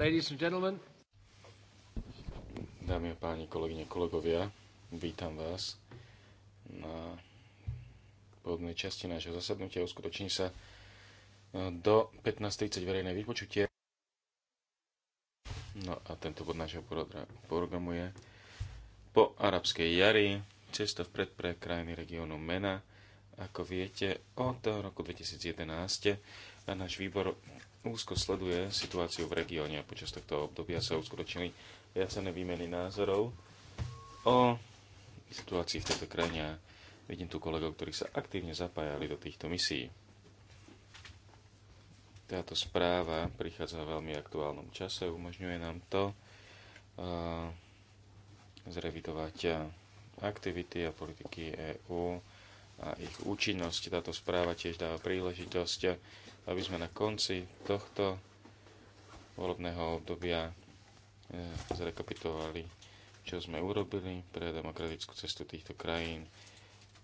Ladies and gentlemen. Dámy a páni, kolegyne, kolegovia, vítam vás na pôvodnej časti nášho zasadnutia. Uskutoční sa eh, do 15.30 verejné vypočutie. No a tento bod nášho programu je po arabskej jari cesta vpred pre krajiny regiónu MENA. Ako viete, od roku 2011 eh, náš výbor úzko sleduje situáciu v regióne a počas tohto obdobia sa uskutočnili viacené výmeny názorov o situácii v tejto krajine a vidím tu kolegov, ktorí sa aktívne zapájali do týchto misií. Táto správa prichádza v veľmi aktuálnom čase, umožňuje nám to uh, zrevidovať aktivity a politiky EÚ a ich účinnosť. Táto správa tiež dáva príležitosť aby sme na konci tohto volebného obdobia eh, zrekapitovali, čo sme urobili pre demokratickú cestu týchto krajín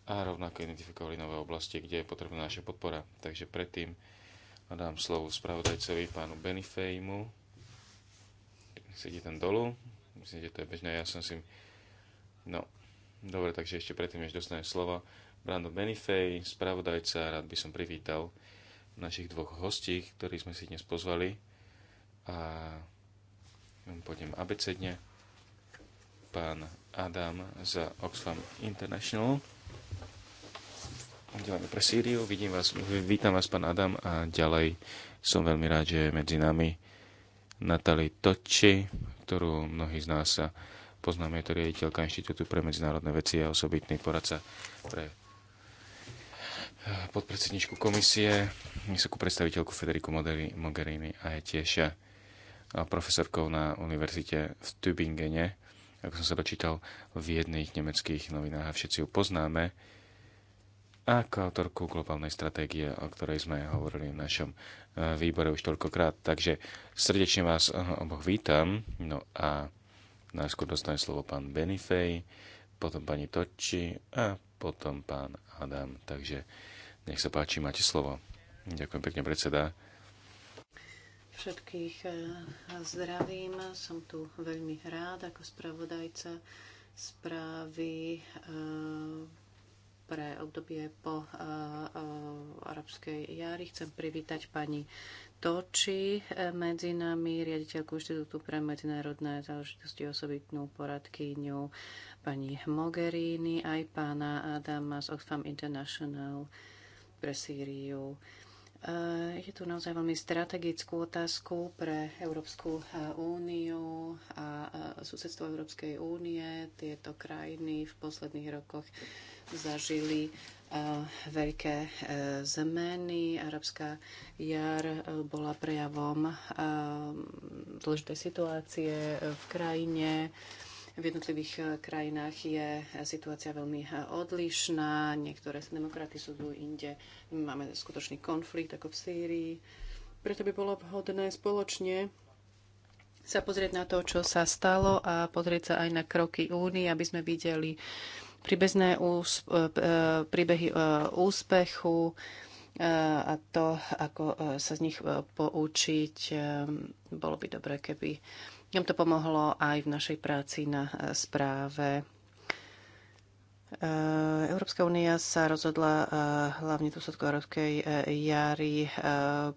a rovnako identifikovali nové oblasti, kde je potrebná naša podpora. Takže predtým dám slovo spravodajcovi pánu Benifejmu. Sedí tam dolu. Myslím, že to je bežné. Ja som si... No, dobre, takže ešte predtým, než dostanem slovo. Brando Benifej, spravodajca, rád by som privítal našich dvoch hostí, ktorých sme si dnes pozvali. A pôjdem abecedne. Pán Adam za Oxfam International. Oddelenie pre Sýriu. Vidím vás, vítam vás, pán Adam, a ďalej som veľmi rád, že je medzi nami Natali Toči, ktorú mnohí z nás sa poznáme, je to riaditeľka Inštitútu pre medzinárodné veci a osobitný poradca pre podpredsedničku komisie, vysokú predstaviteľku Federiku Mogherini a je tiež eh, profesorkou na univerzite v Tübingene. Ako som sa dočítal v jedných nemeckých novinách a všetci ju poznáme ako autorku globálnej stratégie, o ktorej sme hovorili v našom eh, výbore už toľkokrát. Takže srdečne vás eh, oboch vítam. No a najskôr dostane slovo pán Benifej, potom pani Toči a potom pán Adam. Takže nech sa páči, máte slovo. Ďakujem pekne, predseda. Všetkých eh, zdravím. Som tu veľmi rád ako spravodajca správy eh, pre obdobie po eh, arabskej jari. Chcem privítať pani Toči medzi nami, riaditeľku Inštitútu pre medzinárodné záležitosti osobitnú poradkyňu pani Mogherini, aj pána Adama z Oxfam International pre Sýriu. E, je tu naozaj veľmi strategickú otázku pre Európsku e, úniu a e, susedstvo Európskej únie. Tieto krajiny v posledných rokoch zažili veľké zmeny. Arabská jar bola prejavom dôležitej situácie v krajine v jednotlivých e, krajinách je situácia veľmi e, odlišná. Niektoré demokraty sú inde. Máme skutočný konflikt ako v Sýrii. Preto by bolo vhodné spoločne sa pozrieť na to, čo sa stalo a pozrieť sa aj na kroky únie, aby sme videli príbezné e, príbehy úspechu a to, ako sa z nich poučiť. Bolo by dobré, keby nám to pomohlo aj v našej práci na e, správe. E, Európska únia sa rozhodla e, hlavne tu Európskej jary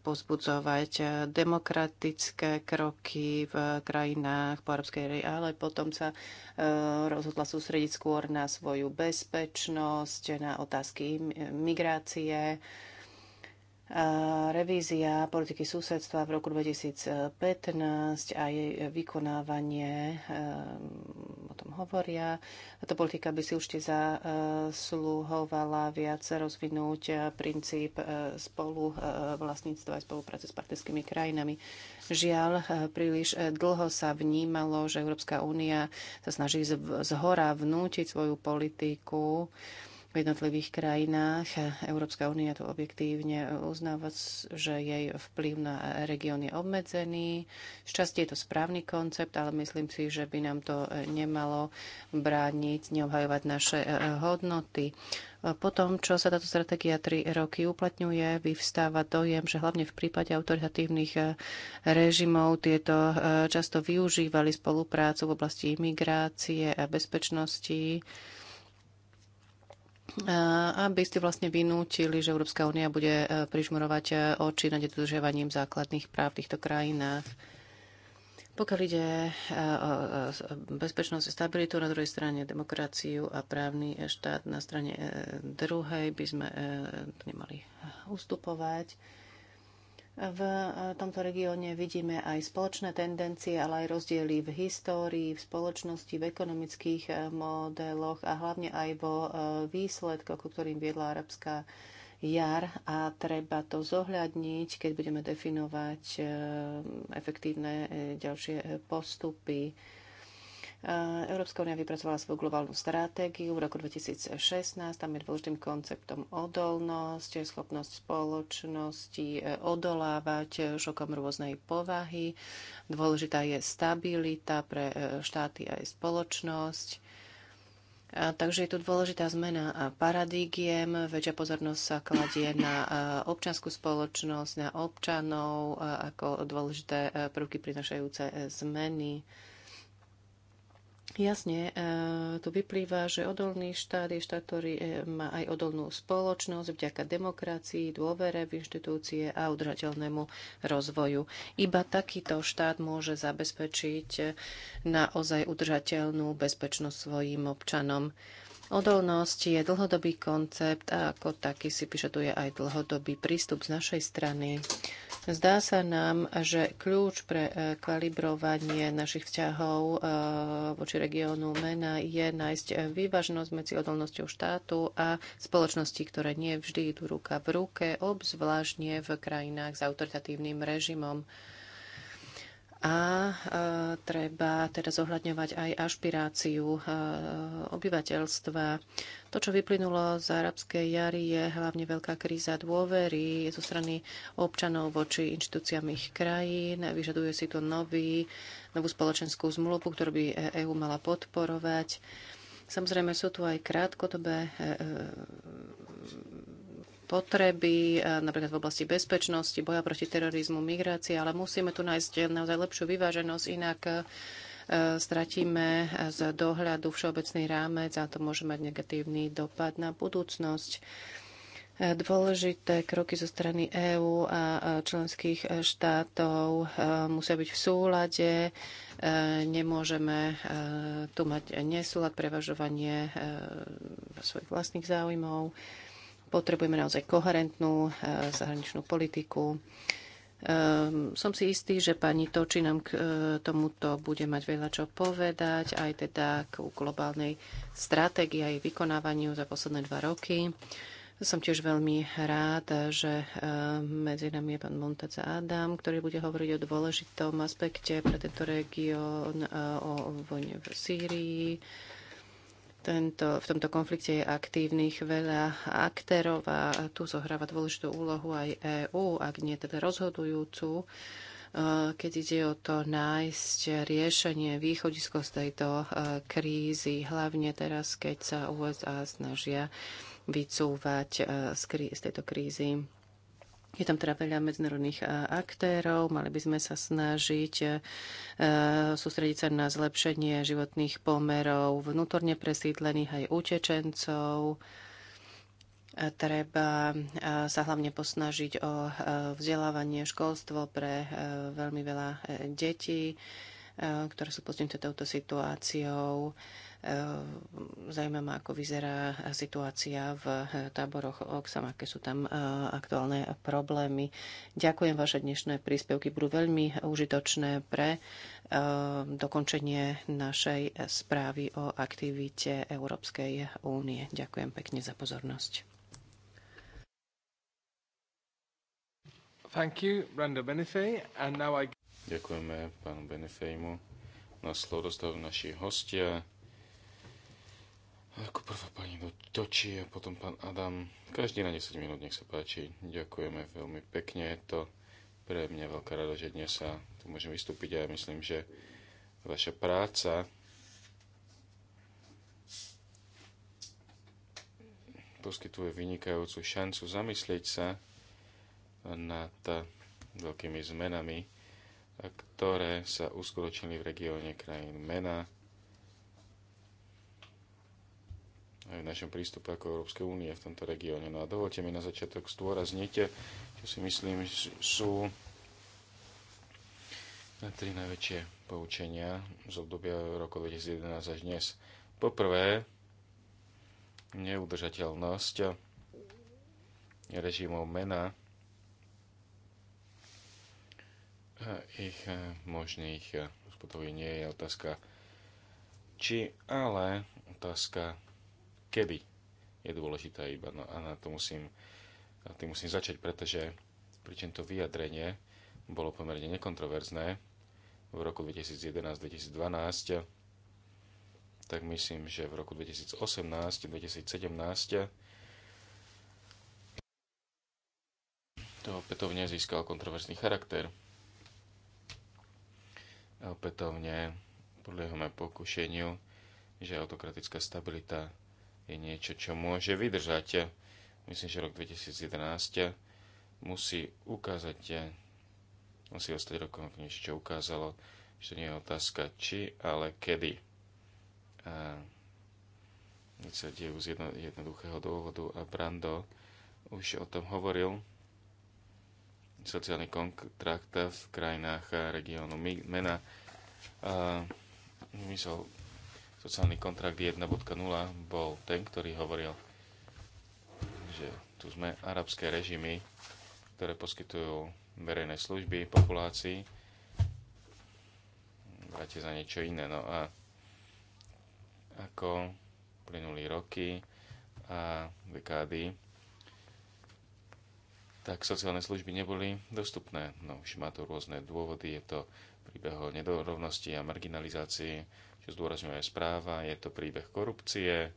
pozbudzovať demokratické kroky v krajinách po Európskej jary, ale potom sa rozhodla sústrediť skôr na svoju bezpečnosť, na otázky migrácie revízia politiky susedstva v roku 2015 a jej vykonávanie ehm, o tom hovoria. Táto politika by si už zasluhovala viac rozvinúť e, princíp e, spolu e, vlastníctva a spolupráce s partnerskými krajinami. Žiaľ, príliš dlho sa vnímalo, že Európska únia sa snaží zhora vnútiť svoju politiku v jednotlivých krajinách. Európska únia to objektívne uznáva, že jej vplyv na región je obmedzený. Šťastie je to správny koncept, ale myslím si, že by nám to nemalo brániť, neobhajovať naše e, hodnoty. Po tom, čo sa táto stratégia tri roky uplatňuje, vyvstáva dojem, že hlavne v prípade autoritatívnych e, režimov tieto e, často využívali spoluprácu v oblasti imigrácie a bezpečnosti aby ste vlastne vynútili, že Európska únia bude e, prižmurovať e, oči nad dodržiavaním základných práv v týchto krajinách. Pokiaľ ide e, o bezpečnosť a stabilitu, na druhej strane demokraciu a právny štát, na strane druhej by sme nemali ustupovať. V e, tomto regióne vidíme aj spoločné tendencie, ale aj rozdiely v histórii, v spoločnosti, v ekonomických e, modeloch a hlavne aj vo e, výsledkoch, ku ktorým viedla arabská jar a treba to zohľadniť, keď budeme definovať efektívne ďalšie postupy Eh, Európska únia vypracovala svoju globálnu stratégiu v roku 2016. Tam je dôležitým konceptom odolnosť, schopnosť spoločnosti eh, odolávať eh, šokom rôznej povahy. Dôležitá je stabilita pre štáty aj spoločnosť. A takže je tu dôležitá zmena paradigiem, väčšia pozornosť sa kladie na občanskú spoločnosť, na občanov ako dôležité prvky prinašajúce zmeny. Jasne, e, tu vyplýva, že odolný štát je štát, ktorý e, má aj odolnú spoločnosť vďaka demokracii, dôvere v inštitúcie a udržateľnému rozvoju. Iba takýto štát môže zabezpečiť e, naozaj udržateľnú bezpečnosť svojim občanom. Odolnosť je dlhodobý koncept a ako taký si vyžaduje aj dlhodobý prístup z našej strany. Zdá sa nám, že kľúč pre e, kalibrovanie našich vzťahov e, voči regiónu MENA je nájsť e, vývažnosť medzi odolnosťou štátu a spoločnosti, ktoré nie vždy idú ruka v ruke, obzvlášť v krajinách s autoritatívnym režimom a e, treba teda zohľadňovať aj ašpiráciu e, obyvateľstva. To, čo vyplynulo z arabskej jary, je hlavne veľká kríza dôvery zo strany občanov voči inštitúciám ich krajín. Vyžaduje si to nový, novú spoločenskú zmluvu, ktorú by EÚ e mala podporovať. Samozrejme sú tu aj krátkodobé potreby, e, napríklad v oblasti bezpečnosti, boja proti terorizmu, migrácie, ale musíme tu nájsť naozaj lepšiu vyváženosť, inak e, stratíme z dohľadu všeobecný rámec a to môže mať negatívny dopad na budúcnosť. E, dôležité kroky zo strany EÚ a členských štátov musia byť v súlade. Nemôžeme tu mať nesúlad, prevažovanie svojich vlastných záujmov. Potrebujeme naozaj koherentnú eh, zahraničnú politiku. Ehm, som si istý, že pani Toči nám k eh, tomuto bude mať veľa čo povedať, aj teda k globálnej stratégii a vykonávaniu za posledné dva roky. Som tiež veľmi rád, že eh, medzi nami je pán Montec Adam, ktorý bude hovoriť o dôležitom aspekte pre tento región, o vojne v Sýrii, tento, v tomto konflikte je aktívnych veľa aktérov a tu zohráva dôležitú úlohu aj EÚ, ak nie teda rozhodujúcu, e, keď ide o to nájsť riešenie, východisko z tejto e, krízy, hlavne teraz, keď sa USA snažia vycúvať e, z tejto krízy je tam teda veľa medzinárodných aktérov, mali by sme sa snažiť e, sústrediť sa na zlepšenie životných pomerov vnútorne presídlených aj utečencov. E, treba e, sa hlavne posnažiť o vzdelávanie, školstvo pre veľmi veľa detí, ktoré sú postihnuté touto situáciou Ehm, ma, ako vyzerá situácia v eh, táboroch Oxam, aké sú tam eh, aktuálne problémy. Ďakujem, vaše dnešné príspevky budú veľmi užitočné pre ehm, dokončenie našej správy o aktivite Európskej únie. Ďakujem pekne za pozornosť. Thank you, Rando Benefej. And now I... Ďakujeme pánu Benefejmu. Na slovo dostávajú naši hostia. Ako prvá pani točí a potom pán Adam. Každý na 10 minút, nech sa páči. Ďakujeme veľmi pekne. Je to pre mňa veľká rada, že dnes sa tu môžem vystúpiť a ja myslím, že vaša práca poskytuje vynikajúcu šancu zamyslieť sa nad veľkými zmenami, ktoré sa uskutočnili v regióne krajín MENA aj v našom prístupe ako Európskej únie v tomto regióne. No a dovolte mi na začiatok zdôrazniť, čo si myslím, sú tri najväčšie poučenia z obdobia roku 2011 až dnes. Poprvé, neudržateľnosť režimov mena a ich možných, to nie je otázka či, ale otázka kedy je dôležité iba. No a na to musím, na tým musím začať, pretože pri tento vyjadrenie bolo pomerne nekontroverzné v roku 2011-2012, tak myslím, že v roku 2018-2017 to opätovne získal kontroverzný charakter. A opätovne jeho pokušeniu, že autokratická stabilita je niečo, čo môže vydržať. Myslím, že rok 2011 musí ukázať, musí ostať rokom niečo, čo ukázalo, že to nie je otázka či, ale kedy. A sa dejú z jedno, jednoduchého dôvodu a Brando už o tom hovoril. Sociálny kontrakt v krajinách regiónu mena. A, myslel, Sociálny kontrakt 1.0 bol ten, ktorý hovoril, že tu sme arabské režimy, ktoré poskytujú verejné služby populácii. Vráte za niečo iné. No a ako plynuli roky a dekády, tak sociálne služby neboli dostupné. No už má to rôzne dôvody, je to príbeh o nedorovnosti a marginalizácii zdôrazňuje správa, je to príbeh korupcie,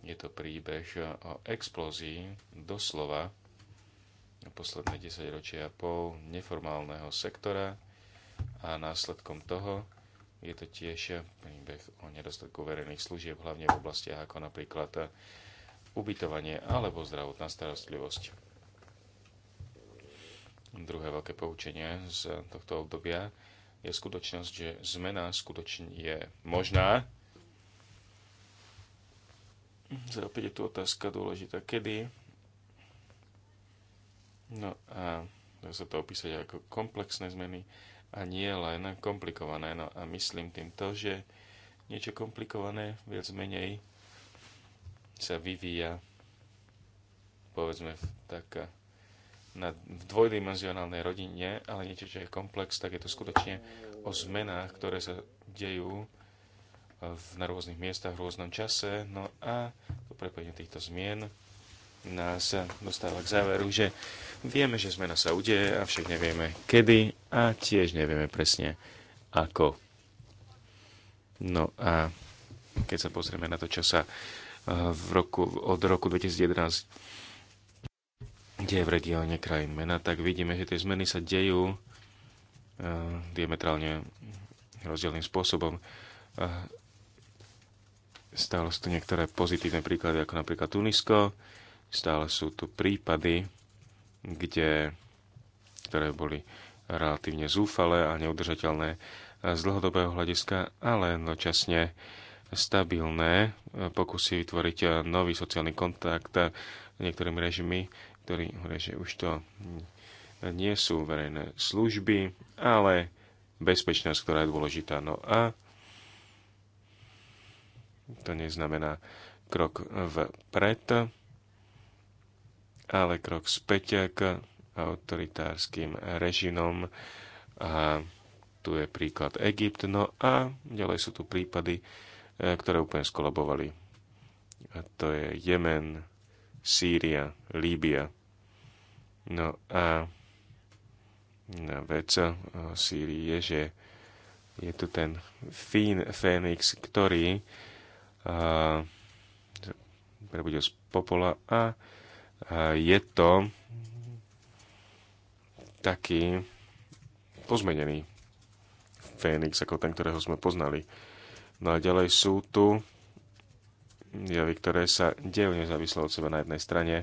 je to príbeh o explózii doslova posledné 10 ročia a pol neformálneho sektora a následkom toho je to tiež príbeh o nedostatku verejných služieb, hlavne v oblastiach ako napríklad ubytovanie alebo zdravotná starostlivosť. Druhé veľké poučenie z tohto obdobia je skutočnosť, že zmena skutočne je možná. Opäť je tu otázka dôležitá, kedy. No a dá sa to opísať ako komplexné zmeny a nie len komplikované. No a myslím tým to, že niečo komplikované viac menej sa vyvíja povedzme taká na, v dvojdimenzionálnej rodine, ale niečo, čo je komplex, tak je to skutočne o zmenách, ktoré sa dejú e, v, na rôznych miestach v rôznom čase. No a to prepojenie týchto zmien nás dostáva k záveru, že vieme, že zmena sa udeje, avšak nevieme kedy a tiež nevieme presne ako. No a keď sa pozrieme na to, čo sa e, v roku, od roku 2011 deje v regióne krajín mena, tak vidíme, že tie zmeny sa dejú eh, diametrálne rozdielným spôsobom. Eh, stále sú tu niektoré pozitívne príklady, ako napríklad Tunisko. Stále sú tu prípady, kde, ktoré boli relatívne zúfale a neudržateľné eh, z dlhodobého hľadiska, ale nočasne stabilné pokusy vytvoriť nový sociálny kontakt niektorými režimy ktorý hovoria, že už to nie sú verejné služby, ale bezpečnosť, ktorá je dôležitá. No a to neznamená krok vpred, ale krok späť k autoritárskym režimom. A tu je príklad Egypt. No a ďalej sú tu prípady, eh, ktoré úplne skolabovali. A to je Jemen, Sýria, Líbia. No a vec o eh, Sýrii je, že je tu ten Fín Fénix, ktorý uh, eh, prebudil z popola a a je to taký pozmenený Fénix, ako ten, ktorého sme poznali. No a ďalej sú tu javy, ktoré sa dejú nezávisle od seba na jednej strane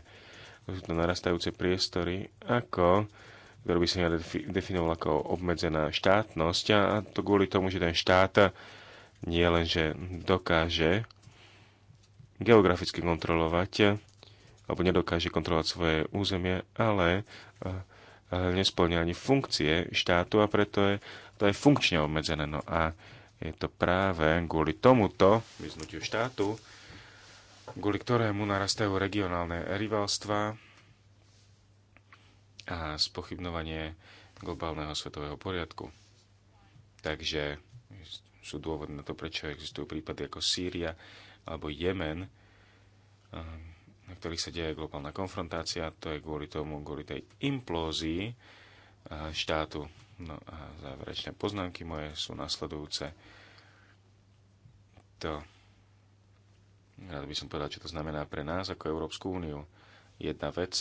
sú to narastajúce priestory, ako ktorú by som ja definoval ako obmedzená štátnosť a to kvôli tomu, že ten štát nie len, že dokáže geograficky kontrolovať alebo nedokáže kontrolovať svoje územie, ale eh, eh, nesplňa ani funkcie štátu a preto je to aj funkčne obmedzené. No a je to práve kvôli tomuto vyznutiu štátu, kvôli ktorému narastajú regionálne rivalstva a spochybnovanie globálneho svetového poriadku. Takže sú dôvody na to, prečo existujú prípady ako Sýria alebo Jemen, ehm, na ktorých sa deje globálna konfrontácia. To je kvôli tomu, kvôli tej implózii eh, štátu. No a záverečné poznámky moje sú nasledujúce. To rád by som povedal, čo to znamená pre nás ako Európsku úniu. Jedna vec,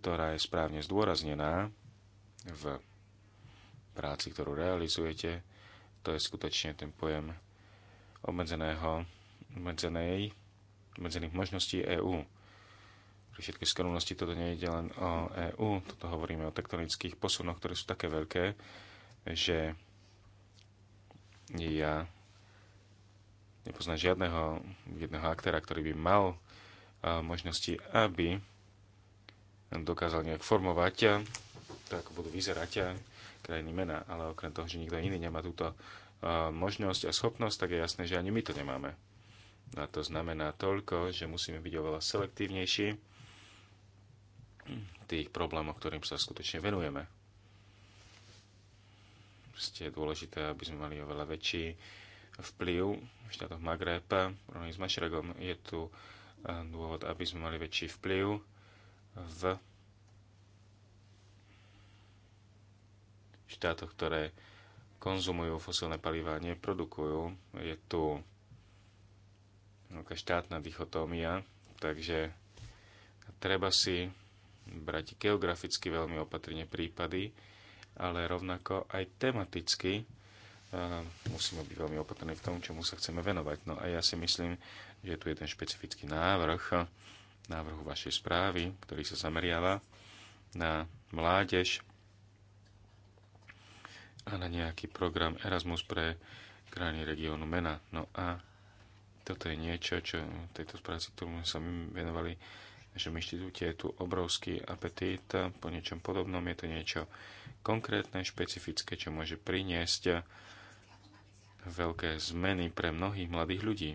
ktorá je správne zdôraznená v práci, ktorú realizujete, to je skutočne ten pojem obmedzeného, obmedzenej, obmedzených možností EÚ. Pri všetkej skromnosti toto nie je len o EÚ, toto hovoríme o tektonických posunoch, ktoré sú také veľké, že ja nepoznám žiadneho jedného aktéra, ktorý by mal možnosti, aby dokázal nejak formovať, to ako budú vyzerať krajiny mena, ale okrem toho, že nikto iný nemá túto možnosť a schopnosť, tak je jasné, že ani my to nemáme. A to znamená toľko, že musíme byť oveľa selektívnejší v tých problémoch, ktorým sa skutočne venujeme. Ste dôležité, aby sme mali oveľa väčší vplyv štátoch Magreb, rovný s Mašregom, je tu e, dôvod, aby sme mali väčší vplyv v štátoch, ktoré konzumujú fosilné palivá a neprodukujú. Je tu veľká štátna dichotómia, takže treba si brať geograficky veľmi opatrne prípady, ale rovnako aj tematicky musíme byť veľmi opatrní v tom, čomu sa chceme venovať. No a ja si myslím, že tu je ten špecifický návrh, návrhu vašej správy, ktorý sa zameriava na mládež a na nejaký program Erasmus pre krajiny regiónu MENA. No a toto je niečo, čo v tejto práci, ktorú sa my venovali v našom inštitúte, je tu obrovský apetít po niečom podobnom. Je to niečo konkrétne, špecifické, čo môže priniesť veľké zmeny pre mnohých mladých ľudí.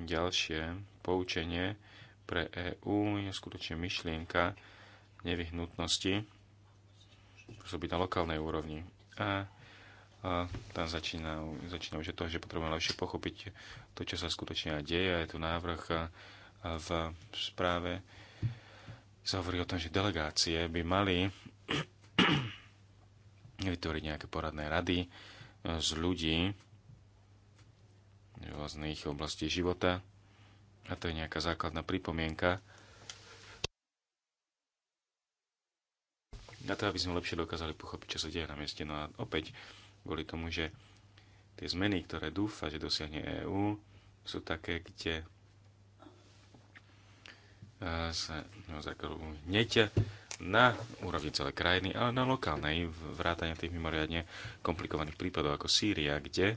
Ďalšie poučenie pre EÚ je skutočne myšlienka nevyhnutnosti pôsobiť na lokálnej úrovni. A, a tam začína, začína už to, toho, že potrebujeme lepšie pochopiť to, čo sa skutočne deje. Je tu návrh a, a v správe sa hovorí o tom, že delegácie by mali vytvoriť nejaké poradné rady e, z ľudí z rôznych oblastí života. A to je nejaká základná pripomienka. Na to, aby sme lepšie dokázali pochopiť, čo sa deje na mieste. No a opäť, kvôli tomu, že tie zmeny, ktoré dúfa, že dosiahne EÚ, sú také, kde e, sa naozaj hneď na úrovni celej krajiny, ale na lokálnej, vrátane tých mimoriadne komplikovaných prípadov ako Sýria, kde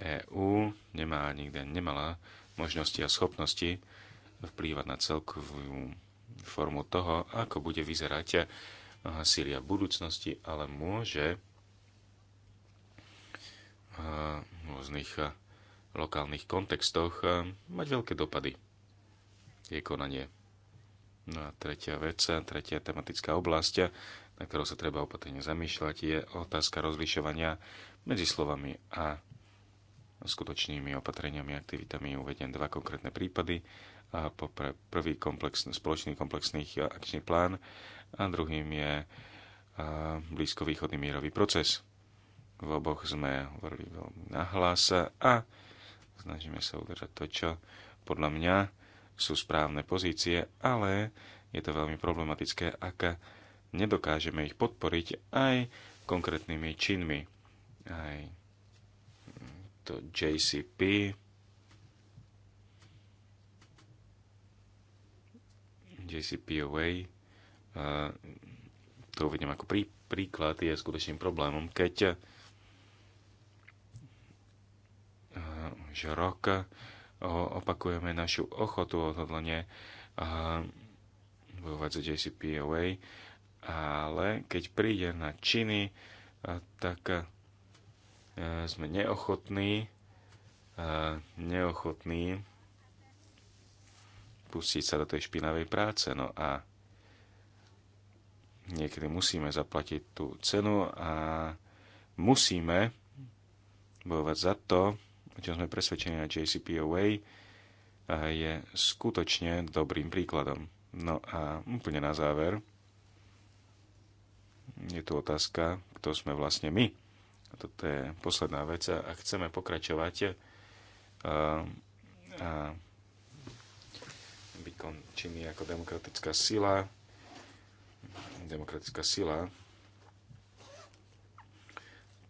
EÚ nemá nikde nemala možnosti a schopnosti vplývať na celkovú formu toho, ako bude vyzerať Sýria v budúcnosti, ale môže eh, v rôznych lokálnych kontextoch eh, mať veľké dopady. Je konanie No a tretia vec, tretia tematická oblasť, na ktorou sa treba opatrne zamýšľať, je otázka rozlišovania medzi slovami a skutočnými opatreniami a aktivitami. Uvediem dva konkrétne prípady. A popre prvý komplexný, spoločný komplexný akčný plán a druhým je blízkovýchodný mierový proces. V oboch sme hovorili veľmi nahlas a snažíme sa udržať to, čo podľa mňa sú správne pozície, ale je to veľmi problematické, ak nedokážeme ich podporiť aj konkrétnymi činmi. Aj to JCP, JCPOA, to uvidím ako prí, príklad, je skutočným problémom, keď už rok opakujeme našu ochotu odhodlne bojovať za JCPOA, ale keď príde na činy, tak sme neochotní, neochotní pustiť sa do tej špinavej práce. No a niekedy musíme zaplatiť tú cenu a musíme bojovať za to, o čom sme presvedčení na JCPOA, eh, je skutočne dobrým príkladom. No a úplne na záver je tu otázka, kto sme vlastne my. A toto je posledná vec a chceme pokračovať a, eh, a byť ako demokratická sila. Demokratická sila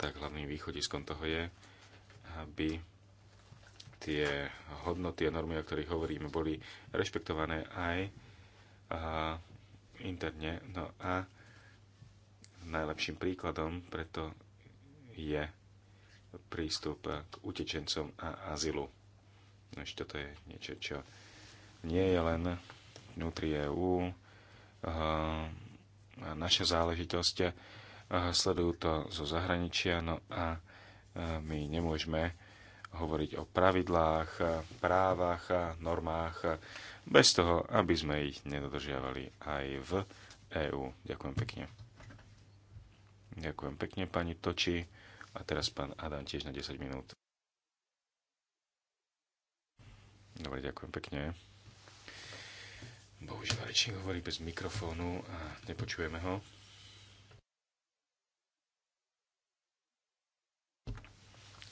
tak hlavným východiskom toho je, aby tie hodnoty a normy, o ktorých hovoríme, boli rešpektované aj a, interne. No a najlepším príkladom preto je prístup k utečencom a azylu. Ešte toto je niečo, čo nie je len vnútri e a naša záležitosť. Sledujú to zo zahraničia, no a my nemôžeme hovoriť o pravidlách, právach, normách, bez toho, aby sme ich nedodržiavali aj v EÚ. Ďakujem pekne. Ďakujem pekne, pani Toči. A teraz pán Adam tiež na 10 minút. Dobre, ďakujem pekne. Bohužiaľ, rečník hovorí bez mikrofónu a nepočujeme ho.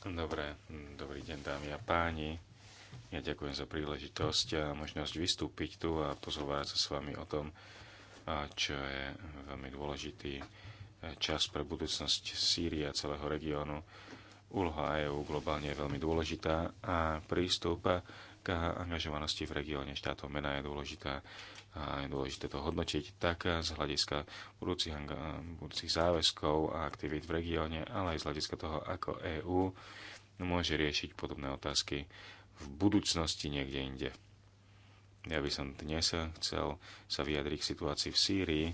Dobre, dobrý deň dámy a páni. Ja ďakujem za príležitosť a možnosť vystúpiť tu a pozhovárať sa s vami o tom, čo je veľmi dôležitý e, čas pre budúcnosť Sýrie a celého regiónu. Úloha EÚ globálne je veľmi dôležitá a prístup k angažovanosti v regióne štátov mena je dôležitá a je dôležité to hodnotiť tak z hľadiska budúcich, budúcich záväzkov a aktivít v regióne, ale aj z hľadiska toho, ako EÚ môže riešiť podobné otázky v budúcnosti niekde inde. Ja by som dnes chcel sa vyjadriť k situácii v Sýrii,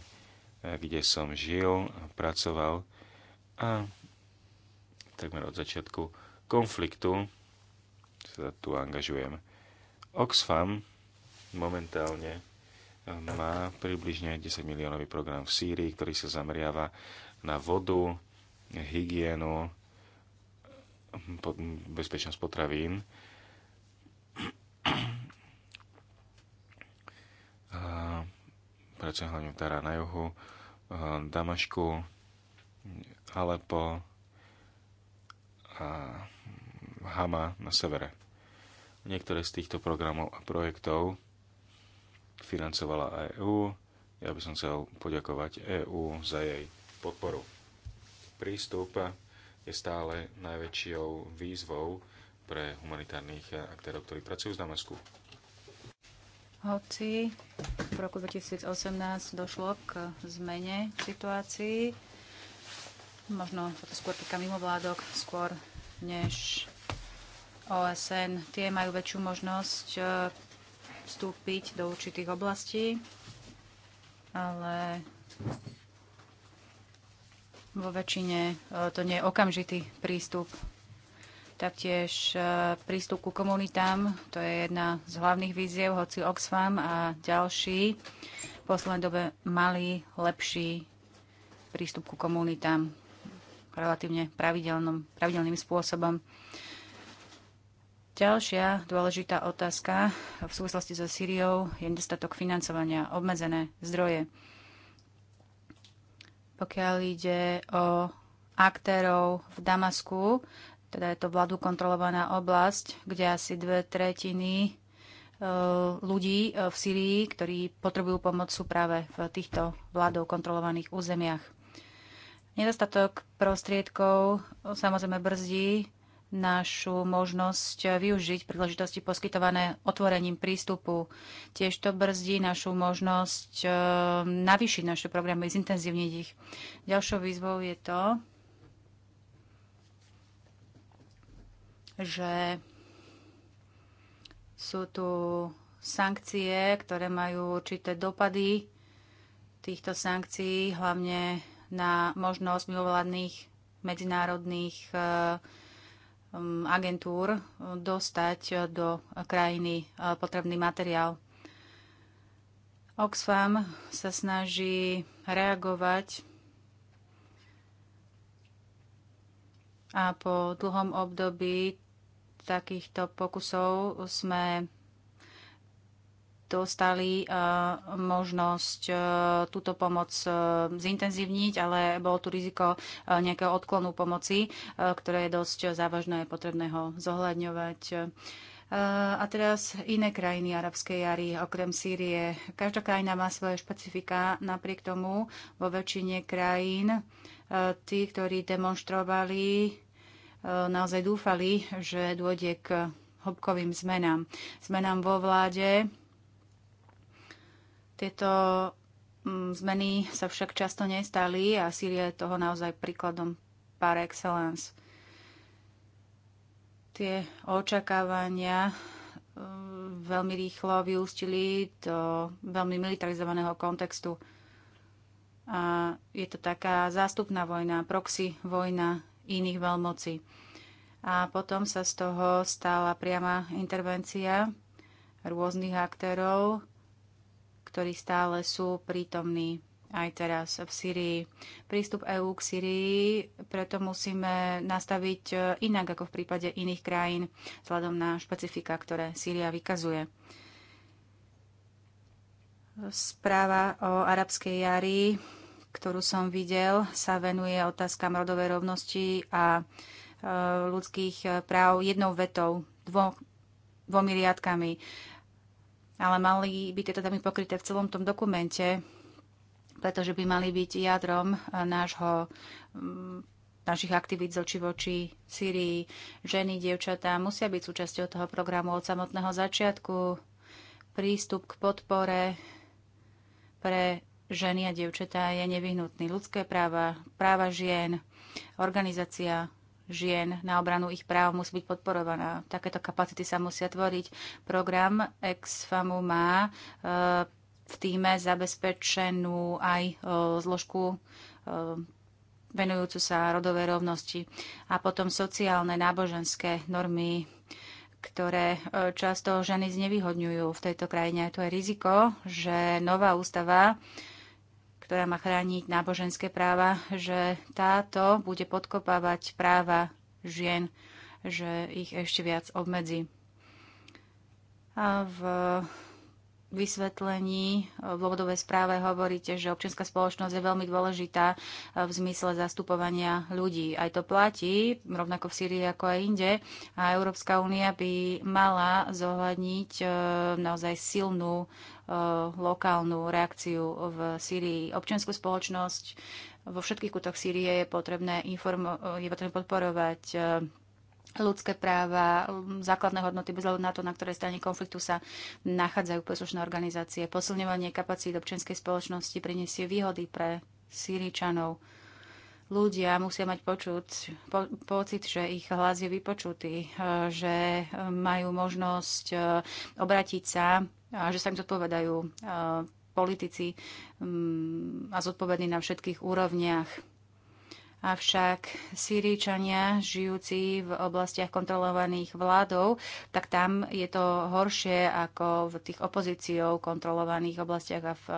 kde som žil, pracoval a takmer od začiatku konfliktu sa tu angažujem. Oxfam momentálne má približne 10 miliónový program v Sýrii, ktorý sa zameriava na vodu, hygienu, bezpečnosť potravín. Pracujem hlavne v Dara na juhu, Damašku, Alepo a Hama na severe. Niektoré z týchto programov a projektov financovala EÚ. Ja by som chcel poďakovať EÚ za jej podporu. Prístup je stále najväčšou výzvou pre humanitárnych aktérov, ktorí pracujú v Damasku. Hoci v roku 2018 došlo k zmene situácii, možno sa to skôr týka mimovládok, skôr než OSN, tie majú väčšiu možnosť eh, vstúpiť do určitých oblastí, ale vo väčšine e, to nie je okamžitý prístup. Taktiež e, prístup ku komunitám, to je jedna z hlavných víziev, hoci Oxfam a ďalší v poslednej dobe mali lepší prístup ku komunitám relatívne pravidelným spôsobom. Ďalšia dôležitá otázka v súvislosti so Sýriou je nedostatok financovania, obmedzené zdroje. Pokiaľ ide o aktérov v Damasku, teda je to vládu kontrolovaná oblasť, kde asi dve tretiny e, ľudí e, v Syrii, ktorí potrebujú pomoc, sú práve v týchto vládou kontrolovaných územiach. Nedostatok prostriedkov samozrejme brzdí našu možnosť využiť príležitosti poskytované otvorením prístupu. Tiež to brzdí našu možnosť e, navýšiť naše programy, zintenzívniť ich. Ďalšou výzvou je to, že sú tu sankcie, ktoré majú určité dopady týchto sankcií, hlavne na možnosť mimovládnych medzinárodných uh, Um, agentúr dostať do krajiny uh, potrebný materiál. Oxfam sa snaží reagovať a po dlhom období takýchto pokusov sme dostali eh, možnosť eh, túto pomoc eh, zintenzívniť, ale bolo tu riziko nejakého odklonu pomoci, ktoré je dosť závažné, je potrebné ho zohľadňovať. A teraz iné krajiny arabskej jary, okrem Sýrie. Každá krajina má svoje špecifika, napriek tomu vo väčšine krajín tí, ktorí demonstrovali, naozaj dúfali, že dôjde k hĺbkovým zmenám. Zmenám vo vláde, tieto mm, zmeny sa však často nestali a Sýria je toho naozaj príkladom par excellence. Tie očakávania mm, veľmi rýchlo vyústili do veľmi militarizovaného kontextu. A je to taká zástupná vojna, proxy vojna iných veľmocí. A potom sa z toho stala priama intervencia rôznych aktérov, ktorí stále sú prítomní aj teraz v Syrii. Prístup EÚ k Syrii preto musíme nastaviť e, inak ako v prípade iných krajín, vzhľadom na špecifika, ktoré Syria vykazuje. Správa o arabskej jari, ktorú som videl, sa venuje otázkam rodovej rovnosti a e, ľudských e, práv jednou vetou, dvo, dvomi riadkami ale mali by tieto témy pokryté v celom tom dokumente, pretože by mali byť jadrom eh, nášho mm, našich aktivít zoči voči Syrii. Ženy, dievčatá musia byť súčasťou toho programu od samotného začiatku. Prístup k podpore pre ženy a dievčatá je nevyhnutný. Ľudské práva, práva žien, organizácia žien na obranu ich práv musí byť podporovaná. Takéto kapacity sa musia tvoriť. Program EXFAMu má eh, v týme zabezpečenú aj eh, zložku eh, venujúcu sa rodovej rovnosti. A potom sociálne, náboženské normy, ktoré často ženy znevýhodňujú v tejto krajine. To je riziko, že nová ústava ktorá má chrániť náboženské práva, že táto bude podkopávať práva žien, že ich ešte viac obmedzí. A v vysvetlení v dôvodovej správe hovoríte, že občianská spoločnosť je veľmi dôležitá e, v zmysle zastupovania ľudí. Aj to platí, rovnako v Syrii ako aj inde. A Európska únia by mala zohľadniť e, naozaj silnú e, Eh, lokálnu reakciu v Sýrii. Občianskú spoločnosť vo všetkých kútoch Sýrie je potrebné, je potrebné podporovať eh, ľudské práva, mm, základné hodnoty bez na to, na ktorej strane konfliktu sa nachádzajú poslušné organizácie. Posilňovanie kapacít občianskej spoločnosti priniesie výhody pre Sýričanov. Ľudia musia mať počuť, po, pocit, že ich hlas je vypočutý, eh, že majú možnosť obratiť sa a že sa im zodpovedajú e, politici mm, a zodpovední na všetkých úrovniach. Avšak Syríčania, žijúci v oblastiach kontrolovaných vládou, tak tam je to horšie ako v tých opozíciou kontrolovaných oblastiach a v e,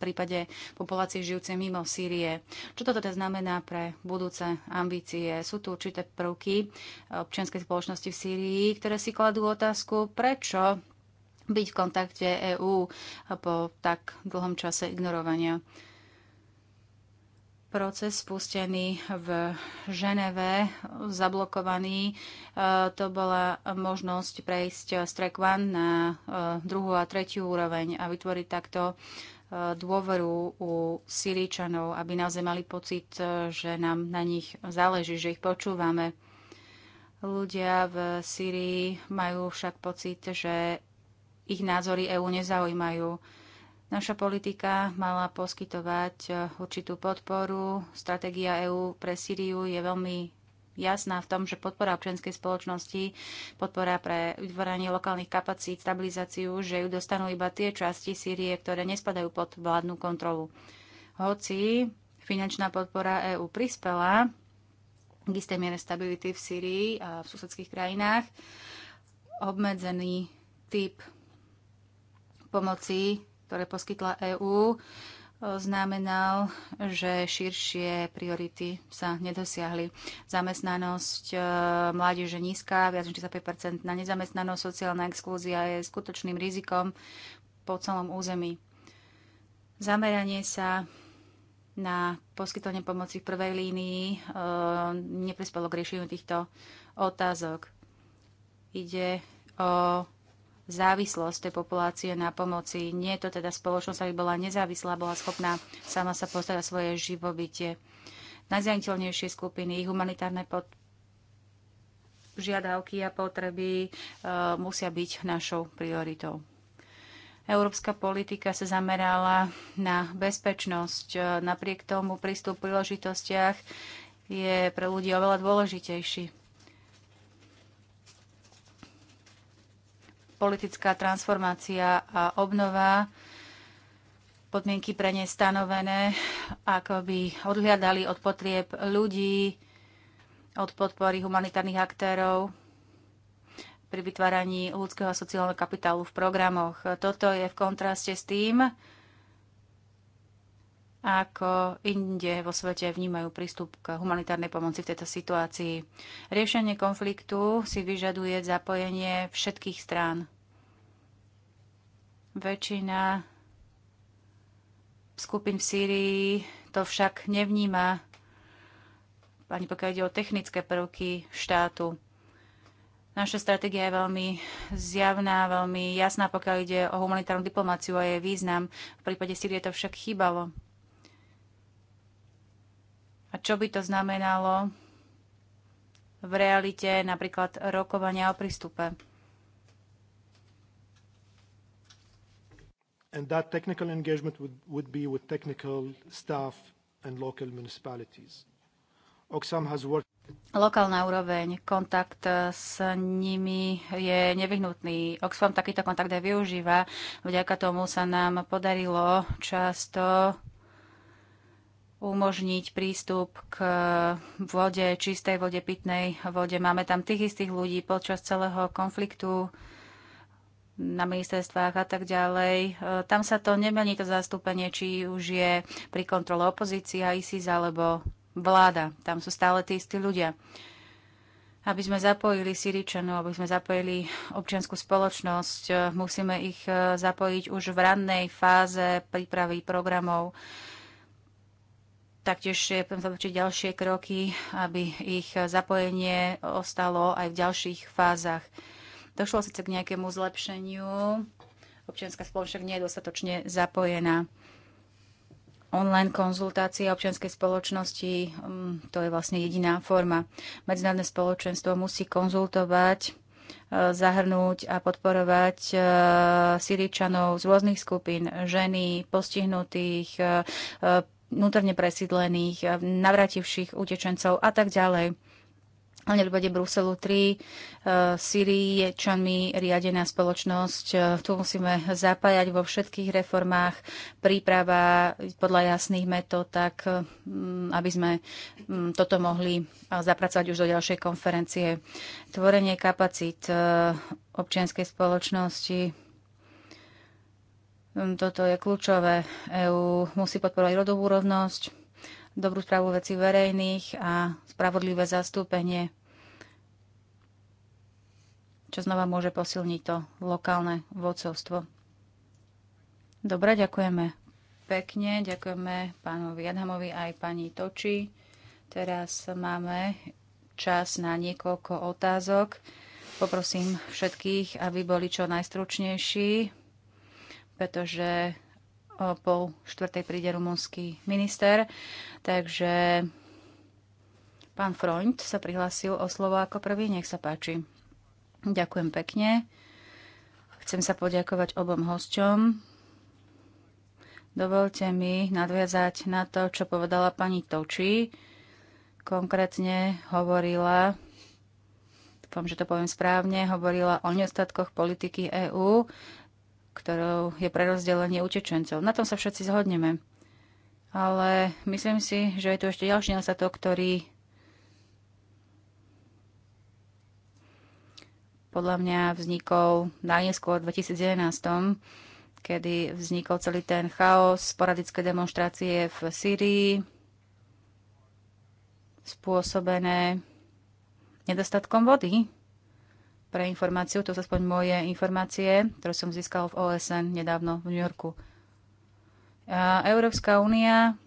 prípade populácie žijúcej mimo Sýrie. Čo to teda znamená pre budúce ambície? Sú tu určité prvky občianskej spoločnosti v Sýrii, ktoré si kladú otázku, prečo byť v kontakte EÚ po tak dlhom čase ignorovania. Proces spustený v Ženeve, zablokovaný, e, to bola možnosť prejsť z track One na e, druhú a tretiu úroveň a vytvoriť takto e, dôveru u Syričanov, aby naozaj mali pocit, že nám na nich záleží, že ich počúvame. Ľudia v Syrii majú však pocit, že ich názory EÚ nezaujímajú. Naša politika mala poskytovať eh, určitú podporu. Stratégia EÚ pre Sýriu je veľmi jasná v tom, že podpora občianskej spoločnosti, podpora pre vytvorenie lokálnych kapacít, stabilizáciu, že ju dostanú iba tie časti Sýrie, ktoré nespadajú pod vládnu kontrolu. Hoci finančná podpora EÚ prispela k istej miere stability v Sýrii a v susedských krajinách, obmedzený typ pomoci, ktoré poskytla EÚ, e, znamenal, že širšie priority sa nedosiahli. Zamestnanosť e, mládeže nízka, viac než 35 na nezamestnanosť, sociálna exklúzia je skutočným rizikom po celom území. Zameranie sa na poskytovanie pomoci v prvej línii e, neprispelo k riešeniu týchto otázok. Ide o závislosť tej populácie na pomoci. Nie je to teda spoločnosť, aby bola nezávislá, bola schopná sama sa postarať svoje živobytie. Najzraniteľnejšie skupiny, ich humanitárne pod žiadavky a potreby e, musia byť našou prioritou. Európska politika sa zamerala na bezpečnosť. E, napriek tomu prístup v príležitostiach je pre ľudí oveľa dôležitejší. politická transformácia a obnova podmienky pre ne stanovené, ako by odhľadali od potrieb ľudí, od podpory humanitárnych aktérov pri vytváraní ľudského a sociálneho kapitálu v programoch. Toto je v kontraste s tým, ako inde vo svete vnímajú prístup k humanitárnej pomoci v tejto situácii. Riešenie konfliktu si vyžaduje zapojenie všetkých strán. Väčšina skupín v Sýrii to však nevníma, ani pokiaľ ide o technické prvky štátu. Naša stratégia je veľmi zjavná, veľmi jasná, pokiaľ ide o humanitárnu diplomáciu a jej význam. V prípade Sýrie to však chýbalo. A čo by to znamenalo v realite napríklad rokovania o prístupe? And that technical engagement would, would be with technical staff and local municipalities. Oxfam has worked Lokálna úroveň, kontakt eh, s nimi je nevyhnutný. Oxfam takýto kontakt aj využíva. Vďaka tomu sa nám podarilo často umožniť prístup k vode, čistej vode, pitnej vode. Máme tam tých istých ľudí počas celého konfliktu na ministerstvách a tak ďalej. E, tam sa to nemení to zastúpenie, či už je pri kontrole opozícia, ISIS alebo vláda. Tam sú stále tí istí ľudia. Aby sme zapojili Syričanov, aby sme zapojili občianskú spoločnosť, e, musíme ich e, zapojiť už v rannej fáze prípravy programov Taktiež je zabezpečiť ďalšie kroky, aby ich zapojenie ostalo aj v ďalších fázach. Došlo síce k nejakému zlepšeniu, občianská spoločnosť nie je dostatočne zapojená. Online konzultácie občianskej spoločnosti, mm, to je vlastne jediná forma. Medzinárodné spoločenstvo musí konzultovať e, zahrnúť a podporovať e, Syričanov z rôznych skupín, ženy, postihnutých, e, vnútorne presídlených, eh, navrativších utečencov a tak ďalej. Hlavne v prípade Bruselu 3, eh, Syrii je čanmi riadená spoločnosť. Eh, tu musíme zapájať vo všetkých reformách príprava podľa jasných metód, tak mm, aby sme mm, toto mohli zapracovať už do ďalšej konferencie. Tvorenie kapacít občianskej spoločnosti Hm, toto je kľúčové. EÚ musí podporovať rodovú rovnosť, dobrú správu vecí verejných a spravodlivé zastúpenie, čo znova môže posilniť to lokálne vodcovstvo. Dobre, ďakujeme pekne. Ďakujeme pánovi Adamovi aj pani Toči. Teraz máme čas na niekoľko otázok. Poprosím všetkých, aby boli čo najstručnejší pretože po štvrtej príde rumunský minister. Takže pán Freund sa prihlásil o slovo ako prvý. Nech sa páči. Ďakujem pekne. Chcem sa poďakovať obom hosťom. Dovolte mi nadviazať na to, čo povedala pani Toči. Konkrétne hovorila dúfam, že to poviem správne, hovorila o nedostatkoch politiky EÚ ktorou je prerozdelenie utečencov. Na tom sa všetci zhodneme. Ale myslím si, že je tu ešte ďalší nedostatok, ktorý podľa mňa vznikol najneskôr v 2011, kedy vznikol celý ten chaos, sporadické demonstrácie v Syrii, spôsobené nedostatkom vody pre informáciu, to sú aspoň moje informácie, ktoré som získal v OSN nedávno v New Yorku. A Európska únia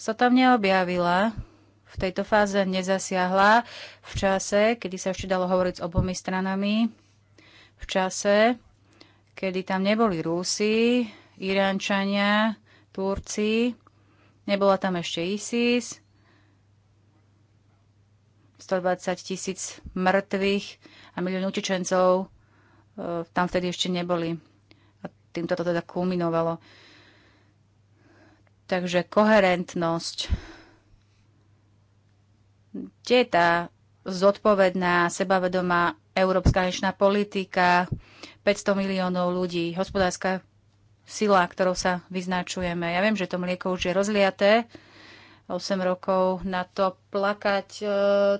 sa tam neobjavila, v tejto fáze nezasiahla v čase, kedy sa ešte dalo hovoriť s obomi stranami, v čase, kedy tam neboli Rusi, Iránčania, Turci, nebola tam ešte ISIS, 120 tisíc mŕtvych a milión utečencov e, tam vtedy ešte neboli. A týmto to teda kulminovalo. Takže koherentnosť. Kde je tá zodpovedná, sebavedomá európska hraničná politika, 500 miliónov ľudí, hospodárska sila, ktorou sa vyznačujeme. Ja viem, že to mlieko už je rozliaté, 8 rokov na to plakať. E,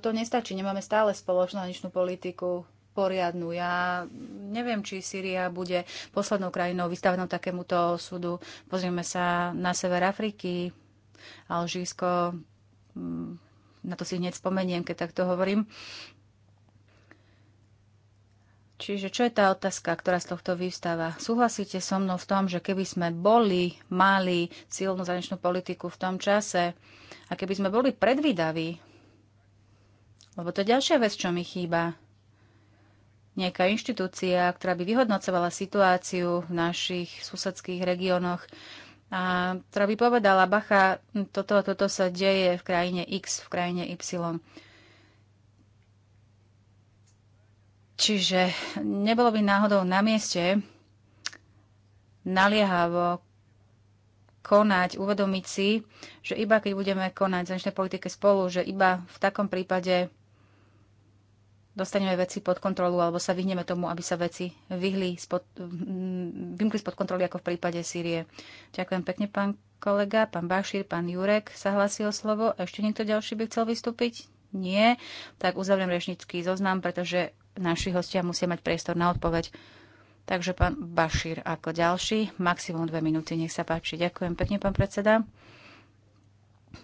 to nestačí, nemáme stále spoločnú aničnú politiku poriadnu. Ja neviem, či Syria bude poslednou krajinou vystavenou takémuto súdu. Pozrieme sa na sever Afriky, Alžísko. Mm, na to si hneď spomeniem, keď takto hovorím. Čiže čo je tá otázka, ktorá z tohto vyvstáva? Súhlasíte so mnou v tom, že keby sme boli, mali silnú zahraničnú politiku v tom čase a keby sme boli predvídaví, lebo to je ďalšia vec, čo mi chýba, nejaká inštitúcia, ktorá by vyhodnocovala situáciu v našich susedských regiónoch, a ktorá by povedala, bacha, toto, toto sa deje v krajine X, v krajine Y. Čiže nebolo by náhodou na mieste naliehavo konať, uvedomiť si, že iba keď budeme konať v zahraničnej politike spolu, že iba v takom prípade dostaneme veci pod kontrolu alebo sa vyhneme tomu, aby sa veci vyhli spod, mm, vymkli spod kontroly ako v prípade Sýrie. Ďakujem pekne, pán kolega, pán Bašír, pán Jurek sa hlasí o slovo. Ešte niekto ďalší by chcel vystúpiť? Nie. Tak uzavriem rečnícky zoznam, pretože naši hostia musia mať priestor na odpoveď. Takže pán Bašír ako ďalší, maximum dve minúty, nech sa páči. Ďakujem pekne, pán predseda.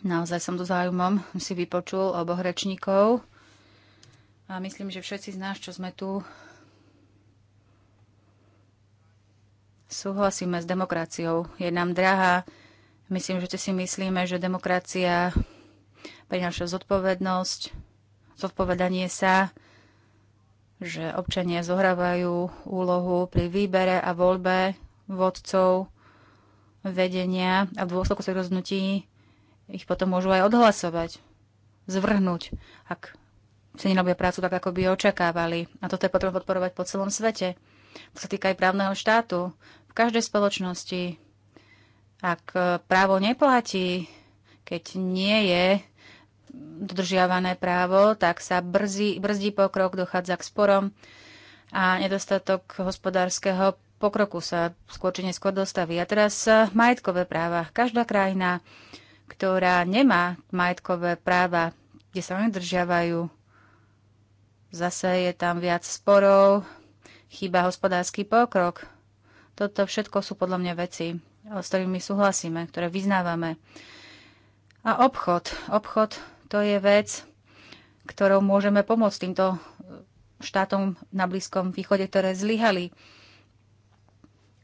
Naozaj som tu zájumom si vypočul oboch rečníkov a myslím, že všetci z nás, čo sme tu, súhlasíme s demokraciou. Je nám drahá. Myslím, že si myslíme, že demokracia prináša zodpovednosť, zodpovedanie sa, že občania zohrávajú úlohu pri výbere a voľbe vodcov, vedenia a v dôsledku svojich rozhodnutí ich potom môžu aj odhlasovať, zvrhnúť, ak si nerobia prácu tak, ako by očakávali. A toto je potrebné podporovať po celom svete. To sa týka aj právneho štátu. V každej spoločnosti, ak právo neplatí, keď nie je dodržiavané právo, tak sa brzí, brzdí pokrok, dochádza k sporom a nedostatok hospodárskeho pokroku sa skôr či neskôr dostaví. A teraz majetkové práva. Každá krajina, ktorá nemá majetkové práva, kde sa nedržiavajú, zase je tam viac sporov, chýba hospodársky pokrok. Toto všetko sú podľa mňa veci, s ktorými súhlasíme, ktoré vyznávame. A obchod. Obchod to je vec, ktorou môžeme pomôcť týmto štátom na Blízkom východe, ktoré zlyhali,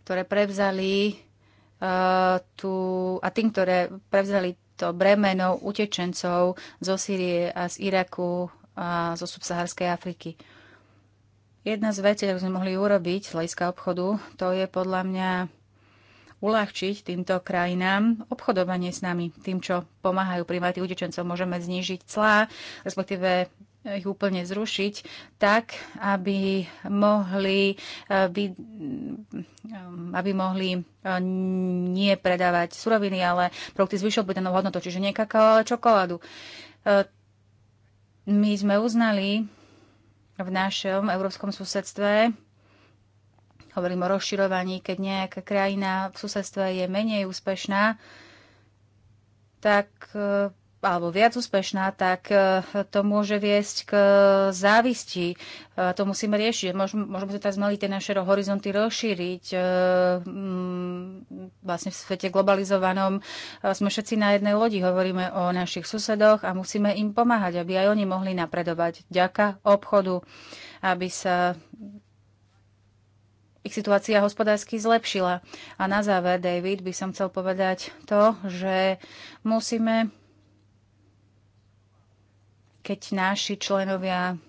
ktoré prevzali uh, tú, a tým, ktoré prevzali to bremeno utečencov zo Sýrie a z Iraku a zo subsaharskej Afriky. Jedna z vecí, ktorú sme mohli urobiť z hľadiska obchodu, to je podľa mňa uľahčiť týmto krajinám obchodovanie s nami. Tým, čo pomáhajú primáti utečencom, môžeme znížiť clá, respektíve ich úplne zrušiť, tak, aby mohli, aby, eh, eh, aby mohli eh, nie predávať suroviny, ale produkty s vyššou pridanou hodnotou, čiže nie kakao, ale čokoládu. My sme uznali v našom európskom susedstve Hovorím o rozširovaní, keď nejaká krajina v susedstve je menej úspešná, tak e, alebo viac úspešná, tak e, to môže viesť k e, závisti. To musíme riešiť. Môžeme, sa teraz mali tie naše horizonty rozšíriť. Mm, vlastne v svete globalizovanom sme všetci na jednej lodi. Hovoríme o našich susedoch a musíme im pomáhať, aby aj oni mohli napredovať. Ďaka obchodu, aby sa ich situácia hospodársky zlepšila. A na záver, David, by som chcel povedať to, že musíme, keď naši členovia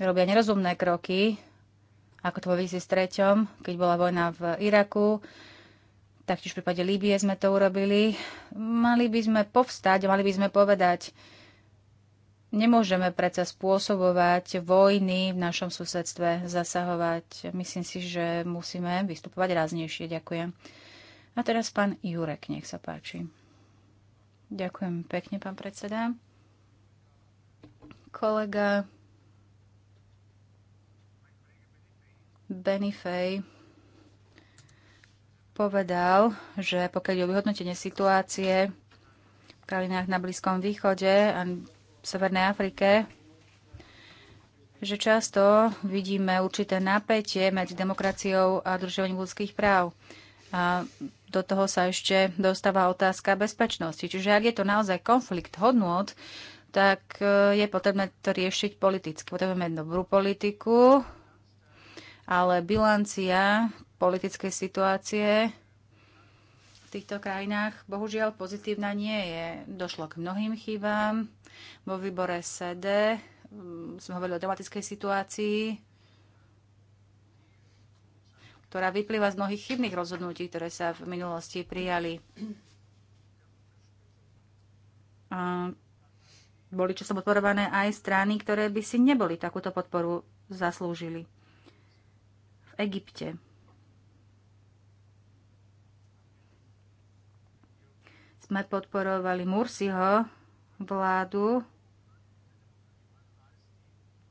robia nerozumné kroky, ako to s 2003, keď bola vojna v Iraku, taktiež v prípade Líbie sme to urobili, mali by sme povstať, mali by sme povedať, Nemôžeme predsa spôsobovať vojny v našom susedstve, zasahovať. Myslím si, že musíme vystupovať ráznejšie. Ďakujem. A teraz pán Jurek, nech sa páči. Ďakujem pekne, pán predseda. Kolega Benifej povedal, že pokiaľ je vyhodnotenie situácie v krajinách na Blízkom východe, a Severnej Afrike, že často vidíme určité napätie medzi demokraciou a dodržiavaním ľudských práv. A do toho sa ešte dostáva otázka bezpečnosti. Čiže ak je to naozaj konflikt hodnot, tak e, je potrebné to riešiť politicky. Potrebujeme dobrú politiku, ale bilancia politickej situácie v týchto krajinách bohužiaľ pozitívna nie je. Došlo k mnohým chybám. Vo výbore SED mm, sme hovorili o dramatickej situácii, ktorá vyplýva z mnohých chybných rozhodnutí, ktoré sa v minulosti prijali. A boli často podporované aj strany, ktoré by si neboli takúto podporu zaslúžili. V Egypte sme podporovali Mursiho vládu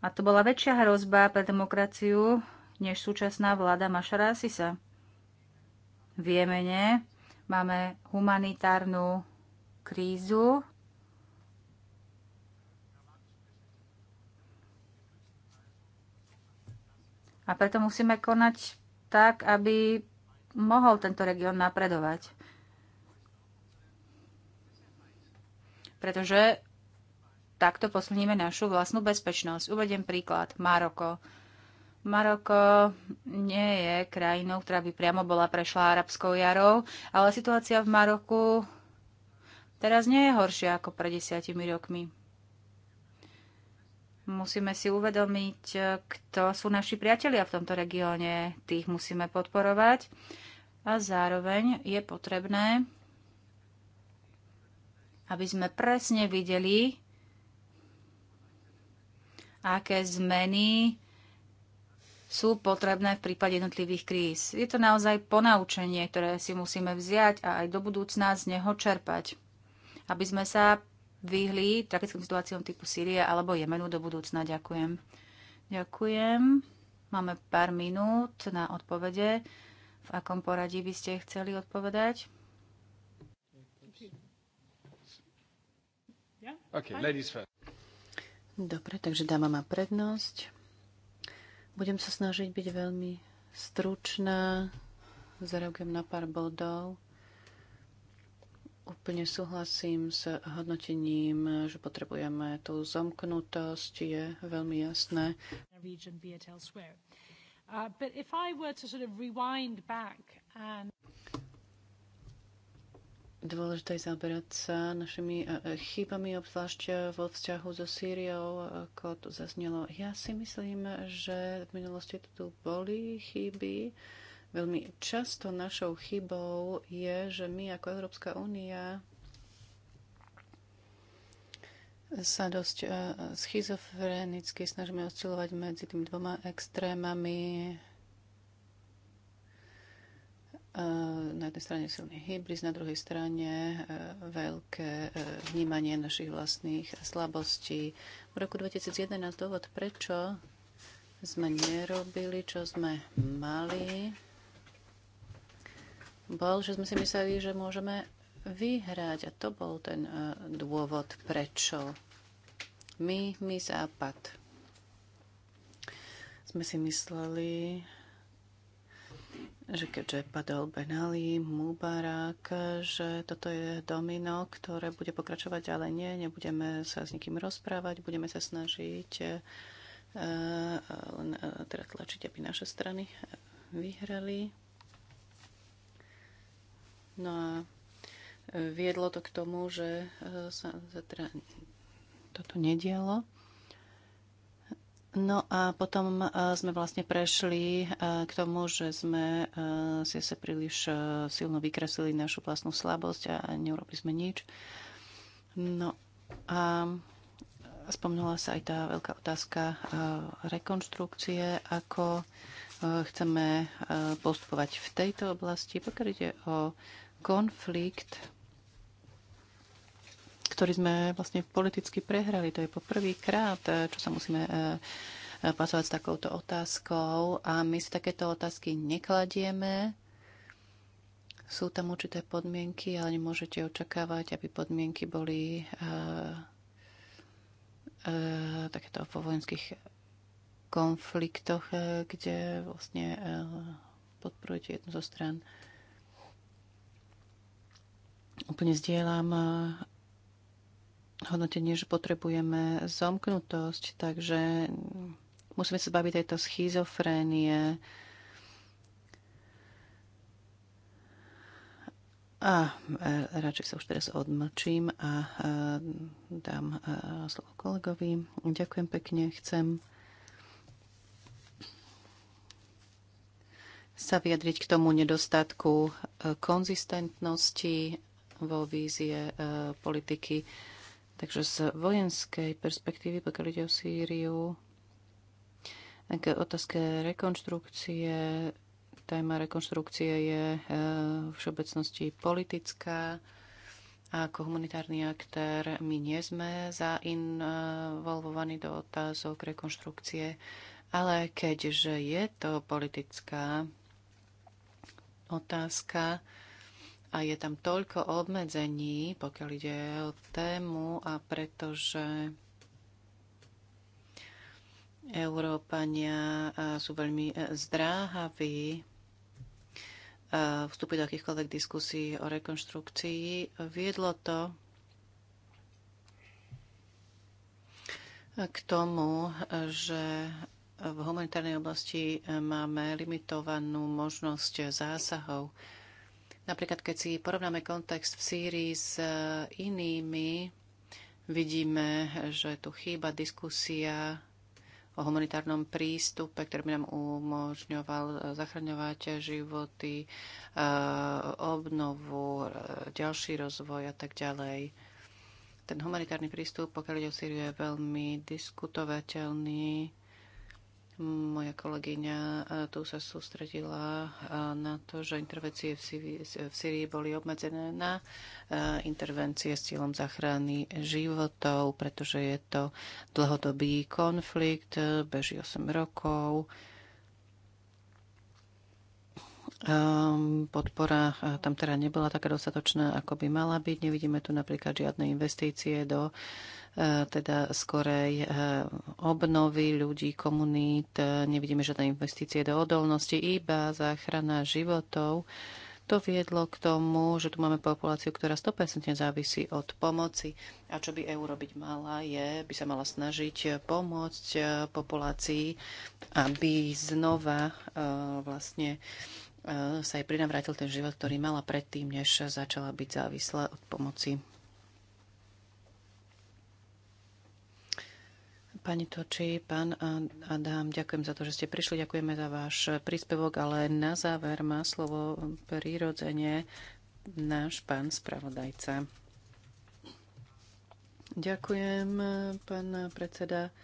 a to bola väčšia hrozba pre demokraciu než súčasná vláda Mašara Asisa. V Jemene máme humanitárnu krízu, A preto musíme konať tak, aby mohol tento región napredovať. pretože takto posilníme našu vlastnú bezpečnosť. Uvediem príklad. Maroko. Maroko nie je krajinou, ktorá by priamo bola prešla arabskou jarou, ale situácia v Maroku teraz nie je horšia ako pred desiatimi rokmi. Musíme si uvedomiť, kto sú naši priatelia v tomto regióne. Tých musíme podporovať. A zároveň je potrebné aby sme presne videli, aké zmeny sú potrebné v prípade jednotlivých kríz. Je to naozaj ponaučenie, ktoré si musíme vziať a aj do budúcna z neho čerpať, aby sme sa vyhli tragickým situáciám typu Sýrie alebo Jemenu do budúcna. Ďakujem. Ďakujem. Máme pár minút na odpovede. V akom poradí by ste chceli odpovedať? Okay, ladies first. Dobre, takže dáma má prednosť. Budem sa snažiť byť veľmi stručná. Zareagujem na pár bodov. Úplne súhlasím s hodnotením, že potrebujeme tú zomknutosť, je veľmi jasné. Dôležité je sa našimi e, e, chybami, obzvlášť e, vo vzťahu so Sýriou, ako to zaznelo. Ja si myslím, že v minulosti tu boli chyby. Veľmi často našou chybou je, že my ako Európska únia sa dosť schizofrenicky snažíme oscilovať medzi tými dvoma extrémami E, na jednej strane silný hybris, na druhej strane e, veľké e, vnímanie našich vlastných slabostí. V roku 2011 dôvod, prečo sme nerobili, čo sme mali, bol, že sme si mysleli, že môžeme vyhrať. A to bol ten dôvod, prečo my, my západ. Sme si mysleli, že keďže padol Ben Ali, Mubarak, že toto je domino, ktoré bude pokračovať, ale nie, nebudeme sa s nikým rozprávať, budeme sa snažiť uh, teda tlačiť, aby naše strany vyhrali. No a viedlo to k tomu, že sa teda toto nedialo. No a potom e, sme vlastne prešli e, k tomu, že sme e, si sa príliš silno vykreslili našu vlastnú slabosť a neurobili sme nič. No a spomnula sa aj tá veľká otázka rekonštrukcie, ako chceme postupovať v tejto oblasti. Pokiaľ ide o konflikt ktorý sme vlastne politicky prehrali. To je poprvýkrát, e, čo sa musíme e, e, pasovať s takouto otázkou a my si takéto otázky nekladieme. Sú tam určité podmienky, ale nemôžete očakávať, aby podmienky boli takéto po vojenských konfliktoch, kde vlastne podporujete jednu zo stran. Úplne zdieľam hodnotenie, že potrebujeme zomknutosť, takže musíme sa baviť tejto schizofrénie. A e, radšej sa už teraz odmlčím a, a e, dám a, e, slovo kolegovi. Ďakujem pekne, chcem sa vyjadriť k tomu nedostatku konzistentnosti vo vízie politiky Takže z vojenskej perspektívy, pokiaľ ide o Sýriu, k otázka rekonštrukcie, téma rekonštrukcie je e, v všeobecnosti politická. A ako humanitárny aktér my nie sme zainvolvovaní do otázok rekonštrukcie, ale keďže je to politická otázka, a je tam toľko obmedzení, pokiaľ ide o tému a pretože Európania sú veľmi e, zdráhaví e, vstúpiť do akýchkoľvek diskusí o rekonštrukcii. Viedlo to k tomu, že v humanitárnej oblasti e, máme limitovanú možnosť zásahov Napríklad, keď si porovnáme kontext v Sýrii s e, inými, vidíme, že tu chýba diskusia o humanitárnom prístupe, ktorý by nám umožňoval e, zachraňovať životy, e, obnovu, ďalší rozvoj a tak ďalej. Ten humanitárny prístup, pokiaľ ide o Sýriu, je veľmi diskutovateľný moja kolegyňa e, tu sa sústredila e, na to, že intervencie v Syrii boli obmedzené na e, intervencie s cieľom záchrany životov, pretože je to dlhodobý konflikt, beží 8 rokov. Ehm, podpora tam teda nebola taká dostatočná, ako by mala byť. Nevidíme tu napríklad žiadne investície do E, teda skorej e, obnovy ľudí, komunít. E, nevidíme žiadne investície do odolnosti, iba záchrana životov. To viedlo k tomu, že tu máme populáciu, ktorá 100% závisí od pomoci. A čo by EU robiť mala, je, by sa mala snažiť pomôcť populácii, aby znova vlastne sa jej prinavrátil ten život, ktorý mala predtým, než začala byť závislá od pomoci Pani Toči, pán Adam, ďakujem za to, že ste prišli, ďakujeme za váš príspevok, ale na záver má slovo prirodzene náš pán spravodajca. Ďakujem, pán predseda.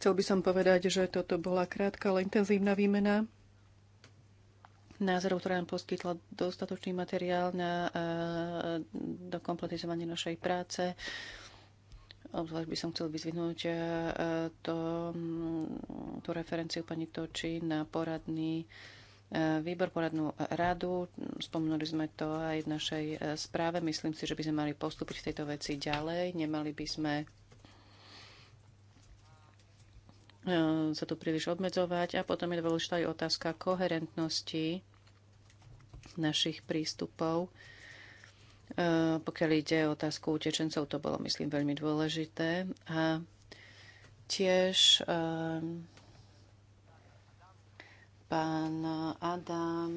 Chcel by som povedať, že toto bola krátka, ale intenzívna výmena názorov, ktorá nám poskytla dostatočný materiál na, eh, do našej práce. Obzvlášť by som chcel vyzvihnúť eh, eh, to, mm, tú referenciu pani Toči na poradný eh, výbor, poradnú radu. Spomenuli sme to aj v našej správe. Myslím si, že by sme mali postúpiť v tejto veci ďalej. Nemali by sme sa tu príliš obmedzovať. A potom je dôležitá aj otázka koherentnosti našich prístupov E, pokiaľ ide o otázku utečencov, to bolo, myslím, veľmi dôležité. A tiež e, pán Adam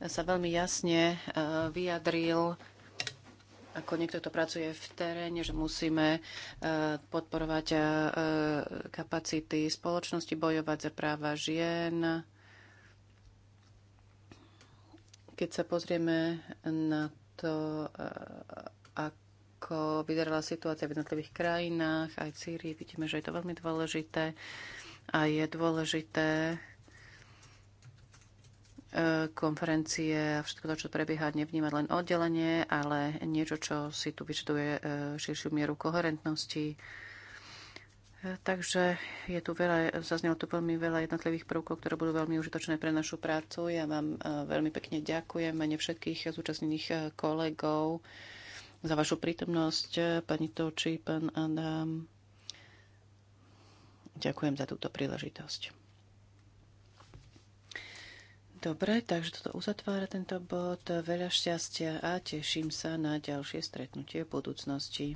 sa veľmi jasne e, vyjadril ako niekto, kto pracuje v teréne, že musíme podporovať kapacity spoločnosti, bojovať za práva žien, keď sa pozrieme na to, eh, ako vyzerala situácia v jednotlivých krajinách, aj v Sýrii, vidíme, že je to veľmi dôležité a je dôležité eh, konferencie a všetko to, čo prebieha, nevnímať len oddelenie, ale niečo, čo si tu vyžaduje eh, širšiu mieru koherentnosti, Takže je tu veľa, zaznelo tu veľmi veľa jednotlivých prvkov, ktoré budú veľmi užitočné pre našu prácu. Ja vám e, veľmi pekne ďakujem mene všetkých zúčastnených e, kolegov za vašu prítomnosť, e, pani Toči, pán Adam. Ďakujem za túto príležitosť. Dobre, takže toto uzatvára tento bod. Veľa šťastia a teším sa na ďalšie stretnutie v budúcnosti.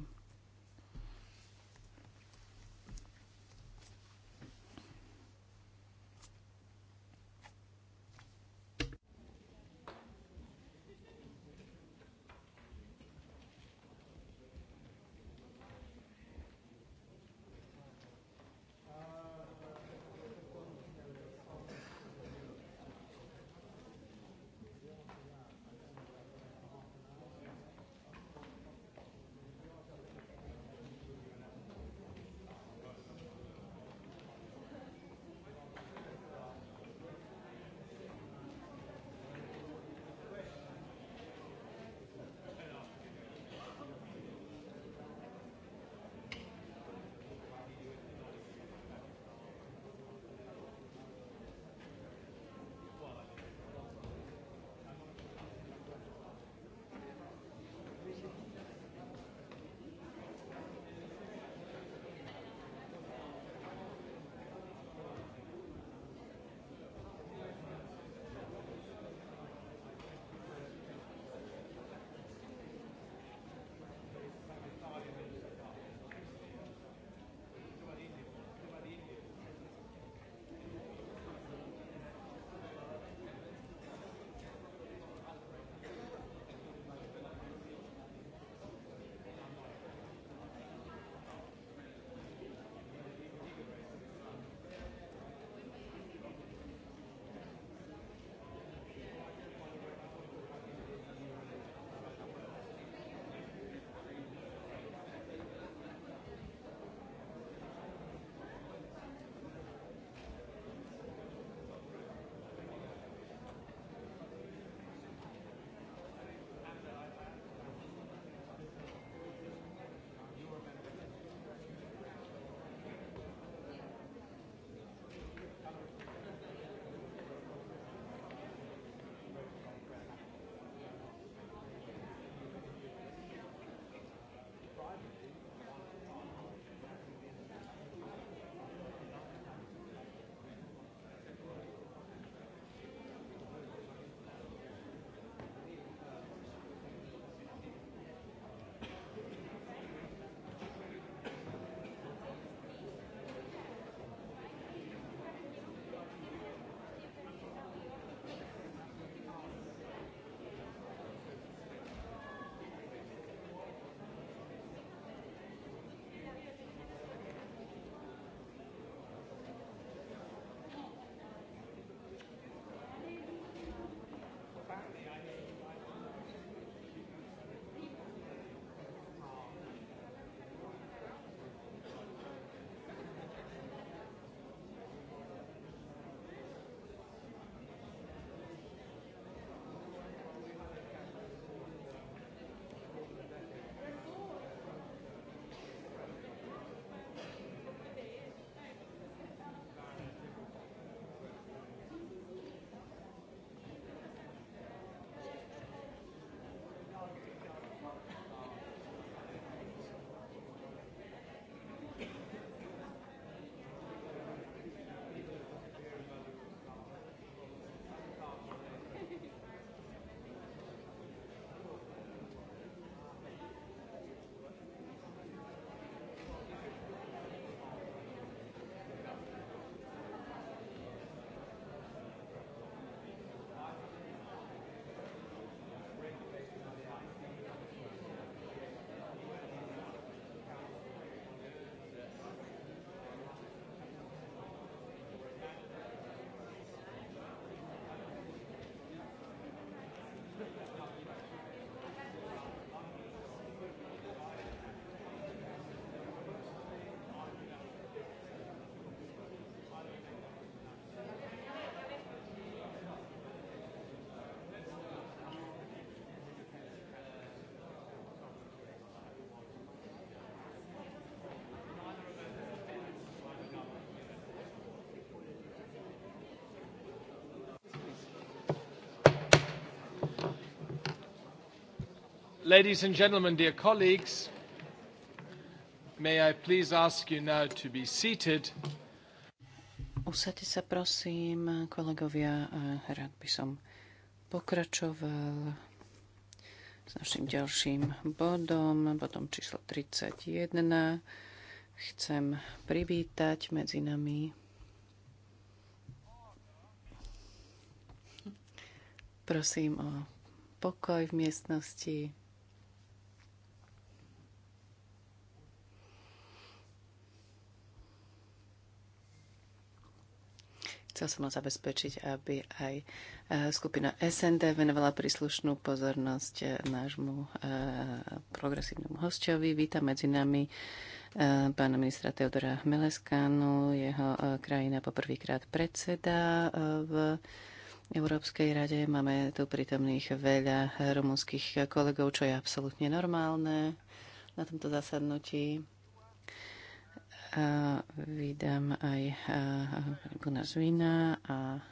Ladies and gentlemen, dear colleagues, may I please ask you now to be seated. Usadte sa prosím, kolegovia, rád by som pokračoval s našim ďalším bodom, bodom číslo 31. Chcem privítať medzi nami Prosím o pokoj v miestnosti. chcel som len zabezpečiť, aby aj e, skupina SND venovala príslušnú pozornosť e, nášmu e, progresívnemu hostovi. Vítam medzi nami pána ministra Teodora Meleskánu. Jeho krajina poprvýkrát predseda v Európskej rade. Máme tu prítomných veľa rumunských kolegov, čo je absolútne normálne na tomto zasadnutí vydám aj Guna Zvina a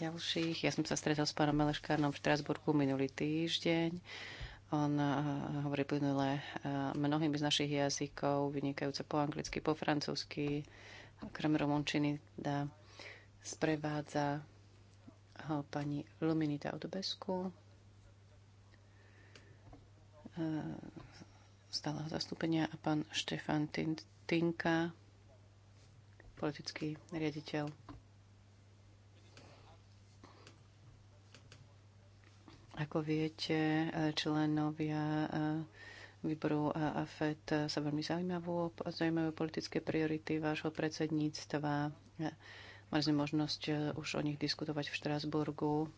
ďalších. Ja som sa stretol s pánom Meleškárnom v Štrasburgu minulý týždeň. On hovorí plynule mnohými z našich jazykov, vynikajúce po anglicky, po francúzsky, okrem romončiny teda sprevádza ho pani Luminita Odobesku stáleho zastúpenia a pán Štefan Tinka, politický riaditeľ. Ako viete, členovia eh, výboru AFET sa veľmi zaujímavú, zaujímajú politické priority vášho predsedníctva. Eh, mali sme možnosť eh, už o nich diskutovať v Štrásburgu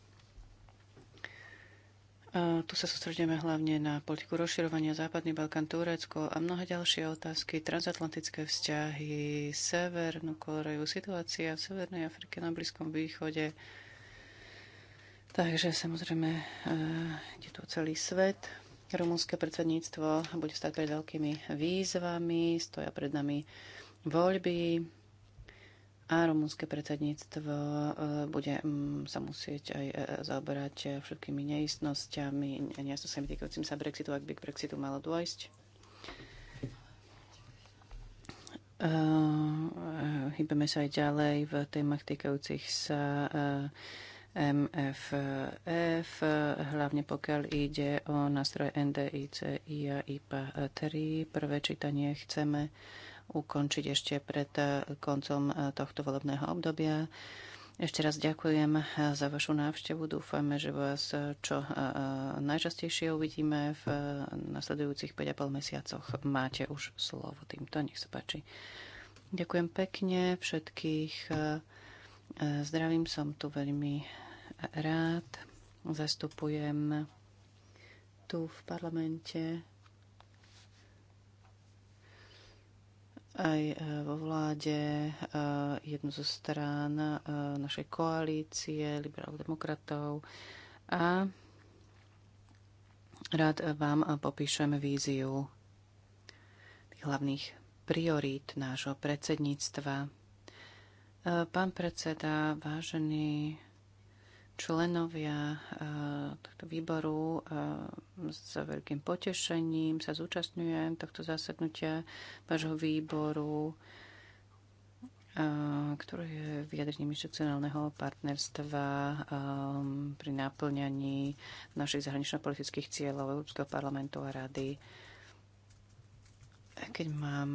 tu sa sústredíme hlavne na politiku rozširovania Západný Balkán, Turecko a mnohé ďalšie otázky, transatlantické vzťahy, Severnú Koreju, situácia v Severnej Afrike na Blízkom východe. Takže samozrejme je tu celý svet. Rumunské predsedníctvo bude stať pred veľkými výzvami, stoja pred nami voľby, a rumúnske predsedníctvo e, bude mm, sa musieť aj e, e, zaoberať všetkými neistnosťami, neistnosťami týkajúcim sa Brexitu, ak by k Brexitu malo dôjsť. Hýbeme sa aj ďalej v témach týkajúcich sa MFF, hlavne pokiaľ ide o nástroje NDIC, IA, IPA 3. Prvé čítanie chceme ukončiť ešte pred eh, koncom eh, tohto volebného obdobia. Ešte raz ďakujem eh, za vašu návštevu. Dúfame, že vás čo najčastejšie uvidíme v nasledujúcich 5,5 mesiacoch. Máte už slovo týmto, nech sa páči. Ďakujem pekne všetkých. Zdravím, som tu veľmi rád. Zastupujem tu v parlamente aj e, vo vláde e, jednu zo strán e, našej koalície liberálov demokratov a rád vám popíšem víziu tých hlavných priorít nášho predsedníctva. Pán predseda, vážení členovia e, tohto výboru e, s veľkým potešením sa zúčastňujem tohto zasadnutia vášho výboru, e, ktoré je vyjadrením institucionálneho partnerstva pri náplňaní našich zahranično-politických cieľov Európskeho parlamentu a rady. Keď mám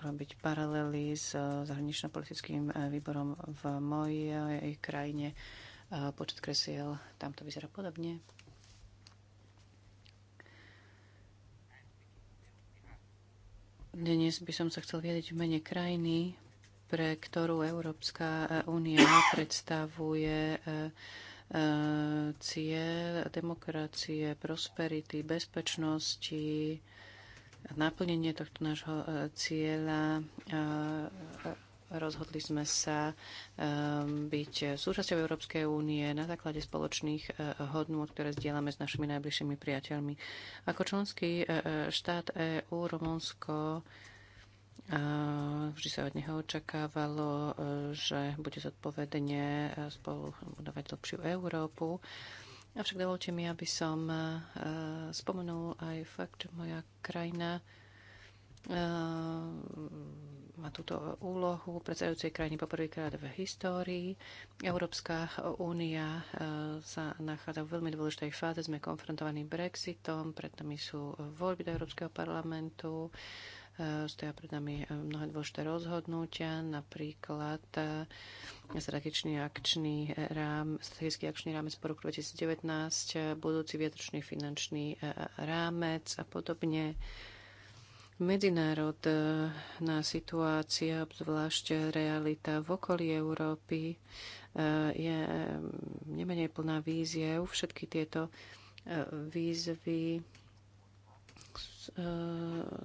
robiť paralely s zahranično-politickým výborom v mojej krajine počet kresiel, tam to vyzerá podobne. Dnes by som sa chcel viedeť v mene krajiny, pre ktorú Európska únia predstavuje e, e, cieľ demokracie, prosperity, bezpečnosti, naplnenie tohto nášho e, cieľa Rozhodli sme sa ehm, byť súčasťou Európskej únie na základe spoločných e, hodnôt, ktoré zdieľame s našimi najbližšími priateľmi. Ako členský e, e, štát EÚ Rumunsko vždy sa od neho očakávalo, že bude zodpovedne spolu budovať lepšiu Európu. Avšak dovolte mi, aby som spomenul aj fakt, že moja krajina má túto úlohu predsedajúcej krajiny poprvýkrát v histórii. Európska únia e, sa nachádza v veľmi dôležitej fáze. Sme konfrontovaní Brexitom, pred nami sú voľby do Európskeho parlamentu, e, stoja pred nami e, mnohé dôležité rozhodnutia, napríklad strategický akčný, rám, strategický akčný rámec po roku 2019, budúci vietočný finančný rámec a podobne. Medzinárodná eh, situácia, zvlášť realita v okolí Európy, eh, je eh, nemenej plná víziev. Všetky tieto výzvy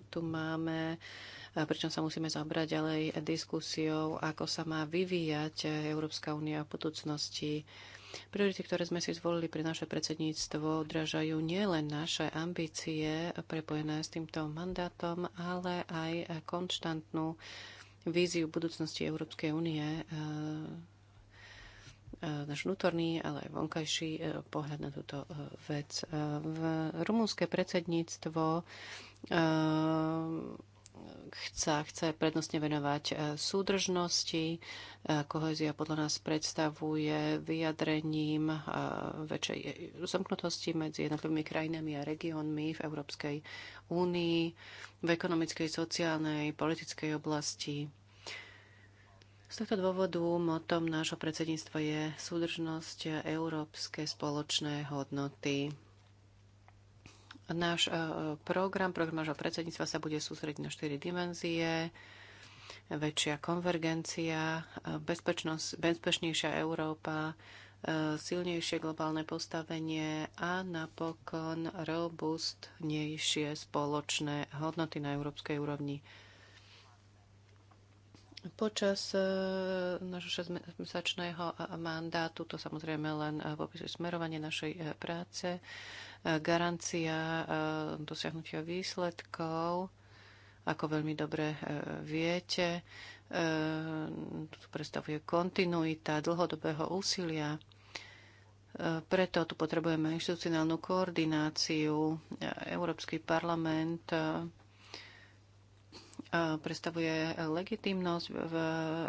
tu máme, pričom sa musíme zabrať ďalej diskusiou, ako sa má vyvíjať Európska únia v budúcnosti Priority, ktoré sme si zvolili pre naše predsedníctvo, odražajú nielen naše ambície prepojené s týmto mandátom, ale aj konštantnú víziu budúcnosti Európskej únie, e, e, náš vnútorný, ale aj vonkajší e, pohľad na túto vec. V rumúnske predsedníctvo chce, chce prednostne venovať eh, súdržnosti. Eh, Kohezia podľa nás predstavuje vyjadrením eh, väčšej zamknutosti medzi jednotlivými krajinami a regiónmi v Európskej únii, v ekonomickej, sociálnej, politickej oblasti. Z tohto dôvodu motom nášho predsedníctva je súdržnosť európske spoločné hodnoty. Náš e, program, program nášho predsedníctva sa bude sústrediť na štyri dimenzie. Väčšia konvergencia, e, bezpečnosť, bezpečnejšia Európa, e, silnejšie globálne postavenie a napokon robustnejšie spoločné hodnoty na európskej úrovni. Počas nášho 6-mesačného mandátu, to samozrejme len popisuje smerovanie našej práce, E, garancia e, dosiahnutia výsledkov. Ako veľmi dobre e, viete, tu predstavuje kontinuita dlhodobého úsilia. Preto tu potrebujeme inštitucionálnu koordináciu. Európsky parlament predstavuje legitimnosť v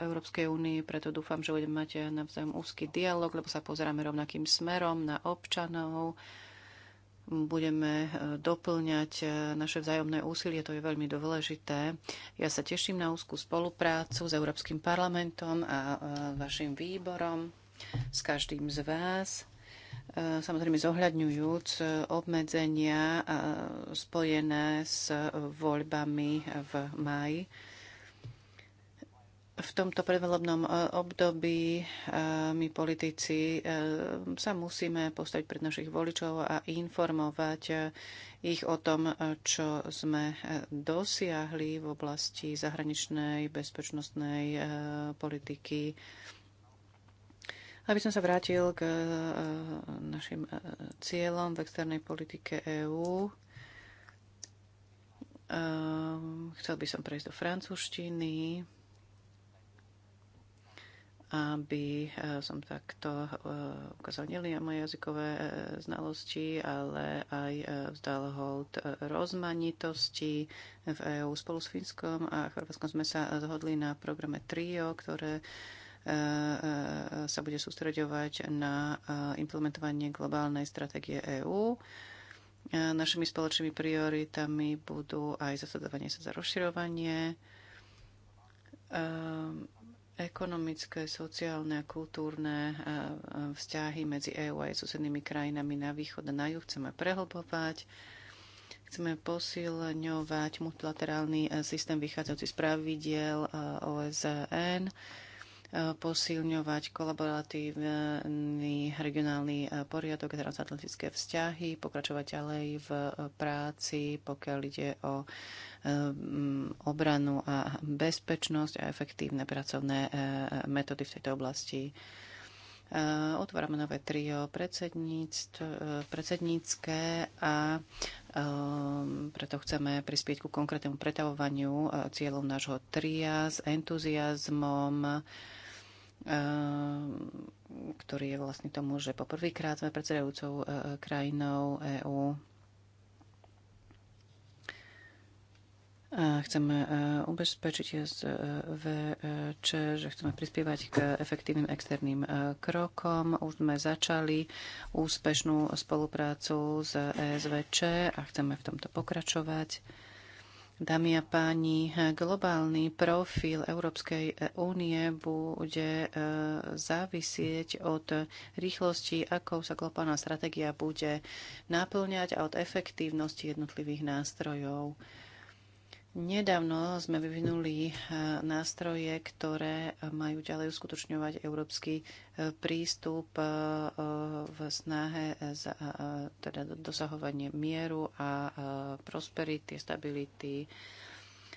Európskej únii, preto dúfam, že budeme mať navzájom úzky dialog, lebo sa pozeráme rovnakým smerom na občanov, budeme e, doplňať e, naše vzájomné úsilie, to je veľmi dôležité. Ja sa teším na úzkú spoluprácu s Európskym parlamentom a vašim výborom, s každým z vás, e, samozrejme zohľadňujúc obmedzenia spojené s voľbami v máji v tomto predvolebnom e, období e, my politici e, sa musíme postaviť pred našich voličov a informovať ich o tom, čo sme dosiahli v oblasti zahraničnej bezpečnostnej politiky. Aby som sa vrátil k našim cieľom v externej politike EÚ, chcel by som prejsť do francúzštiny aby eh, som takto eh, ukázal nielen moje jazykové eh, znalosti, ale aj vzdal hold rozmanitosti v EÚ. Spolu s Fínskom a Chorvátskom sme sa zhodli na programe TRIO, ktoré sa bude sústreďovať na implementovanie globálnej stratégie EÚ. Našimi spoločnými prioritami budú aj zasadovanie sa za rozširovanie, ehm, ekonomické, sociálne a kultúrne e, e, vzťahy medzi EÚ a susednými krajinami na východ a na juh chceme prehlbovať. Chceme posilňovať multilaterálny e, systém vychádzajúci z pravidiel OSN. Eh, posilňovať kolaboratívny regionálny eh, poriadok, transatlantické vzťahy, pokračovať ďalej v eh, práci, pokiaľ ide o mm, obranu a bezpečnosť a efektívne pracovné metódy v tejto oblasti. Otvárame nové trio predsednícke a preto chceme prispieť ku konkrétnemu pretavovaniu cieľov nášho tria s entuziasmom, Ehm, ktorý je vlastne tomu, že poprvýkrát sme predsedajúcou e, e, krajinou EÚ. Chceme e, ubezpečiť SVČ, že chceme prispievať k efektívnym externým krokom. Už sme začali úspešnú spoluprácu s ESVČ a chceme v tomto pokračovať Dámy a páni, globálny profil Európskej únie bude e, závisieť od rýchlosti, ako sa globálna stratégia bude naplňať a od efektívnosti jednotlivých nástrojov. Nedávno sme vyvinuli eh, nástroje, ktoré majú ďalej uskutočňovať európsky eh, prístup eh, v snahe za, teda dosahovanie mieru a prosperity, stability.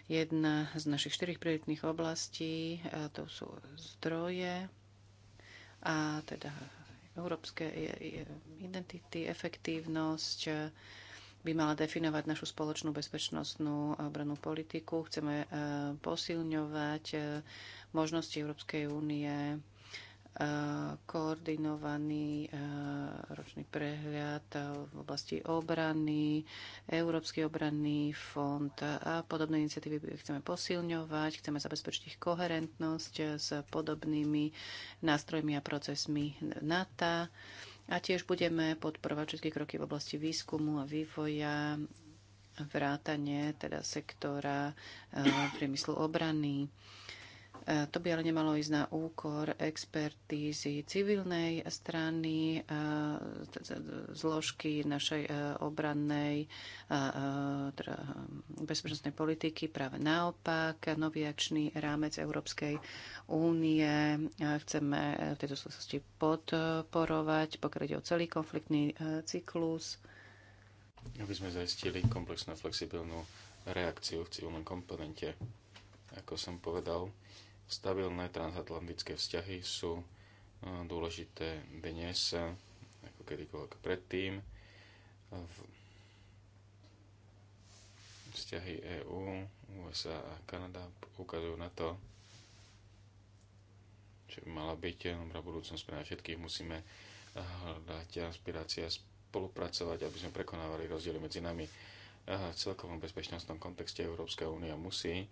Jedna z našich štyrich prioritných oblastí to sú zdroje a teda európske identity, efektívnosť, by mala definovať našu spoločnú bezpečnostnú a obranú politiku. Chceme e, posilňovať e, možnosti Európskej únie, e, koordinovaný ročný prehľad v oblasti obrany, Európsky obranný fond a podobné iniciatívy chceme posilňovať, chceme zabezpečiť ich koherentnosť s podobnými nástrojmi a procesmi NATO a tiež budeme podporovať všetky kroky v oblasti výskumu a vývoja, vrátanie teda sektora eh, priemyslu obrany. E, to by ale nemalo ísť na úkor expertízy civilnej strany, e, zložky našej e, obrannej teda, bezpečnostnej politiky. Práve naopak, nový akčný rámec Európskej únie chceme v tejto súvislosti podporovať, pokiaľ ide o celý konfliktný cyklus. Aby sme zaistili komplexnú flexibilnú reakciu v civilnom komponente. Ako som povedal, Stabilné transatlantické vzťahy sú eh, dôležité dnes, eh, ako kedykoľvek predtým. Vzťahy EÚ, USA a Kanada ukazujú na to, čo by mala byť eh, dobrá budúcnosť pre nás všetkých. Musíme hľadať aspirácia spolupracovať, aby sme prekonávali rozdiely medzi nami. v celkovom bezpečnostnom kontexte Európska únia musí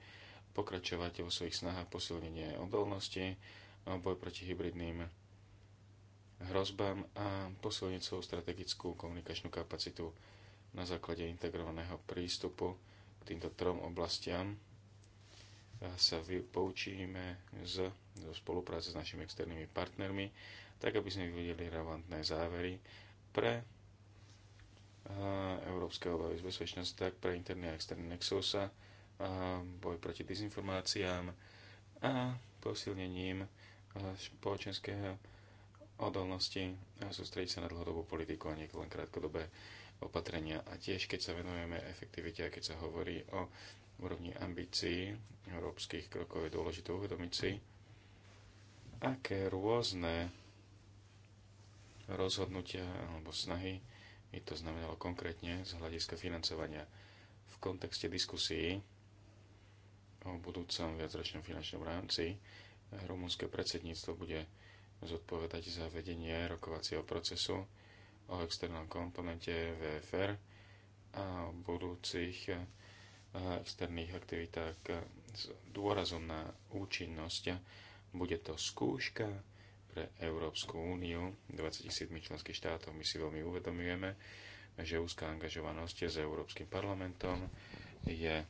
pokračovať vo svojich snahách posilnenie odolnosti, boj proti hybridným hrozbám a posilniť svoju strategickú komunikačnú kapacitu na základe integrovaného prístupu k týmto trom oblastiam sa poučíme z, zo spolupráce s našimi externými partnermi, tak aby sme vyvedeli relevantné závery pre európske obavy z bezpečnosti, tak pre interný a externý nexusa, boj proti dezinformáciám a posilnením e, spoločenského odolnosti a sústrediť sa na dlhodobú politiku a nie len krátkodobé opatrenia. A tiež, keď sa venujeme efektivite a keď sa hovorí o úrovni ambícií európskych krokov, je dôležité uvedomiť si, aké rôzne rozhodnutia alebo snahy by to znamenalo konkrétne z hľadiska financovania. V kontexte diskusí o budúcom viacročnom finančnom rámci. Rumunské predsedníctvo bude zodpovedať za vedenie rokovacieho procesu o externom komponente VFR a o budúcich eh, externých aktivitách eh, s dôrazom na účinnosť. Bude to skúška pre Európsku úniu 27 členských štátov. My si veľmi uvedomujeme, že úzká angažovanosť s Európskym parlamentom je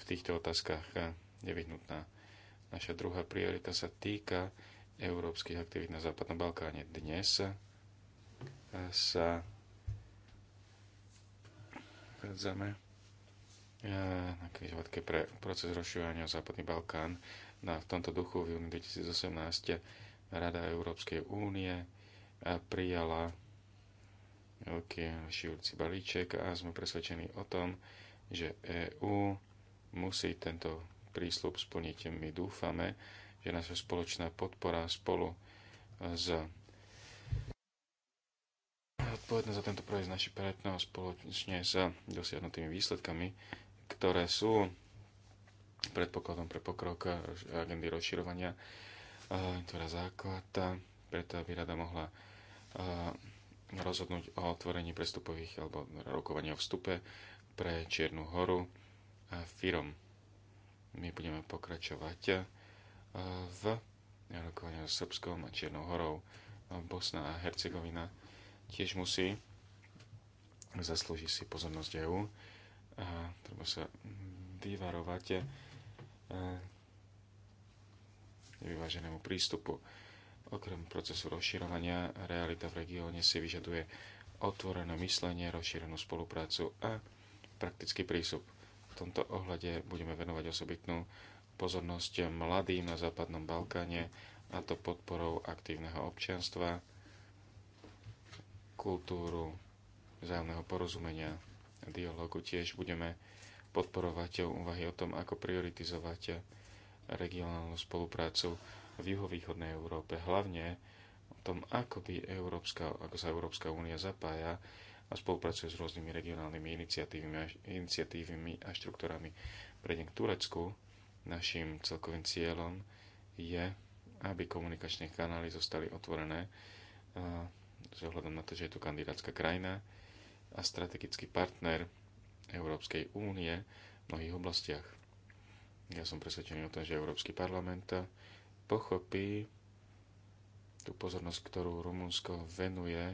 v týchto otázkach e, nevyhnutná. Naša druhá priorita sa týka európskych aktivít na Západnom Balkáne. Dnes e, sa nachádzame e, na križovatke pre proces rozširovania Západný Balkán. Na, v tomto duchu v júni 2018 Rada Európskej únie prijala veľký šijúci balíček a sme presvedčení o tom, že EÚ musí tento prísľub splniť. My dúfame, že naša spoločná podpora spolu eh, s odpovedná za tento projekt naši partnerov spoločne s dosiahnutými výsledkami, ktoré sú predpokladom pre pokrok eh, agendy rozširovania, eh, ktorá základ, preto aby rada mohla rozhodnúť o otvorení prestupových alebo rokovania o vstupe pre Čiernu horu firom. My budeme pokračovať e, v rokovania s Srbskom a Čiernou horou. Bosna a Hercegovina tiež musí zaslúžiť si pozornosť EU a treba sa vyvarovať e, nevyváženému prístupu. Okrem procesu rozširovania, realita v regióne si vyžaduje otvorené myslenie, rozšírenú spoluprácu a praktický prístup. V tomto ohľade budeme venovať osobitnú pozornosť mladým na Západnom Balkáne, a to podporou aktívneho občianstva, kultúru, vzájomného porozumenia a dialogu. Tiež budeme podporovať úvahy o tom, ako prioritizovať regionálnu spoluprácu v juhovýchodnej Európe, hlavne o tom, ako, by Európska, ako sa Európska únia zapája a spolupracuje s rôznymi regionálnymi iniciatívami a, iniciatívami a štruktúrami. Prejdem k Turecku. Našim celkovým cieľom je, aby komunikačné kanály zostali otvorené z ohľadom na to, že je tu kandidátska krajina a strategický partner Európskej únie v mnohých oblastiach. Ja som presvedčený o tom, že Európsky parlament pochopí tú pozornosť, ktorú Rumunsko venuje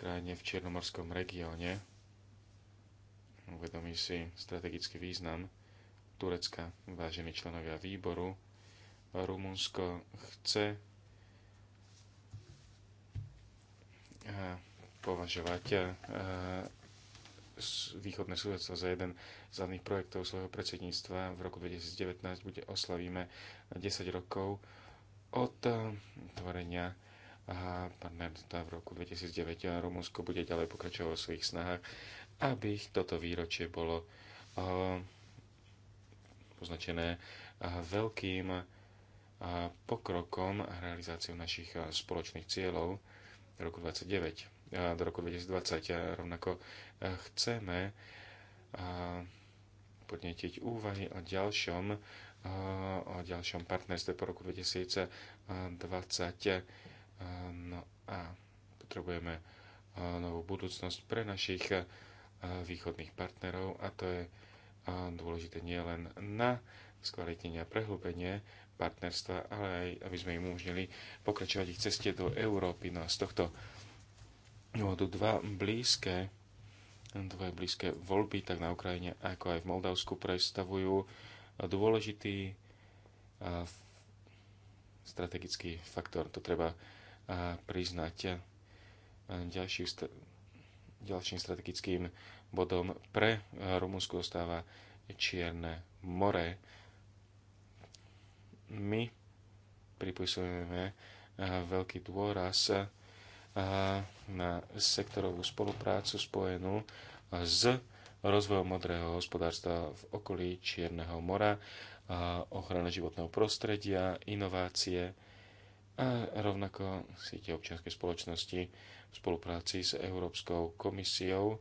krajine v Čiernomorskom regióne. Uvedomí si strategický význam Turecka, vážení členovia výboru. Rumunsko chce eh, považovať eh, východné súdectvo za jeden z hlavných projektov svojho predsedníctva. V roku 2019 bude oslavíme 10 rokov od eh, tvorenia pán Nernsta v roku 2009 a eh, Rumunsko bude ďalej pokračovať vo svojich snahách, aby toto výročie bolo eh, označené eh, veľkým pokrokom a realizáciou našich spoločných cieľov roku 29, do roku 2020. A rovnako chceme podnetiť úvahy o ďalšom, o ďalšom partnerstve po roku 2020 No a potrebujeme novú budúcnosť pre našich východných partnerov a to je dôležité nielen na skvalitnenie a prehlbenie partnerstva, ale aj aby sme im umožnili pokračovať ich ceste do Európy. No a z tohto dôvodu dva blízke, dve blízke voľby, tak na Ukrajine ako aj v Moldavsku, predstavujú dôležitý strategický faktor. To treba priznať e, ďalší, ďalším strategickým bodom pre e, Rumunsko ostáva Čierne more. My pripisujeme e, veľký dôraz na sektorovú spoluprácu spojenú s rozvojom modrého hospodárstva v okolí Čierneho mora, ochrana životného prostredia, inovácie, a rovnako siete občianskej spoločnosti v spolupráci s Európskou komisiou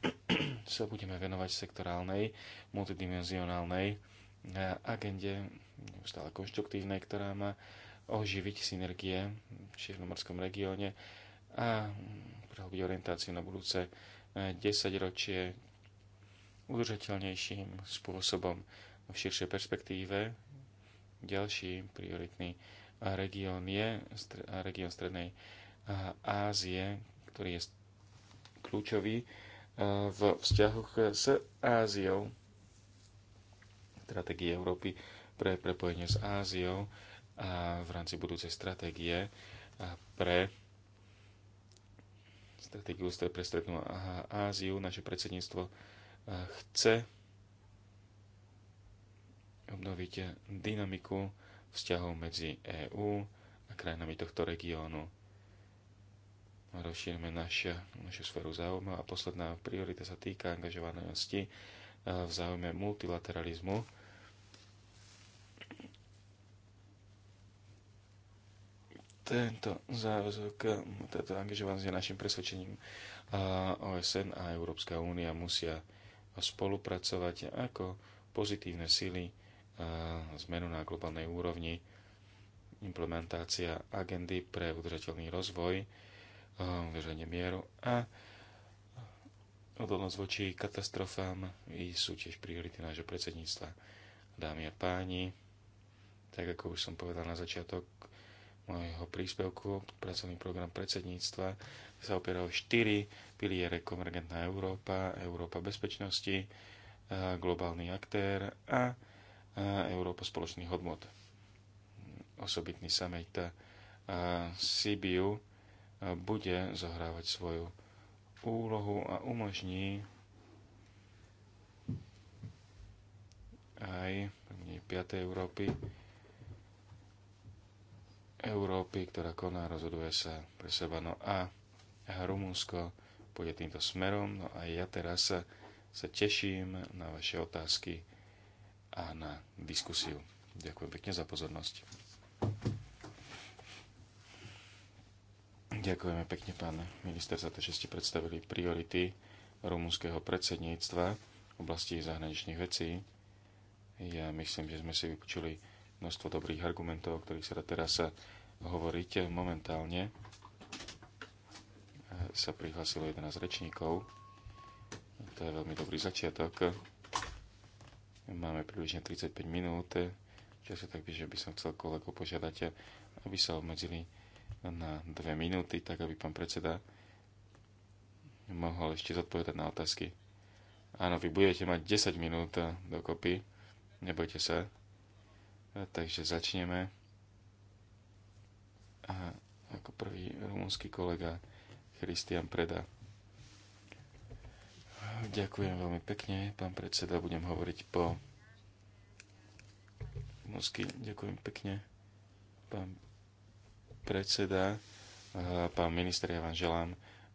sa budeme venovať sektorálnej, multidimenzionálnej eh, agende, stále konštruktívnej, ktorá má oživiť synergie v Čiernomorskom regióne a prehlbiť orientáciu na budúce 10 eh, ročie udržateľnejším spôsobom v širšej perspektíve. Ďalší prioritný región je, región Strednej Ázie, ktorý je kľúčový v vzťahoch s Áziou, stratégie Európy pre prepojenie s Áziou a v rámci budúcej stratégie pre stratégiu pre Strednú Áziu. Naše predsedníctvo chce obnoviť dynamiku vzťahov medzi EÚ a krajinami tohto regiónu. Rozšírme naša, našu sféru záujmov a posledná priorita sa týka angažovanosti e, v záujme multilateralizmu. Tento záväzok, táto angažovanosť je našim presvedčením. A OSN a Európska únia musia spolupracovať ako pozitívne sily zmenu na globálnej úrovni, implementácia agendy pre udržateľný rozvoj, udržanie mieru a odolnosť voči katastrofám sú tiež priority nášho predsedníctva. Dámy a páni, tak ako už som povedal na začiatok môjho príspevku, pracovný program predsedníctva sa opiera o štyri piliere konvergentná Európa, Európa bezpečnosti, globálny aktér a Európa spoločných hodnot. Osobitný summit CBU bude zohrávať svoju úlohu a umožní aj 5. Európy, Európy, ktorá koná, rozhoduje sa pre seba. No a Rumunsko pôjde týmto smerom. No a ja teraz sa, sa teším na vaše otázky a na diskusiu. Ďakujem pekne za pozornosť. Ďakujeme pekne, pán minister, za to, že ste predstavili priority rumúnskeho predsedníctva v oblasti zahraničných vecí. Ja myslím, že sme si vypočuli množstvo dobrých argumentov, o ktorých sa dá teraz hovoriť. Momentálne sa prihlásilo 11 rečníkov. To je veľmi dobrý začiatok. Máme približne 35 minút času, takže by som chcel kolegov požiadať, aby sa obmedzili na dve minúty, tak aby pán predseda mohol ešte zodpovedať na otázky. Áno, vy budete mať 10 minút dokopy, nebojte sa. Takže začneme. A ako prvý rumúnsky kolega Christian Preda. Ďakujem veľmi pekne, pán predseda. Budem hovoriť po Musky. Ďakujem pekne, pán predseda. Pán minister, ja vám želám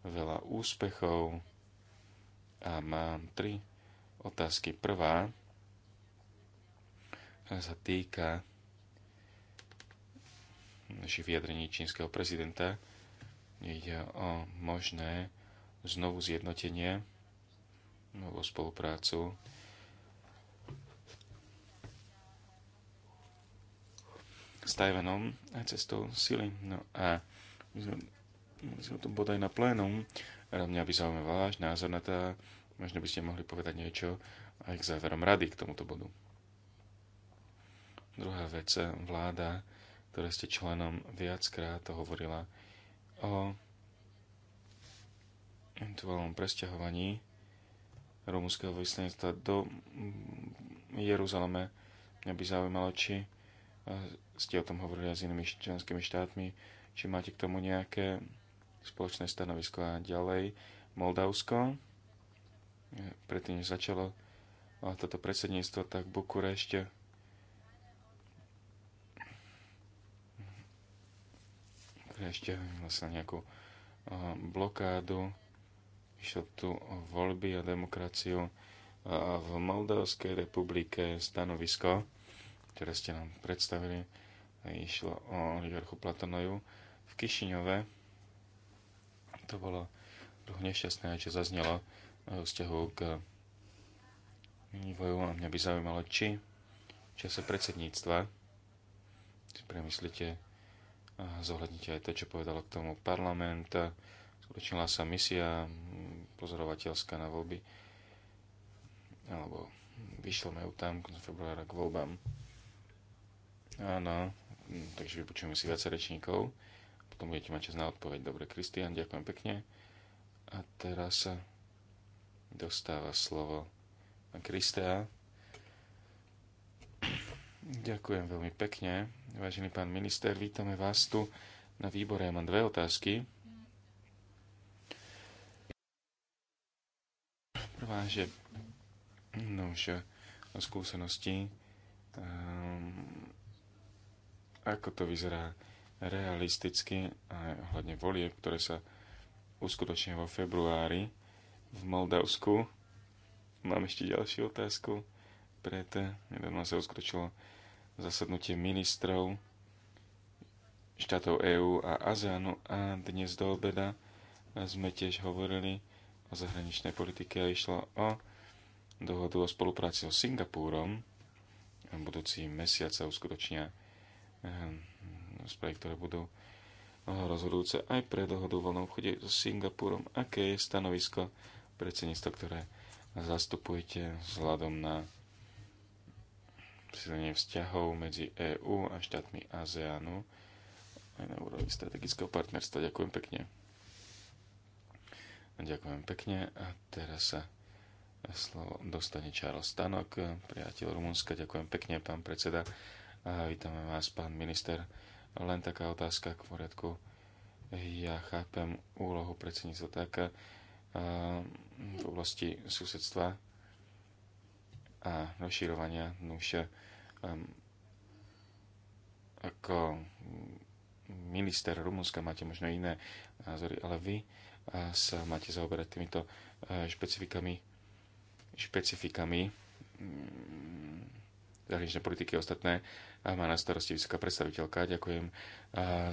veľa úspechov a mám tri otázky. Prvá sa týka našich vyjadrení čínskeho prezidenta. Ide o možné znovu zjednotenie novú spoluprácu s Tajvanom aj cestou sily. No a my sme, my sme to bodaj na plénum, ale mňa by zaujímavá váš názor na to. Možno by ste mohli povedať niečo aj k záverom rady k tomuto bodu. Druhá vec, vláda, ktoré ste členom viackrát hovorila o eventuálnom presťahovaní rumúnskeho vyslanectva do mm, Jeruzaleme. Mňa by zaujímalo, či eh, ste o tom hovorili aj s inými členskými štátmi, či máte k tomu nejaké spoločné stanovisko a ďalej. Moldavsko, eh, predtým než začalo eh, toto predsedníctvo, tak Bukurešte ešte vlastne nejakú blokádu Išlo tu o voľby a demokraciu a v Moldavskej republike stanovisko, ktoré ste nám predstavili. Išlo o oligarchu Platonoju v Kišiňove. To bolo druh nešťastné, čo zaznelo v vzťahu k vývoju a mňa by zaujímalo, či v čase predsedníctva si premyslíte a zohľadnite aj to, čo povedalo k tomu parlament, Skutočnila sa misia pozorovateľská na voľby, alebo vyšlo ju tam z februára k voľbám. Áno, hm, takže vypočujeme si viac rečníkov. Potom budete mať čas na odpoveď. Dobre, Kristian, ďakujem pekne. A teraz sa dostáva slovo na Kristia. Ďakujem veľmi pekne. Vážený pán minister, vítame vás tu na výbore. Ja mám dve otázky. Prvá, že no už skúsenosti, um, ako to vyzerá realisticky a hlavne volie, ktoré sa uskutočne vo februári v Moldavsku. Mám ešte ďalšiu otázku. Preto nedávno sa uskutočilo zasadnutie ministrov štátov EÚ a ASEANu a dnes do obeda sme tiež hovorili o zahraničnej politike a išlo o dohodu o spolupráci so Singapúrom. Budúci mesiac sa uskutočnia ehm, správy, ktoré budú rozhodujúce aj pre dohodu o voľnom obchode so Singapúrom. Aké je stanovisko predsedníctva, ktoré zastupujete vzhľadom na silenie vzťahov medzi EÚ a štátmi ASEANu aj na úrovni strategického partnerstva. Ďakujem pekne. Ďakujem pekne a teraz sa slovo dostane Charles Stanok, priateľ Rumunska. Ďakujem pekne, pán predseda. A vítame vás, pán minister. Len taká otázka k poriadku. Ja chápem úlohu predsedníctva tak v oblasti susedstva a rozširovania nuž um, ako minister Rumunska máte možno iné názory, ale vy sa máte zaoberať týmito e, špecifikami, špecifikami mm, zahraničné politiky ostatné a má na starosti vysoká predstaviteľka. Ďakujem e,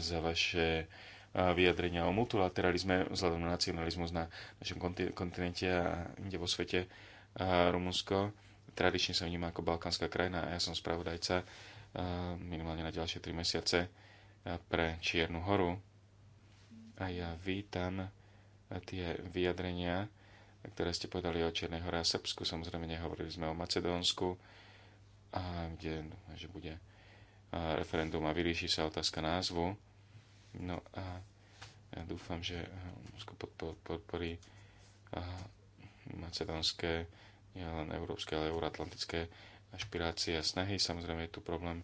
za vaše e, vyjadrenia o multilateralizme vzhľadom na nacionalizmus na našom kontinente a inde vo svete. Rumunsko tradične sa vníma ako balkánska krajina a ja som spravodajca minimálne na ďalšie 3 mesiace pre Čiernu horu. A ja vítam tie vyjadrenia, ktoré ste povedali o Čiernej hore a Srbsku, samozrejme nehovorili sme o Macedónsku, a kde no, že bude referendum a vyrieši sa otázka názvu. No a ja dúfam, že podporí macedónske, nielen európske, ale euroatlantické ašpirácie a snahy. Samozrejme je tu problém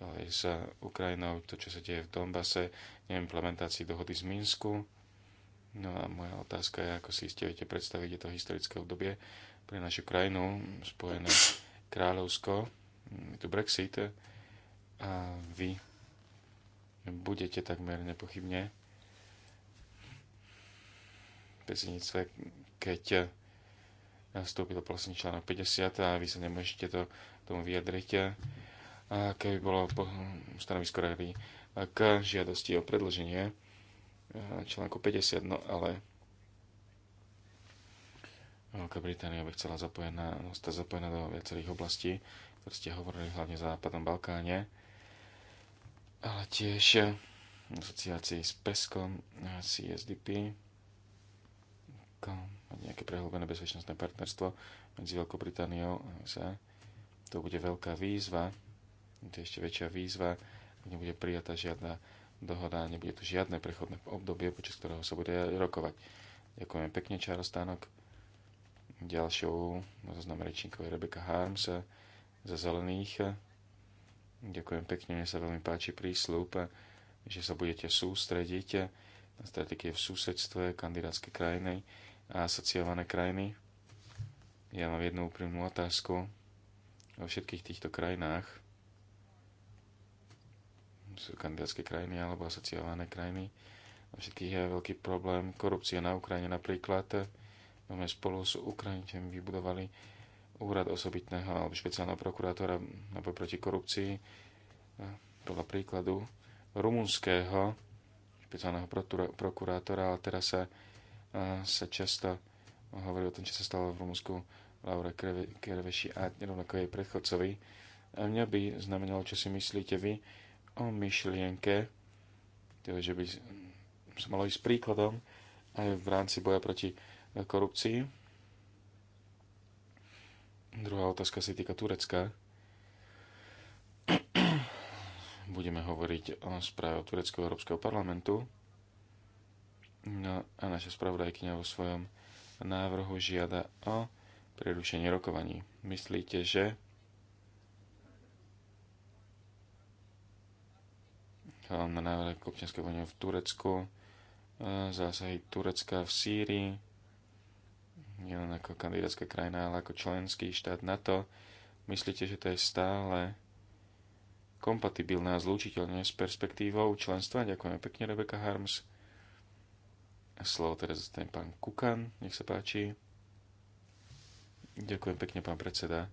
ďalej s Ukrajinou, to, čo sa deje v Donbase, neimplementácii dohody z Minsku No a moja otázka je, ako si ste viete predstaviť, je to historické obdobie pre našu krajinu, spojené kráľovsko, je tu Brexit a vy budete takmer nepochybne predsedníctve, keď vstúpi do vlastne článok 50 a vy sa nemôžete to tomu vyjadriť. A keby bolo stanovisko rady k žiadosti o predlženie článku 50, no ale Veľká Británia by chcela zapojená, zostať no, zapojená do viacerých oblastí, ktoré ste hovorili hlavne v Západnom Balkáne, ale tiež eh, asociácii s PESCom, eh, CSDP, nejaké prehlbené bezpečnostné partnerstvo medzi Veľkou Britániou a USA. To bude veľká výzva, to je ešte väčšia výzva, nebude prijatá žiadna dohoda, nebude tu žiadne prechodné obdobie, počas ktorého sa bude rokovať. Ďakujem pekne, Čaro Stánok. Ďalšou na zozname rečníkov je Rebecca Harms za Zelených. Ďakujem pekne, mne sa veľmi páči prísľub, že sa budete sústrediť na stratégie v susedstve, kandidátske krajiny a asociované krajiny. Ja mám jednu úprimnú otázku o všetkých týchto krajinách sú kandidátske krajiny alebo asociované krajiny. Na všetkých je veľký problém. Korupcia na Ukrajine napríklad. No spolu s Ukrajincami vybudovali úrad osobitného alebo špeciálneho prokurátora na boj proti korupcii. Podľa príkladu rumunského špeciálneho prokurátora, ale teraz sa, sa často hovorí o tom, čo sa stalo v Rumunsku Laura Kerveši a rovnako jej predchodcovi. A mňa by znamenalo, čo si myslíte vy o myšlienke, teda, že by sa malo ísť príkladom aj v rámci boja proti e, korupcii. Druhá otázka sa týka Turecka. Budeme hovoriť o správe Tureckého Európskeho parlamentu. No a naša spravodajkynia vo svojom návrhu žiada o prerušenie rokovaní. Myslíte, že na návrh k občianskej vojne v Turecku, e, zásahy Turecka v Sýrii, nielen ako kandidátska krajina, ale ako členský štát NATO. Myslíte, že to je stále kompatibilné a zlúčiteľné s perspektívou členstva? Ďakujem pekne, Rebecca Harms. Slovo teraz zostane pán Kukan, nech sa páči. Ďakujem pekne, pán predseda.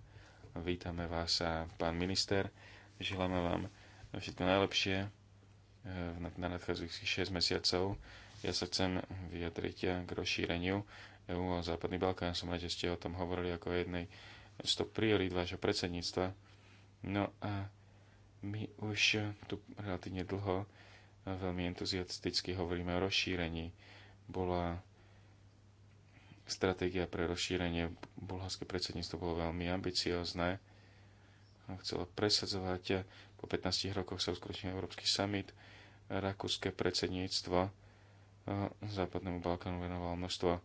Vítame vás a pán minister. Želáme vám všetko najlepšie na nadchádzajúcich 6 mesiacov. Ja sa chcem vyjadriť k rozšíreniu EU a Západný Balkán. Som rád, že ste o tom hovorili ako jednej z to priorít vášho predsedníctva. No a my už tu relatívne dlho veľmi entuziasticky hovoríme o rozšírení. Bola stratégia pre rozšírenie bulharské predsedníctvo bolo veľmi ambiciozne chcelo presadzovať. Po 15 rokoch sa uskutočnil Európsky summit. Rakúske predsedníctvo e, Západnému Balkánu venovalo množstvo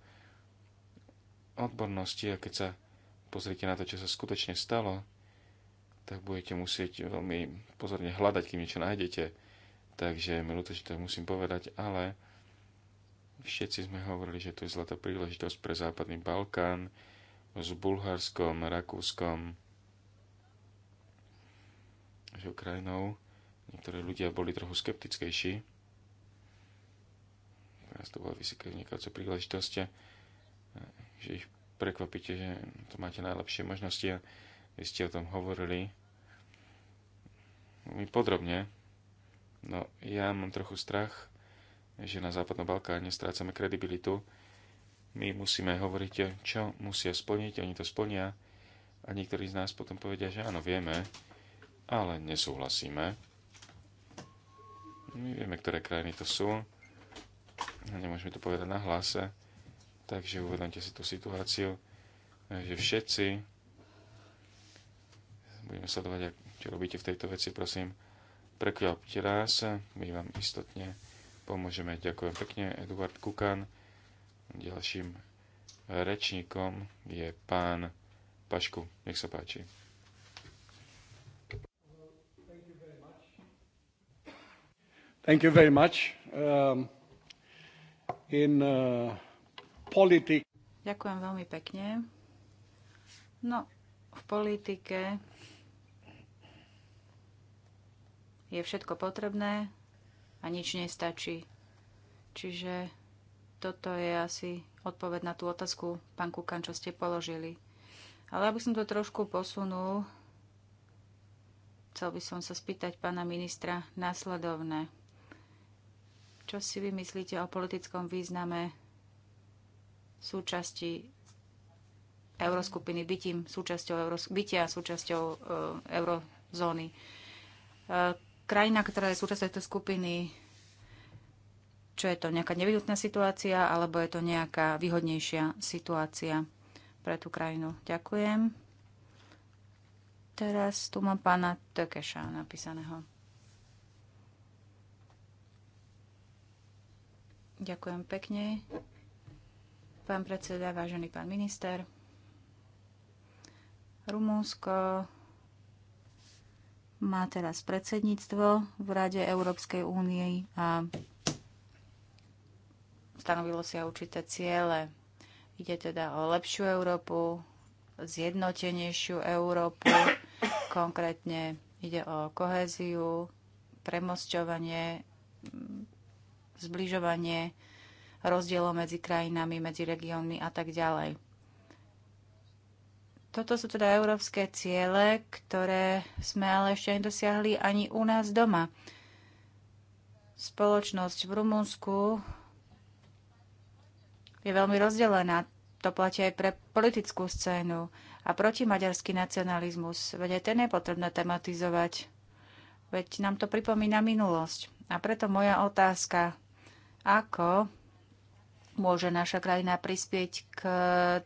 odbornosti a keď sa pozrite na to, čo sa skutočne stalo, tak budete musieť veľmi pozorne hľadať, kým niečo nájdete. Takže mi ľúto, že to musím povedať, ale všetci sme hovorili, že to je zlatá príležitosť pre Západný Balkán s Bulharskom, Rakúskom, našou krajinou niektorí ľudia boli trochu skeptickejší. Teraz to bola vynikajúca príležitosť, že ich prekvapíte, že to máte najlepšie možnosti a vy ste o tom hovorili my podrobne. No ja mám trochu strach, že na Západnom Balkáne strácame kredibilitu. My musíme hovoriť, čo musia splniť, oni to splnia a niektorí z nás potom povedia, že áno, vieme, ale nesúhlasíme. My vieme, ktoré krajiny to sú. Nemôžeme to povedať na hlase. Takže uvedomte si tú situáciu, že všetci budeme sledovať, čo robíte v tejto veci, prosím, prekvapte nás, my vám istotne pomôžeme. Ďakujem pekne, Eduard Kukan. Ďalším rečníkom je pán Pašku. Nech sa páči. Thank you very much. Um, in, uh, politik- Ďakujem veľmi pekne. No, v politike je všetko potrebné a nič nestačí. Čiže toto je asi odpoved na tú otázku, pán Kukan, čo ste položili. Ale aby som to trošku posunul, chcel by som sa spýtať pána ministra následovné. Čo si vy myslíte o politickom význame súčasti euroskupiny, bytím súčasťou euros- bytia súčasťou uh, eurozóny? Uh, krajina, ktorá je súčasťou tejto skupiny, čo je to nejaká nevyhnutná situácia, alebo je to nejaká výhodnejšia situácia pre tú krajinu. Ďakujem. Teraz tu mám pána Tökeša napísaného. Ďakujem pekne. Pán predseda, vážený pán minister. Rumúnsko má teraz predsedníctvo v Rade Európskej únie a stanovilo si určité ciele. Ide teda o lepšiu Európu, zjednotenejšiu Európu, konkrétne ide o kohéziu, premosťovanie zbližovanie rozdielov medzi krajinami, medzi regiónmi a tak ďalej. Toto sú teda európske ciele, ktoré sme ale ešte nedosiahli ani u nás doma. Spoločnosť v Rumunsku je veľmi rozdelená. To platí aj pre politickú scénu a protimaďarský nacionalizmus. Veď aj ten je potrebné tematizovať. Veď nám to pripomína minulosť. A preto moja otázka ako môže naša krajina prispieť k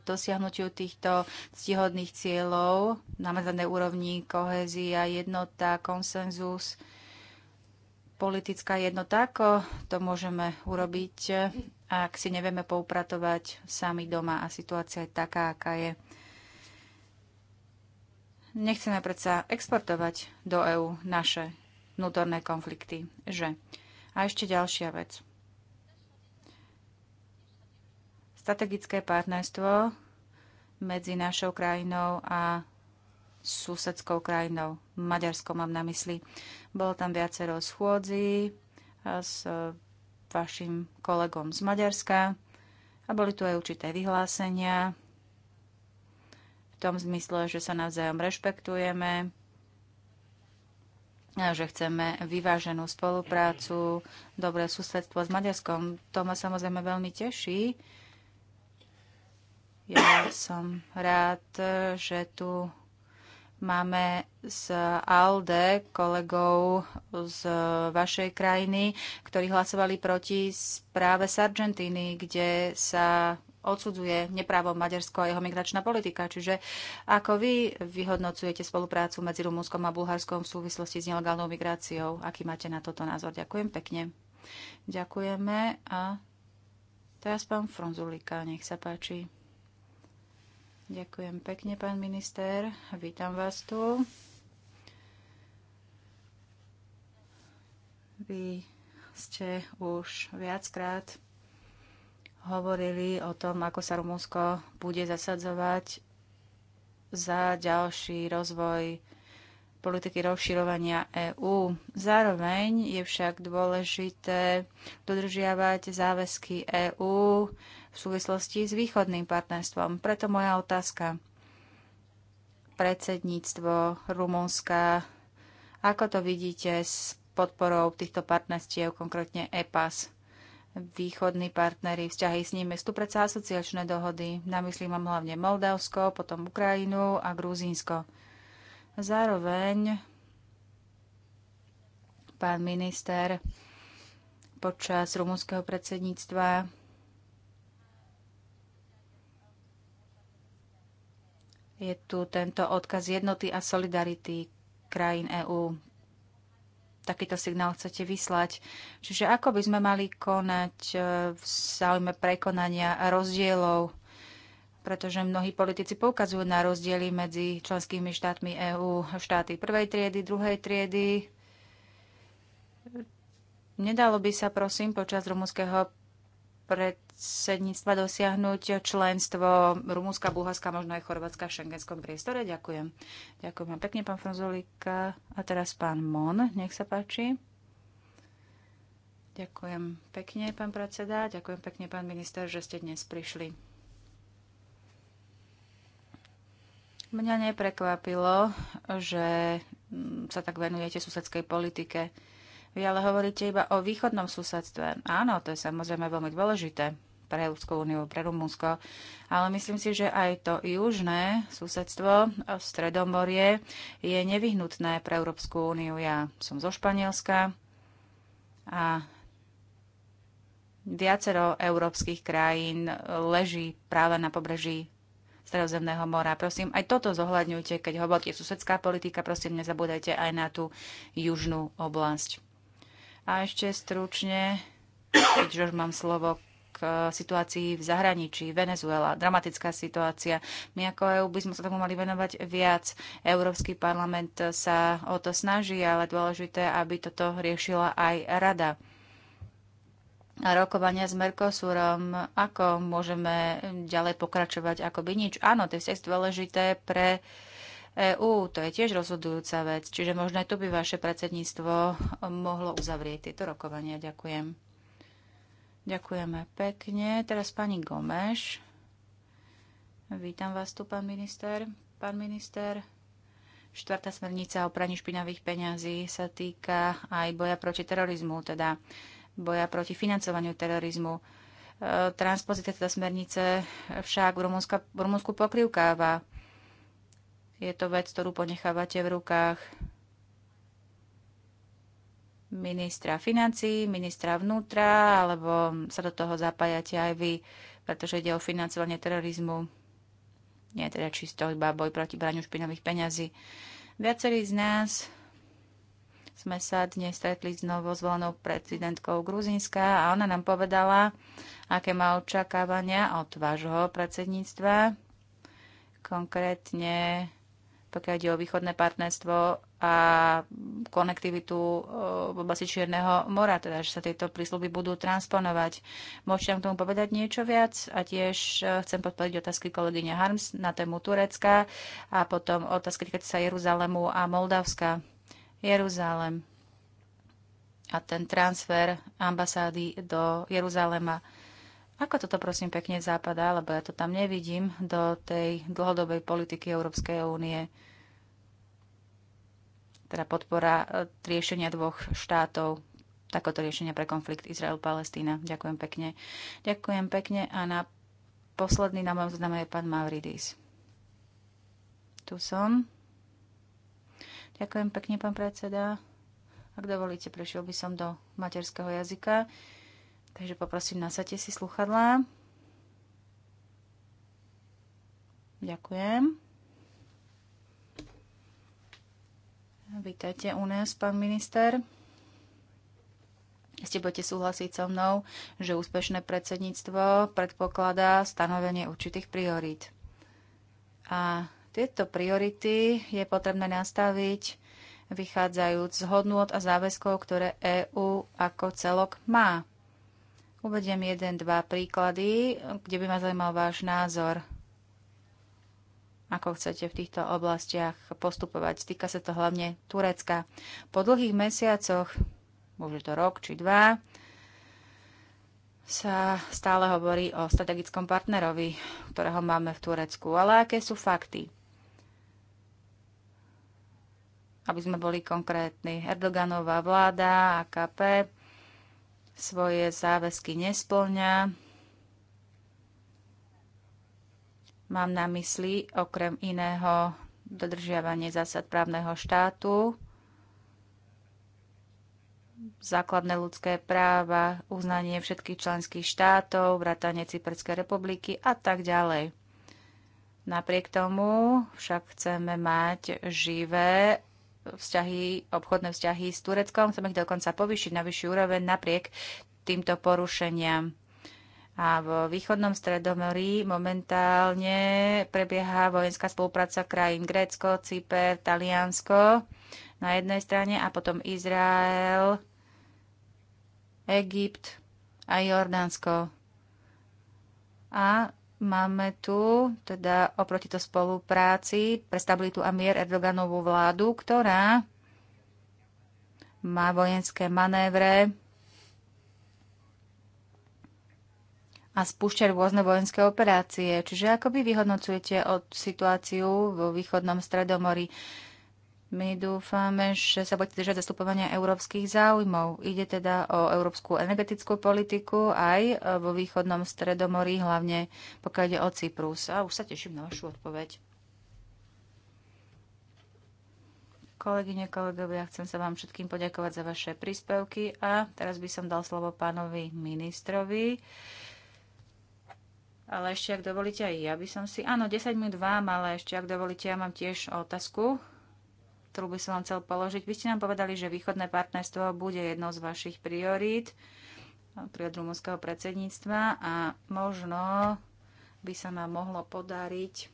dosiahnutiu týchto ctihodných cieľov na medzinárodnej úrovni kohézia, jednota, konsenzus, politická jednota, ako to môžeme urobiť, ak si nevieme poupratovať sami doma a situácia je taká, aká je. Nechceme predsa exportovať do EÚ naše vnútorné konflikty, že? A ešte ďalšia vec. strategické partnerstvo medzi našou krajinou a susedskou krajinou, Maďarskou mám na mysli. Bolo tam viacero schôdzí eh, s vašim kolegom z Maďarska a boli tu aj určité vyhlásenia v tom zmysle, že sa navzájom rešpektujeme, že chceme vyváženú spoluprácu, dobré susedstvo s Maďarskom. To ma samozrejme veľmi teší ja som rád, že tu máme z ALDE kolegov z vašej krajiny, ktorí hlasovali proti správe z Argentíny, kde sa odsudzuje neprávo Maďarsko a jeho migračná politika. Čiže ako vy vyhodnocujete spoluprácu medzi Rumúnskom a Bulharskom v súvislosti s nelegálnou migráciou? Aký máte na toto názor? Ďakujem pekne. Ďakujeme a teraz pán Fronzulika, nech sa páči. Ďakujem pekne, pán minister. Vítam vás tu. Vy ste už viackrát hovorili o tom, ako sa Rumúnsko bude zasadzovať za ďalší rozvoj politiky rozširovania EÚ. Zároveň je však dôležité dodržiavať záväzky EÚ v súvislosti s východným partnerstvom. Preto moja otázka. Predsedníctvo Rumunska, ako to vidíte s podporou týchto partnerstiev, konkrétne EPAS? východní partnery, vzťahy s nimi. Sú tu predsa asociačné dohody. Na mysli mám hlavne Moldavsko, potom Ukrajinu a Gruzínsko. Zároveň pán minister počas rumúnskeho predsedníctva Je tu tento odkaz jednoty a solidarity krajín EÚ. Takýto signál chcete vyslať. Čiže ako by sme mali konať e, v záujme prekonania rozdielov, pretože mnohí politici poukazujú na rozdiely medzi členskými štátmi EÚ, štáty prvej triedy, druhej triedy, Nedalo by sa, prosím, počas rumúnskeho predsedníctva dosiahnuť členstvo Rumúnska, Bulharska, možno aj Chorvátska v šengenskom priestore. Ďakujem. Ďakujem vám pekne, pán Franzolika. A teraz pán Mon, nech sa páči. Ďakujem pekne, pán predseda. Ďakujem pekne, pán minister, že ste dnes prišli. Mňa neprekvapilo, že sa tak venujete susedskej politike. Vy ale hovoríte iba o východnom susedstve. Áno, to je samozrejme veľmi dôležité pre Európsku úniu, pre Rumunsko. Ale myslím si, že aj to južné susedstvo, Stredomorie, je nevyhnutné pre Európsku úniu. Ja som zo Španielska a viacero európskych krajín leží práve na pobreží Stredozemného mora. Prosím, aj toto zohľadňujte, keď hovoríte susedská politika, prosím, nezabúdajte aj na tú južnú oblasť. A ešte stručne, keďže už mám slovo k situácii v zahraničí, Venezuela, dramatická situácia. My ako EU by sme sa tomu mali venovať viac. Európsky parlament sa o to snaží, ale dôležité, aby toto riešila aj rada. A rokovania s Mercosurom, ako môžeme ďalej pokračovať, ako by nič. Áno, to je dôležité pre uh, EÚ. To je tiež rozhodujúca vec, čiže možno aj to by vaše predsedníctvo mohlo uzavrieť tieto rokovania. Ďakujem. Ďakujeme pekne. Teraz pani Gomeš. Vítam vás tu, pán minister. Pán minister, štvrtá smernica o praní špinavých peňazí sa týka aj boja proti terorizmu, teda boja proti financovaniu terorizmu e, transpozícia teda smernice však v Rumunsku pokrývkáva je to vec, ktorú ponechávate v rukách ministra financí, ministra vnútra, alebo sa do toho zapájate aj vy, pretože ide o financovanie terorizmu. Nie je teda čisto iba boj proti braniu špinových peňazí. Viacerí z nás sme sa dnes stretli s novozvolenou prezidentkou Gruzinska a ona nám povedala, aké má očakávania od vášho predsedníctva. Konkrétne pokiaľ ide o východné partnerstvo a konektivitu e, v oblasti Čierneho mora, teda že sa tieto prísluby budú transponovať. Môžete nám k tomu povedať niečo viac? A tiež e, chcem podporiť otázky kolegyne Harms na tému Turecka a potom otázky týkajúce sa Jeruzalemu a Moldavska. Jeruzalem a ten transfer ambasády do Jeruzalema. Ako toto prosím pekne zapadá, lebo ja to tam nevidím, do tej dlhodobej politiky Európskej únie, teda podpora e, riešenia dvoch štátov, takoto riešenia pre konflikt Izrael-Palestína. Ďakujem pekne. Ďakujem pekne a na posledný na mojom zozname je pán Mavridis. Tu som. Ďakujem pekne, pán predseda. Ak dovolíte, prešiel by som do materského jazyka. Takže poprosím, nasadte si sluchadlá. Ďakujem. Vítajte u nás, pán minister. Ste budete súhlasiť so mnou, že úspešné predsedníctvo predpokladá stanovenie určitých priorít. A tieto priority je potrebné nastaviť vychádzajúc z hodnôt a záväzkov, ktoré EÚ ako celok má Uvediem jeden, dva príklady, kde by ma zaujímal váš názor, ako chcete v týchto oblastiach postupovať. Týka sa to hlavne Turecka. Po dlhých mesiacoch, môže to rok či dva, sa stále hovorí o strategickom partnerovi, ktorého máme v Turecku. Ale aké sú fakty? Aby sme boli konkrétni, Erdoganová vláda, AKP svoje záväzky nesplňa. Mám na mysli okrem iného dodržiavanie zásad právneho štátu, základné ľudské práva, uznanie všetkých členských štátov, vrátanie Cyperskej republiky a tak ďalej. Napriek tomu však chceme mať živé vzťahy, obchodné vzťahy s Tureckom. Chceme ich dokonca povyšiť na vyšší úroveň napriek týmto porušeniam. A v východnom stredomorí momentálne prebieha vojenská spolupráca krajín Grécko, Cyper, Taliansko na jednej strane a potom Izrael, Egypt a Jordánsko. A Máme tu teda oproti to spolupráci pre stabilitu a mier Erdoganovú vládu, ktorá má vojenské manévre a spúšťa rôzne vojenské operácie. Čiže ako vy vyhodnocujete od situáciu vo východnom stredomori? My dúfame, že sa budete držať zastupovania európskych záujmov. Ide teda o európsku energetickú politiku aj vo východnom stredomorí, hlavne pokiaľ ide o Cyprus. A už sa teším na vašu odpoveď. Kolegyne, kolegovia, chcem sa vám všetkým poďakovať za vaše príspevky a teraz by som dal slovo pánovi ministrovi. Ale ešte, ak dovolíte, aj ja by som si... Áno, 10 minút vám, ale ešte, ak dovolíte, ja mám tiež otázku ktorú by som vám chcel položiť. Vy ste nám povedali, že východné partnerstvo bude jednou z vašich priorít pri rumúnskeho predsedníctva a možno by sa nám mohlo podariť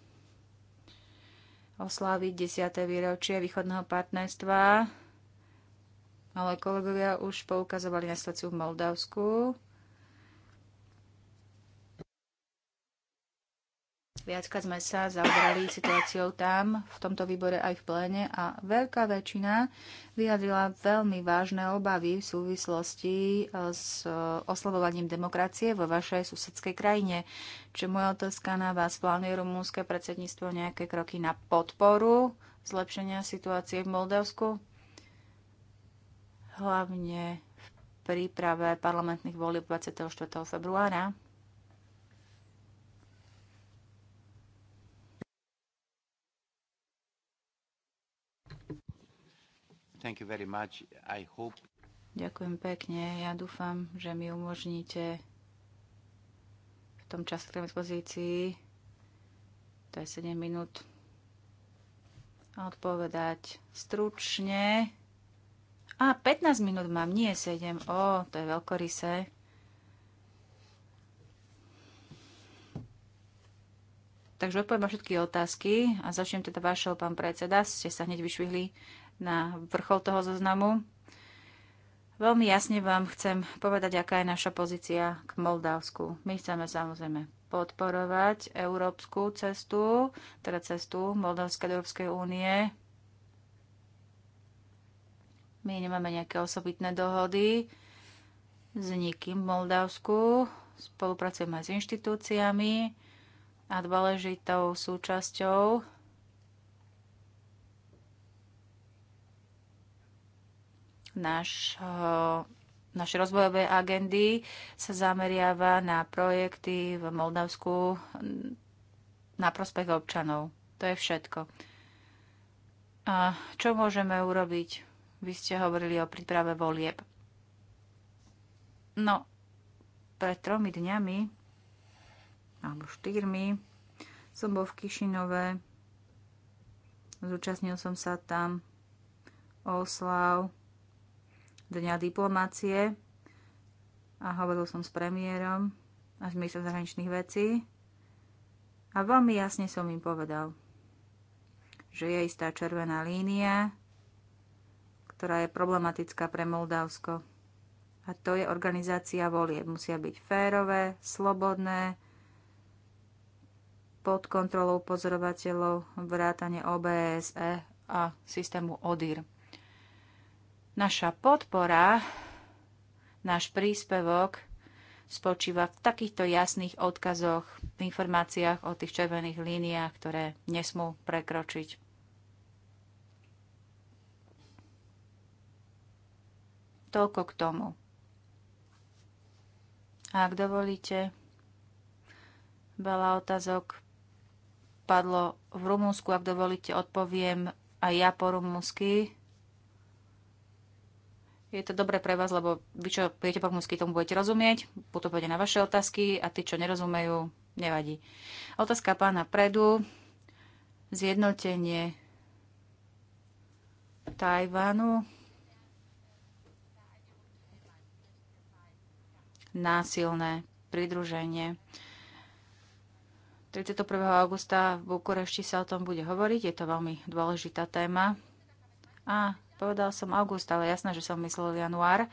osláviť 10. výročie východného partnerstva. Ale kolegovia už poukazovali na situáciu v Moldavsku. Viackrát sme sa zaoberali situáciou tam, v tomto výbore aj v pléne a veľká väčšina vyjadrila veľmi vážne obavy v súvislosti e, s oslabovaním demokracie vo vašej susedskej krajine. čo moja otázka na vás, plánuje rumúnske predsedníctvo nejaké kroky na podporu zlepšenia situácie v Moldavsku? Hlavne v príprave parlamentných volieb 24. februára. Thank you very much. I hope... Ďakujem pekne. Ja dúfam, že mi umožníte v tom čase, ktorý pozícii, to je 7 minút, odpovedať stručne. A 15 minút mám, nie 7. O, to je veľkorysé. Takže odpoviem na všetky otázky a začnem teda vašou, pán predseda. Ste sa hneď vyšvihli na vrchol toho zoznamu. Veľmi jasne vám chcem povedať, aká je naša pozícia k Moldavsku. My chceme samozrejme podporovať európsku cestu, teda cestu Moldavskej Európskej únie. My nemáme nejaké osobitné dohody s nikým v Moldavsku. Spolupracujeme aj s inštitúciami a dôležitou súčasťou nášho eh, naše rozvojové agendy sa zameriava na projekty v Moldavsku mm, na prospech občanov. To je všetko. A čo môžeme urobiť? Vy ste hovorili o príprave volieb. No, pred tromi dňami alebo štyrmi som bol v Kišinove. Zúčastnil som sa tam oslav Dňa diplomácie a hovoril som s premiérom a s ministrom zahraničných vecí a veľmi jasne som im povedal, že je istá červená línia, ktorá je problematická pre Moldavsko. A to je organizácia volieb. Musia byť férové, slobodné, pod kontrolou pozorovateľov, vrátane OBSE a systému ODIR. Naša podpora, náš príspevok spočíva v takýchto jasných odkazoch, v informáciách o tých červených líniách, ktoré nesmú prekročiť. Toľko k tomu. A ak dovolíte, veľa otázok padlo v Rumunsku. Ak dovolíte, odpoviem aj ja po rumúnsky. Je to dobré pre vás, lebo vy, čo pijete po rumúnsky, tomu budete rozumieť, potom pôjde na vaše otázky a tí, čo nerozumejú, nevadí. Otázka pána Predu. Zjednotenie Tajvanu. Násilné pridruženie. 31. augusta v Bukurešti sa o tom bude hovoriť. Je to veľmi dôležitá téma. A Povedal som august, ale jasné, že som myslel január.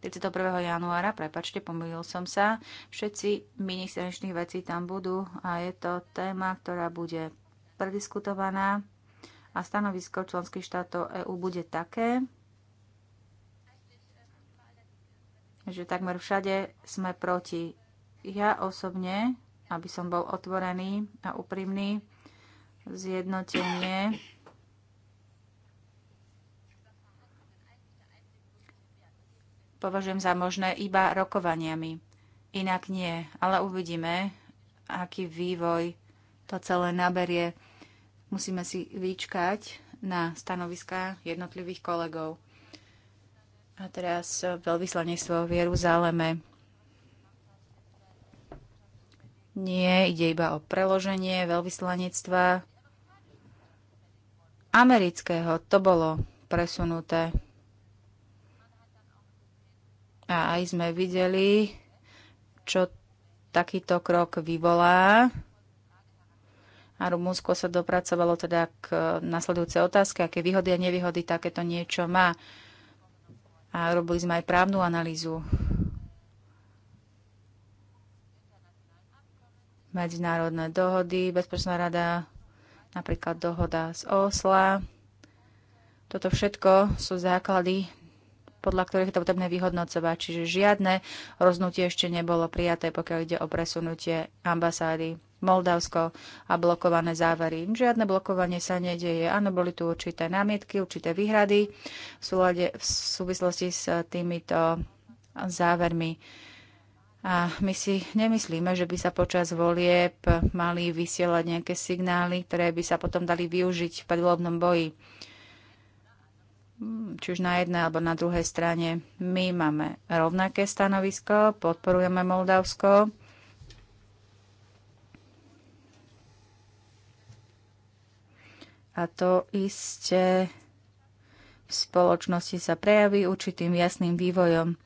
31. januára, prepačte, pomýlil som sa. Všetci ministerničných vecí tam budú a je to téma, ktorá bude prediskutovaná a stanovisko členských štátov EÚ bude také, že takmer všade sme proti. Ja osobne, aby som bol otvorený a úprimný, zjednotenie považujem za možné iba rokovaniami. Inak nie, ale uvidíme, aký vývoj to celé naberie. Musíme si vyčkať na stanoviská jednotlivých kolegov. A teraz veľvyslanectvo v Jeruzaleme. Nie, ide iba o preloženie veľvyslanectva amerického. To bolo presunuté a aj sme videli, čo takýto krok vyvolá. A Rumunsko sa dopracovalo teda k nasledujúcej otázke, aké výhody a nevýhody takéto niečo má. A robili sme aj právnu analýzu medzinárodné dohody, Bezpečná rada, napríklad dohoda z Osla. Toto všetko sú základy podľa ktorých je to potrebné vyhodnocovať. Čiže žiadne roznutie ešte nebolo prijaté, pokiaľ ide o presunutie ambasády Moldavsko a blokované závery. Žiadne blokovanie sa nedieje. Áno, boli tu určité námietky, určité výhrady v, súlade, v súvislosti s týmito závermi. A my si nemyslíme, že by sa počas volieb mali vysielať nejaké signály, ktoré by sa potom dali využiť v predvoľobnom boji. Hm, či už na jednej alebo na druhej strane, my máme rovnaké stanovisko, podporujeme Moldavsko. A to iste v spoločnosti sa prejaví určitým jasným vývojom.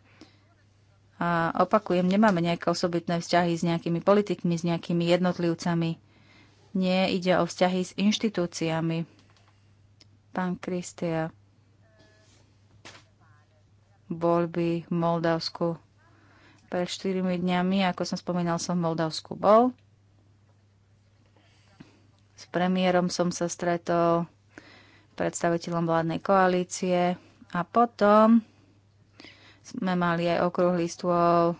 A opakujem, nemáme nejaké osobitné vzťahy s nejakými politikmi, s nejakými jednotlivcami. Nie, ide o vzťahy s inštitúciami. Pán Kristia voľby v Moldavsku. Pred 4 dňami, ako som spomínal, som v Moldavsku bol. S premiérom som sa stretol, predstaviteľom vládnej koalície a potom sme mali aj okrúhly stôl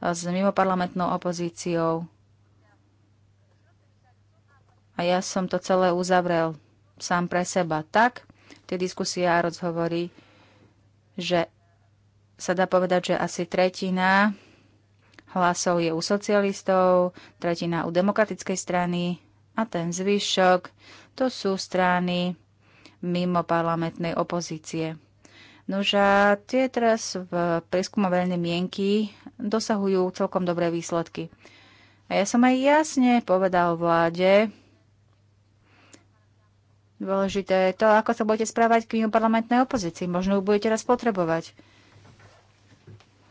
s mimoparlamentnou opozíciou. A ja som to celé uzavrel sám pre seba tak, tie diskusie a rozhovory, že sa dá povedať, že asi tretina hlasov je u socialistov, tretina u demokratickej strany a ten zvyšok to sú strany mimo parlamentnej opozície. Nože tie teraz v prieskume mienky dosahujú celkom dobré výsledky. A ja som aj jasne povedal vláde, dôležité je to, ako sa budete správať k mimo parlamentnej opozícii. Možno ju budete teraz potrebovať.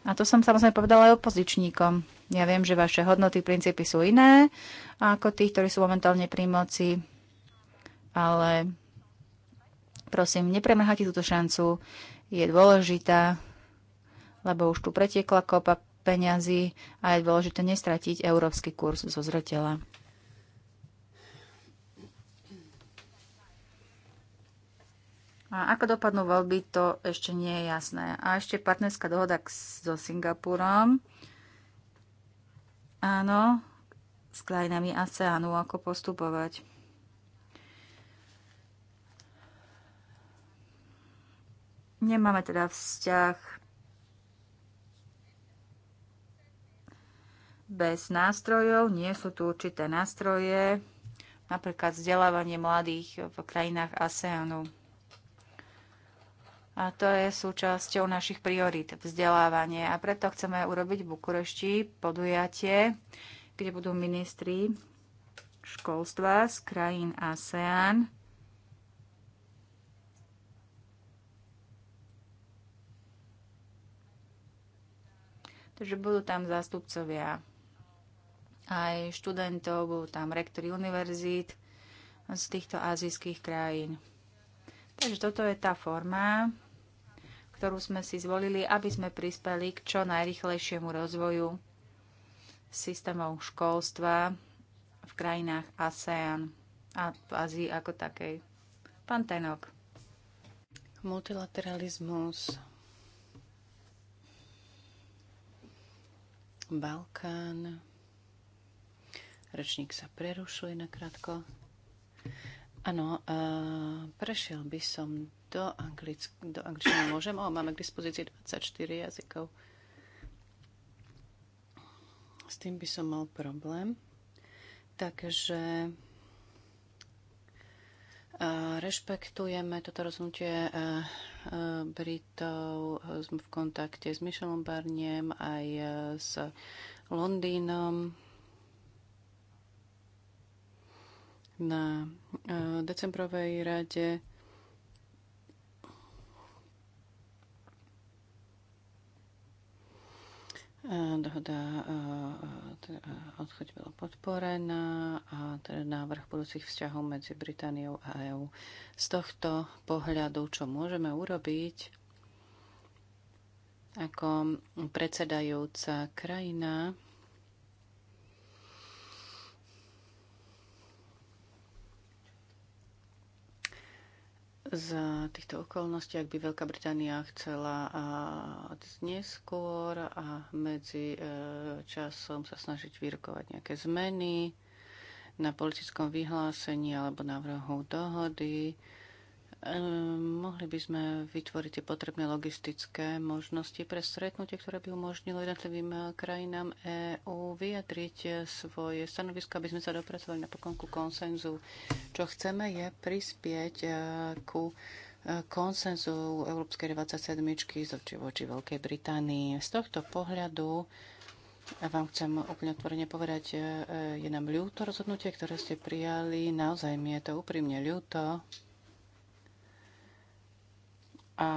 A to som samozrejme povedala aj opozičníkom. Ja viem, že vaše hodnoty, princípy sú iné ako tých, ktorí sú momentálne pri moci, ale prosím, nepremrhajte túto šancu. Je dôležitá, lebo už tu pretiekla kopa peňazí a je dôležité nestratiť európsky kurz zo zretela. A ako dopadnú voľby, to ešte nie je jasné. A ešte partnerská dohoda so Singapurom. Áno, s krajinami ASEANu, ako postupovať. Nemáme teda vzťah bez nástrojov, nie sú tu určité nástroje, napríklad vzdelávanie mladých v krajinách ASEANu. A to je súčasťou našich priorít, vzdelávanie. A preto chceme urobiť v Bukurešti podujatie, kde budú ministri školstva z krajín ASEAN. Takže budú tam zástupcovia aj študentov, budú tam rektori univerzít z týchto azijských krajín. Takže toto je tá forma, ktorú sme si zvolili, aby sme prispeli k čo najrychlejšiemu rozvoju systémov školstva v krajinách ASEAN a v Ázii ako takej. Pán Tenok. Multilateralizmus, Balkán. Rečník sa prerušuje nakrátko. Áno, eh, prešiel by som do, anglick- do angličtiny môžem? O, máme k dispozícii 24 jazykov. S tým by som mal problém. Takže rešpektujeme toto rozhodnutie Britov. Sme v kontakte s Michelom Barniem aj s Londýnom. Na decembrovej rade E, dohoda e, e, teda, odchoď bola podporená a teda návrh budúcich vzťahov medzi Britániou a EÚ. Z tohto pohľadu, čo môžeme urobiť ako predsedajúca krajina, za týchto okolností, ak by Veľká Británia chcela ísť neskôr a medzi e, časom sa snažiť vyrokovať nejaké zmeny na politickom vyhlásení alebo návrhu dohody, Ehm, mohli by sme vytvoriť tie potrebné logistické možnosti pre stretnutie, ktoré by umožnilo jednotlivým eh, krajinám EÚ vyjadriť eh, svoje stanovisko, aby sme sa dopracovali napokon ku konsenzu. Čo chceme je prispieť eh, ku konsenzu Európskej 27 voči Veľkej Británii. Z tohto pohľadu a vám chcem úplne otvorene povedať, je nám ľúto rozhodnutie, ktoré ste prijali. Naozaj mi je to úprimne ľúto a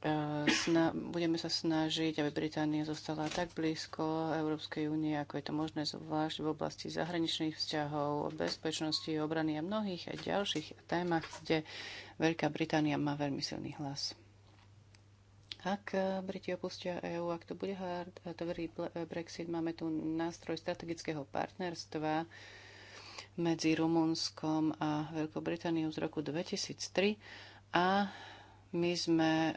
e, sna- budeme sa snažiť, aby Británia zostala tak blízko Európskej únie, ako je to možné, zvlášť v oblasti zahraničných vzťahov, bezpečnosti, obrany a mnohých a ďalších témach, kde Veľká Británia má veľmi silný hlas. Ak e, Briti opustia EÚ, ak to bude hard, e, tvrdý Brexit, máme tu nástroj strategického partnerstva medzi Rumunskom a Veľkou Britániou z roku 2003 a my sme e,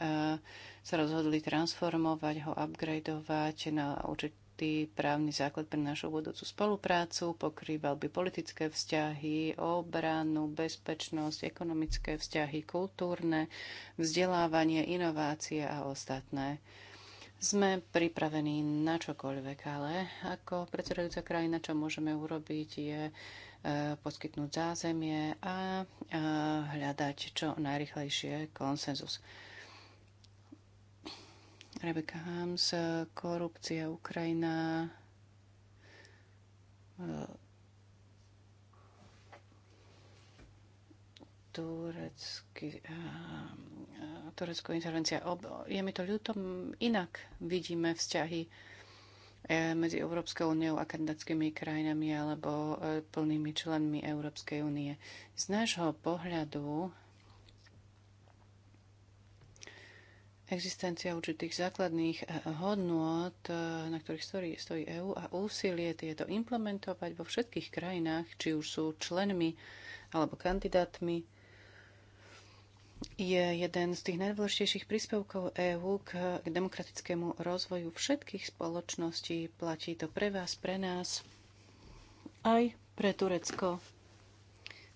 sa rozhodli transformovať ho, upgradovať na určitý právny základ pre našu budúcu spoluprácu. Pokrýval by politické vzťahy, obranu, bezpečnosť, ekonomické vzťahy, kultúrne, vzdelávanie, inovácie a ostatné. Sme pripravení na čokoľvek, ale ako predsedajúca krajina, čo môžeme urobiť, je Eh, poskytnúť zázemie a eh, hľadať čo najrychlejšie konsenzus. Rebecca Hams, eh, korupcia Ukrajina, uh, turecká intervencia. Je mi to ľúto, inak vidíme vzťahy E, medzi Európskou úniou a kanadskými krajinami alebo e, plnými členmi Európskej únie. Z nášho pohľadu existencia určitých základných e, hodnôt, na ktorých stojí, stojí EÚ a úsilie tieto implementovať vo všetkých krajinách, či už sú členmi alebo kandidátmi je jeden z tých najdôležitejších príspevkov EÚ k, k demokratickému rozvoju všetkých spoločností. Platí to pre vás, pre nás, aj pre Turecko.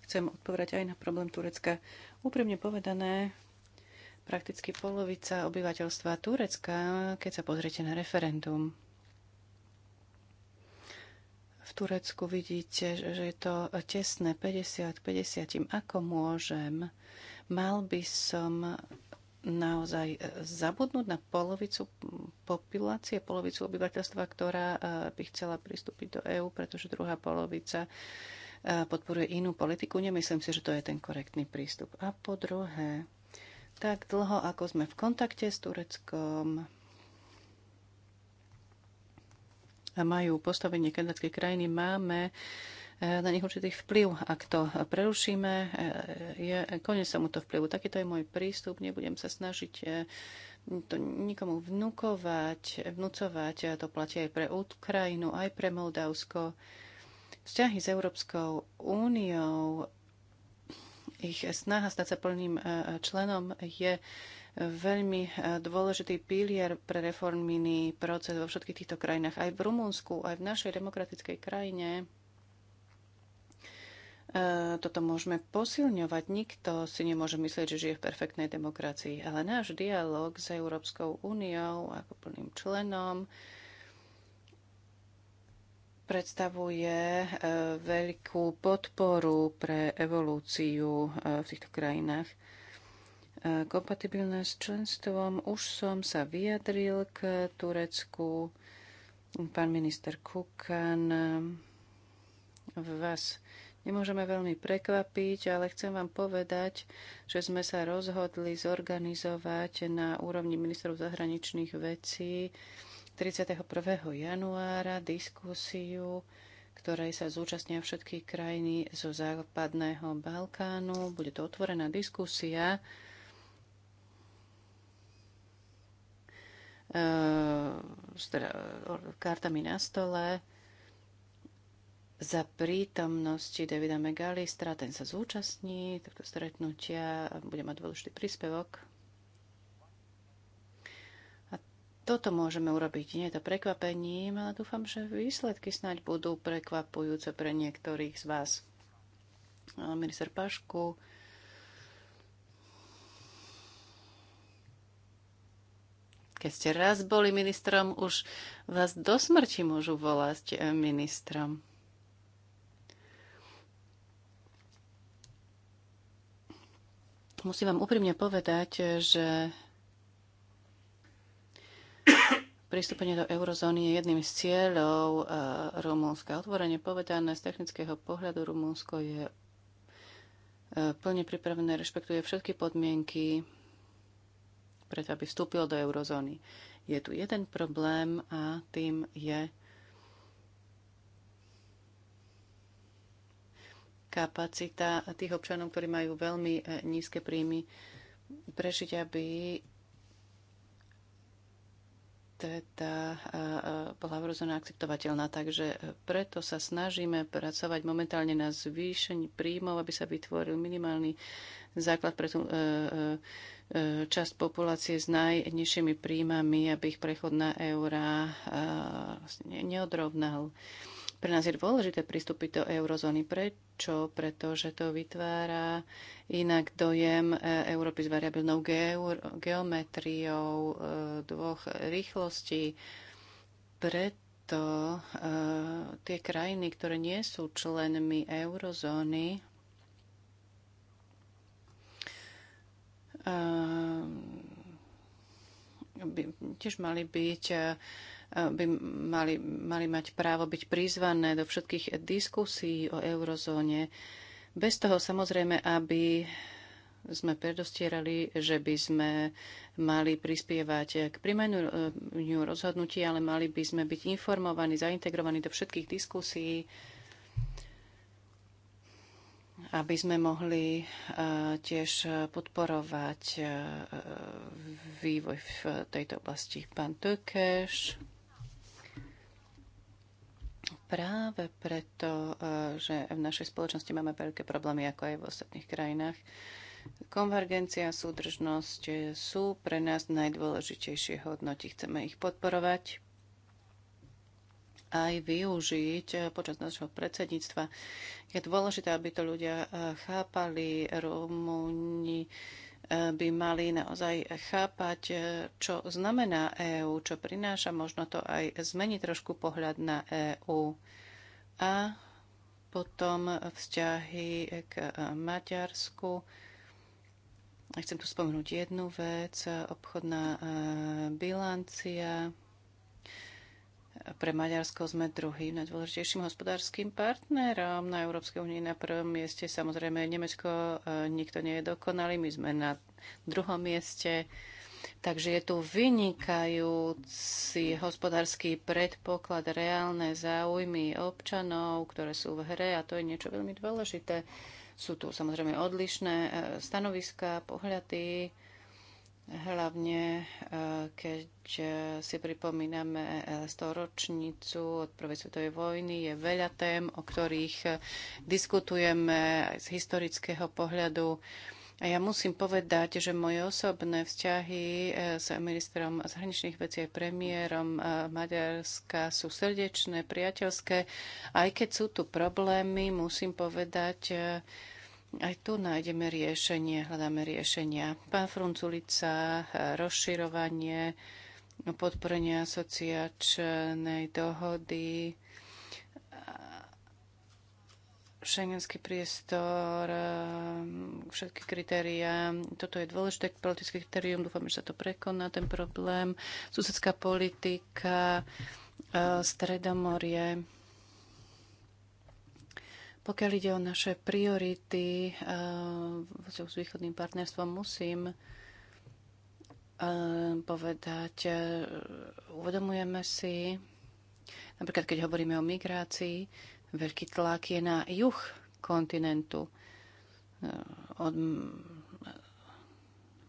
Chcem odpovedať aj na problém Turecka. Úprimne povedané, prakticky polovica obyvateľstva Turecka, keď sa pozriete na referendum. V Turecku vidíte, že je to tesné 50-50. Ako môžem Mal by som naozaj e, zabudnúť na polovicu populácie, polovicu obyvateľstva, ktorá e, by chcela pristúpiť do EÚ, pretože druhá polovica e, podporuje inú politiku. Nemyslím si, že to je ten korektný prístup. A po druhé, tak dlho, ako sme v kontakte s Tureckom a majú postavenie kandidátskej krajiny, máme Eh, na nich určitý vplyv. Ak to prerušíme, eh, je koniec tomuto vplyvu. Takýto je môj prístup. Nebudem sa snažiť eh, to nikomu vnúkovať, vnúcovať. To platí aj pre Ukrajinu, aj pre Moldavsko. Vzťahy s Európskou úniou, ich snaha stať sa plným členom je veľmi dôležitý pilier pre reformný proces vo všetkých týchto krajinách. Aj v Rumunsku, aj v našej demokratickej krajine E, toto môžeme posilňovať. Nikto si nemôže myslieť, že žije v perfektnej demokracii, ale náš dialog s Európskou úniou ako plným členom predstavuje e, veľkú podporu pre evolúciu e, v týchto krajinách. Kompatibilné s členstvom už som sa vyjadril k Turecku. Pán minister Kukan vás nemôžeme veľmi prekvapiť, ale chcem vám povedať, že sme sa rozhodli zorganizovať na úrovni ministrov zahraničných vecí 31. januára diskusiu, ktorej sa zúčastnia všetky krajiny zo západného Balkánu. Bude to otvorená diskusia. E, s teda, kartami na stole za prítomnosti Davida Megalistra, ten sa zúčastní tohto stretnutia a bude mať dôležitý príspevok. A toto môžeme urobiť. Nie je to prekvapením, ale dúfam, že výsledky snáď budú prekvapujúce pre niektorých z vás. Minister Pašku, keď ste raz boli ministrom, už vás do smrti môžu volať ministrom. Musím vám úprimne povedať, že Pristúpenie do eurozóny je jedným z cieľov eh, Rumúnska. Otvorenie povedané, z technického pohľadu Rumúnsko je eh, plne pripravené, rešpektuje všetky podmienky preto, aby vstúpil do eurozóny. Je tu jeden problém a tým je kapacita tých občanov, ktorí majú veľmi e, nízke príjmy, prežiť, aby teda e, e, bola rozhodná akceptovateľná. Takže preto sa snažíme pracovať momentálne na zvýšení príjmov, aby sa vytvoril minimálny základ pre tú časť populácie s najnižšími príjmami, aby ich prechod na eurá vlastne neodrovnal. Pre nás je dôležité pristúpiť do eurozóny. Prečo? Pretože to vytvára inak dojem e, Európy s variabilnou geometriou e, dvoch rýchlostí. Preto e, tie krajiny, ktoré nie sú členmi eurozóny, tiež mali byť E, by mali, mali mať právo byť prizvané do všetkých diskusí o eurozóne. Bez toho samozrejme, aby sme predostierali, že by sme mali prispievať k primeniu rozhodnutí, ale mali by sme byť informovaní, zaintegrovaní do všetkých diskusí, aby sme mohli e, tiež podporovať e, vývoj v tejto oblasti. Pán Tökeš práve preto, eh, že v našej spoločnosti máme veľké problémy, ako aj v ostatných krajinách. Konvergencia a súdržnosť eh, sú pre nás najdôležitejšie hodnoty. Chceme ich podporovať aj využiť eh, počas našho predsedníctva. Je dôležité, aby to ľudia chápali. Rumúni by mali naozaj chápať, e, čo znamená EÚ, čo prináša, možno to aj zmeniť trošku pohľad na EÚ. A potom vzťahy k Maďarsku. Chcem tu spomenúť jednu vec, obchodná e, bilancia, pre Maďarsko sme druhým najdôležitejším hospodárskym partnerom na Európskej únii. Na prvom mieste samozrejme Nemecko, e, nikto nie je dokonalý, my sme na druhom mieste. Takže je tu vynikajúci hospodársky predpoklad, reálne záujmy občanov, ktoré sú v hre a to je niečo veľmi dôležité. Sú tu samozrejme odlišné e, stanoviska, pohľady, Hlavne, eh, keď eh, si pripomíname eh, storočnicu od Prvej svetovej vojny, je veľa tém, o ktorých diskutujeme z historického pohľadu. A ja musím povedať, že moje osobné vzťahy s ministrom zahraničných vecí a premiérom Maďarska sú srdečné, priateľské. Aj keď sú tu problémy, musím povedať, aj tu nájdeme riešenie, hľadáme riešenia. Pán Frunculica, rozširovanie, podporenie asociačnej dohody, šengenský priestor, všetky kritériá. Toto je dôležité politické kritérium, dúfam, že sa to prekoná, ten problém. Susedská politika, Stredomorie. Pokiaľ ide o naše priority eh, s východným partnerstvom, musím eh, povedať, eh, uvedomujeme si, napríklad keď hovoríme o migrácii, veľký tlak je na juh kontinentu. Od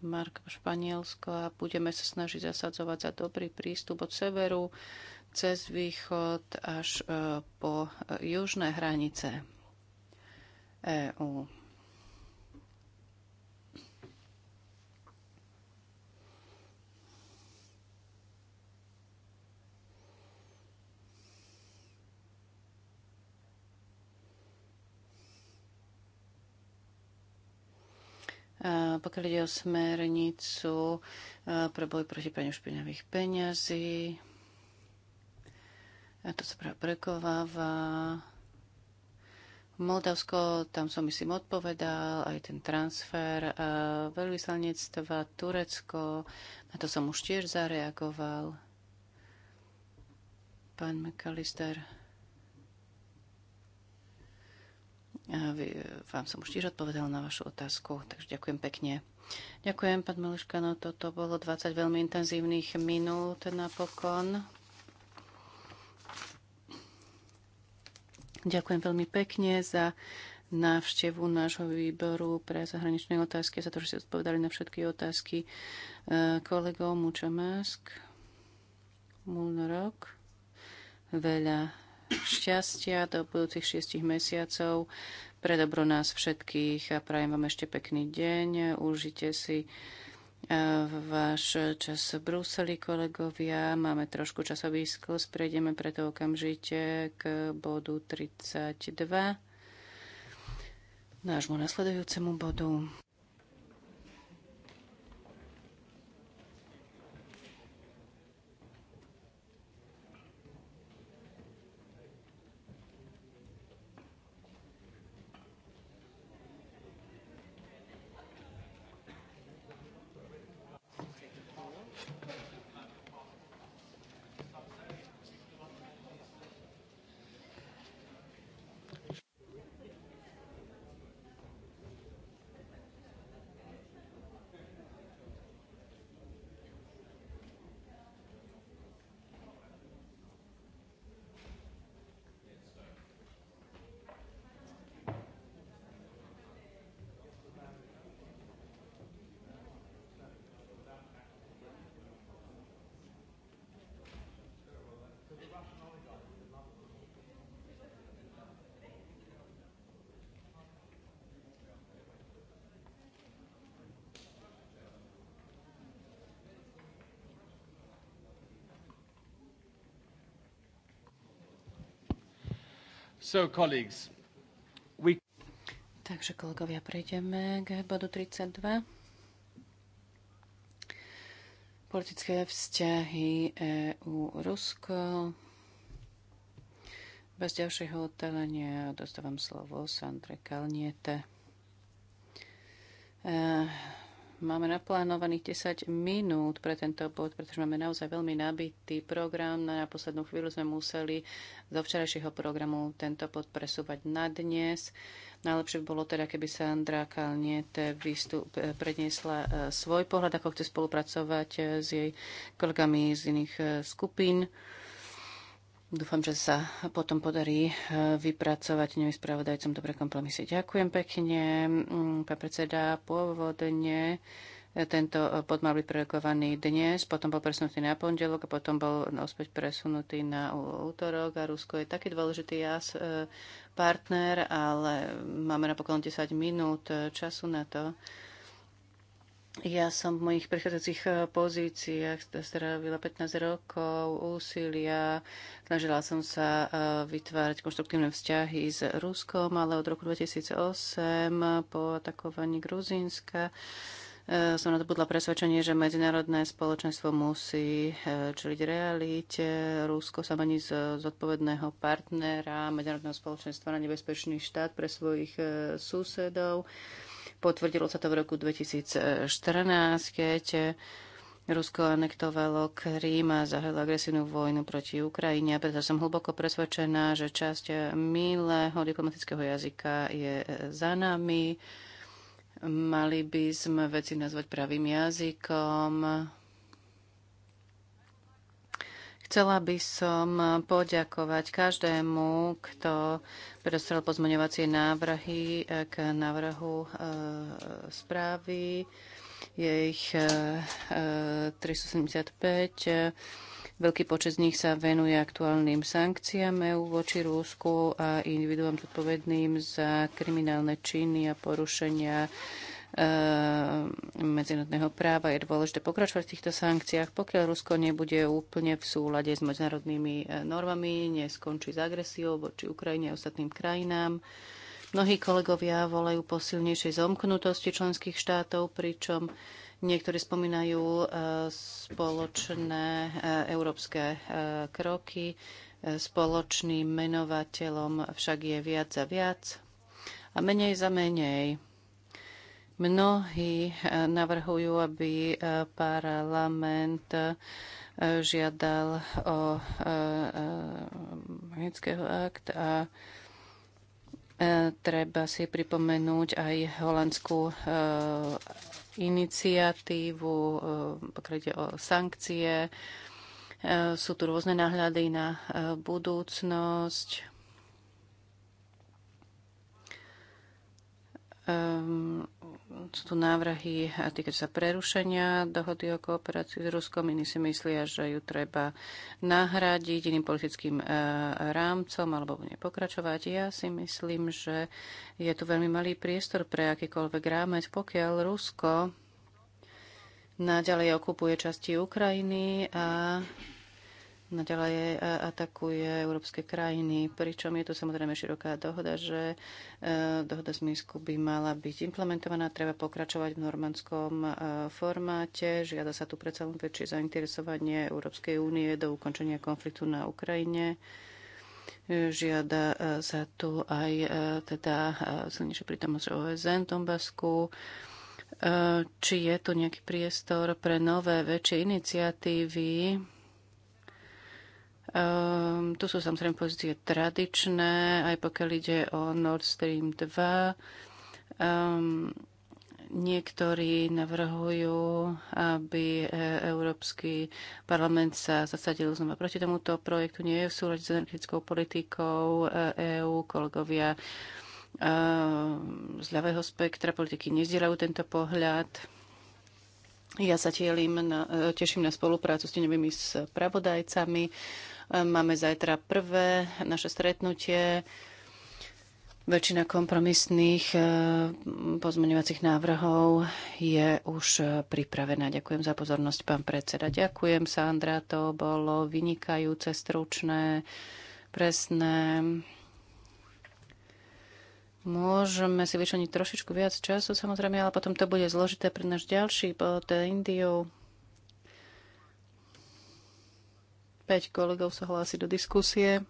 Mark Španielsko a budeme sa snažiť zasadzovať za dobrý prístup od severu cez východ až po južné hranice. Eh, EÚ. Pokiaľ ide o smernicu e, pre boj proti praniu špinavých peňazí, a e, to sa práve prekováva. Moldavsko, tam som myslím odpovedal, aj ten transfer veľvyslanectva, Turecko, na to som už tiež zareagoval. Pán McAllister, vám som už tiež odpovedal na vašu otázku, takže ďakujem pekne. Ďakujem, pán Meliška, no toto bolo 20 veľmi intenzívnych minút napokon. Ďakujem veľmi pekne za návštevu nášho výboru pre zahraničné otázky, za to, že ste odpovedali na všetky otázky e, kolegov Mučamask, Mulnorok. Veľa šťastia do budúcich šiestich mesiacov. Pre dobro nás všetkých a prajem vám ešte pekný deň. Užite si váš čas v Bruseli, kolegovia. Máme trošku časový sklus, prejdeme preto okamžite k bodu 32, nášmu nasledujúcemu bodu. So, colleagues, we... Takže kolegovia, prejdeme k bodu 32. Politické vzťahy EU-Rusko. Bez ďalšieho otelenia dostávam slovo Sandre Kalniete. Uh, Máme naplánovaných 10 minút pre tento bod, pretože máme naozaj veľmi nabitý program. Na poslednú chvíľu sme museli zo včerajšieho programu tento bod presúvať na dnes. Najlepšie by bolo teda, keby Sandra Kalniete výstup, predniesla e, svoj pohľad, ako chce spolupracovať e, s jej kolegami z iných e, skupín. Dúfam, že sa potom podarí e, vypracovať novým spravodajcom dobré kompromisy. Ďakujem pekne, mm, pán predseda. Pôvodne e, tento e, bod mal byť prerokovaný dnes, potom bol presunutý na pondelok a potom bol ospäť presunutý na útorok a Rusko je taký dôležitý jas partner, ale máme napokon 10 minút času na to. Ja som v mojich prechádzajúcich eh, pozíciách strávila 15 rokov úsilia. Snažila som sa eh, vytvárať konštruktívne vzťahy s Ruskom, ale od roku 2008 po atakovaní Gruzínska eh, som nadobudla presvedčenie, že medzinárodné spoločenstvo musí čeliť realite. Rusko sa mení z zodpovedného partnera medzinárodného spoločenstva na nebezpečný štát pre svojich susedov Potvrdilo sa to v roku 2014, keď Rusko anektovalo Krím a zahájilo agresívnu vojnu proti Ukrajine. Preto som hlboko presvedčená, že časť milého diplomatického jazyka je za nami. Mali by sme veci nazvať pravým jazykom Chcela by som poďakovať každému, kto predostrel pozmeňovacie návrhy eh, k návrhu eh, správy. Je ich 375. Eh, Veľký počet z nich sa venuje aktuálnym sankciám EU voči Rúsku a individuám zodpovedným za kriminálne činy a porušenia Ehm, medzinárodného práva. Je dôležité pokračovať v týchto sankciách, pokiaľ Rusko nebude úplne v súlade s medzinárodnými e, normami, neskončí s agresiou voči Ukrajine a ostatným krajinám. Mnohí kolegovia volajú po silnejšej zomknutosti členských štátov, pričom niektorí spomínajú e, spoločné e, európske kroky. Spoločným menovateľom však je viac a viac a menej za menej. Mnohí eh, navrhujú, aby eh, parlament eh, žiadal o magnetického akt a treba si pripomenúť aj holandskú iniciatívu, pokrytie o sankcie. Sú tu rôzne náhľady na budúcnosť. Um, sú tu návrhy týkať sa prerušenia dohody o kooperácii s Ruskom. Iní si myslia, že ju treba nahradiť iným politickým e, rámcom alebo nepokračovať. Ja si myslím, že je tu veľmi malý priestor pre akýkoľvek rámec, pokiaľ Rusko naďalej okupuje časti Ukrajiny a naďalej e, atakuje európske krajiny, pričom je to samozrejme široká dohoda, že e, dohoda z Minsku by mala byť implementovaná, treba pokračovať v normandskom e, formáte, žiada sa tu predsa len väčšie zainteresovanie Európskej únie do ukončenia konfliktu na Ukrajine. Žiada sa tu aj teda silnejšie prítomnosť OSN v Donbasku či je tu nejaký priestor pre nové, väčšie iniciatívy, Um, tu sú samozrejme pozície tradičné, aj pokiaľ ide o Nord Stream 2. Um, ehm, niektorí navrhujú, aby e, Európsky parlament sa zasadil znova proti tomuto projektu. Nie je v súlade s energetickou politikou EÚ. E Kolegovia e, z ľavého spektra politiky nezdielajú tento pohľad. Ja sa na, teším na spoluprácu s tenovými spravodajcami Máme zajtra prvé naše stretnutie. Väčšina kompromisných eh, pozmeňovacích návrhov je už pripravená. Ďakujem za pozornosť, pán predseda. Ďakujem, Sandra, to bolo vynikajúce, stručné, presné. Môžeme si vyšleniť trošičku viac času, samozrejme, ale potom to bude zložité pre náš ďalší bod eh, Indiou. 5 kolegov sa hlási do diskusie.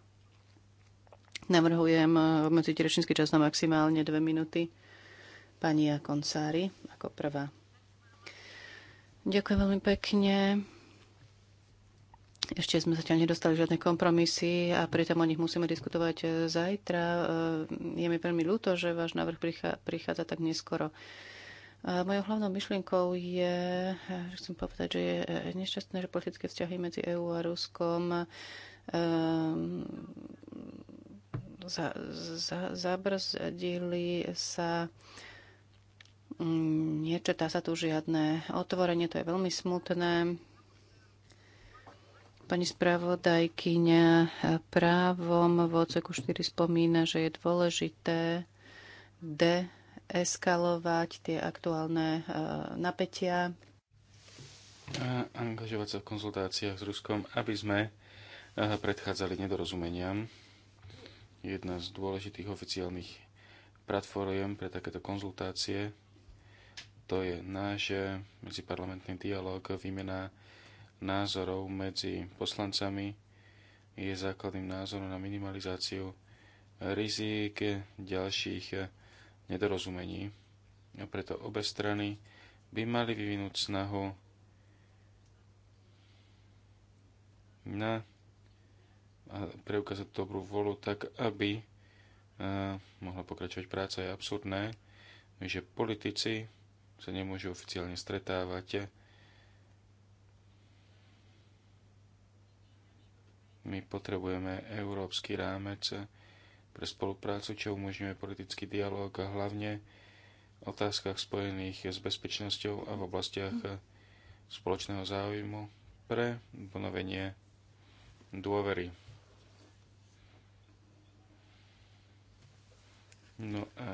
Navrhujem eh, obmedziť rečnícky čas na maximálne 2 minúty. Pani Koncári ako prvá. Ďakujem veľmi pekne. Ešte sme zatiaľ nedostali žiadne kompromisy a pritom o nich musíme diskutovať eh, zajtra. Eh, je mi veľmi ľúto, že váš návrh prichádza tak neskoro. Mojou hlavnou myšlienkou je, že chcem povedať, že je nešťastné, že politické vzťahy medzi EÚ a Ruskom um, za, za, zabrzdili sa mm, nečetá sa tu žiadne otvorenie, to je veľmi smutné. Pani spravodajkyňa e, právom v oceku 4 spomína, že je dôležité de eskalovať tie aktuálne e, napätia. A angažovať sa v konzultáciách s Ruskom, aby sme e, predchádzali nedorozumeniam. Jedna z dôležitých oficiálnych platform pre takéto konzultácie to je náš e, medziparlamentný dialog, výmena názorov medzi poslancami je základným názorom na minimalizáciu rizik ďalších nedorozumení. A preto obe strany by mali vyvinúť snahu na a preukázať dobrú volu tak, aby e, mohla pokračovať práca. Je absurdné, že politici sa nemôžu oficiálne stretávať. My potrebujeme európsky rámec, pre spoluprácu, čo umožňuje politický dialog a hlavne v otázkach spojených s bezpečnosťou a v oblastiach mm. spoločného záujmu pre obnovenie dôvery. No a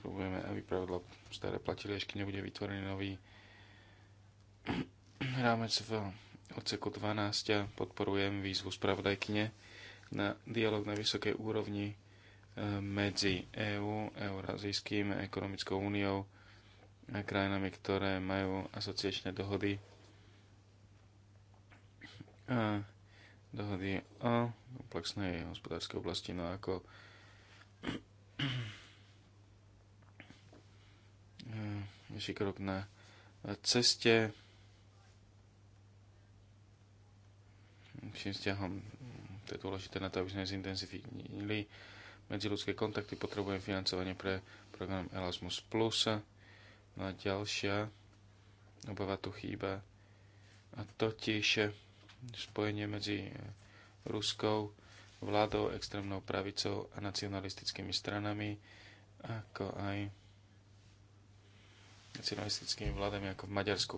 probujeme, aby pravidla staré platili, až nebude vytvorený nový rámec v odseku 12 a podporujem výzvu spravodajkyne na dialog na vysokej úrovni e, medzi EÚ, EU, Eurázijským ekonomickou úniou a krajinami, ktoré majú asociačné dohody a dohody o komplexnej hospodárskej oblasti, no ako ďalší krok na ceste všim vzťahom to je dôležité na to, aby sme zintenzívnili medziludské kontakty. Potrebujem financovanie pre program Erasmus+. No a ďalšia obava tu chýba. A totiž spojenie medzi eh, ruskou vládou, extrémnou pravicou a nacionalistickými stranami, ako aj nacionalistickými vládami ako v Maďarsku.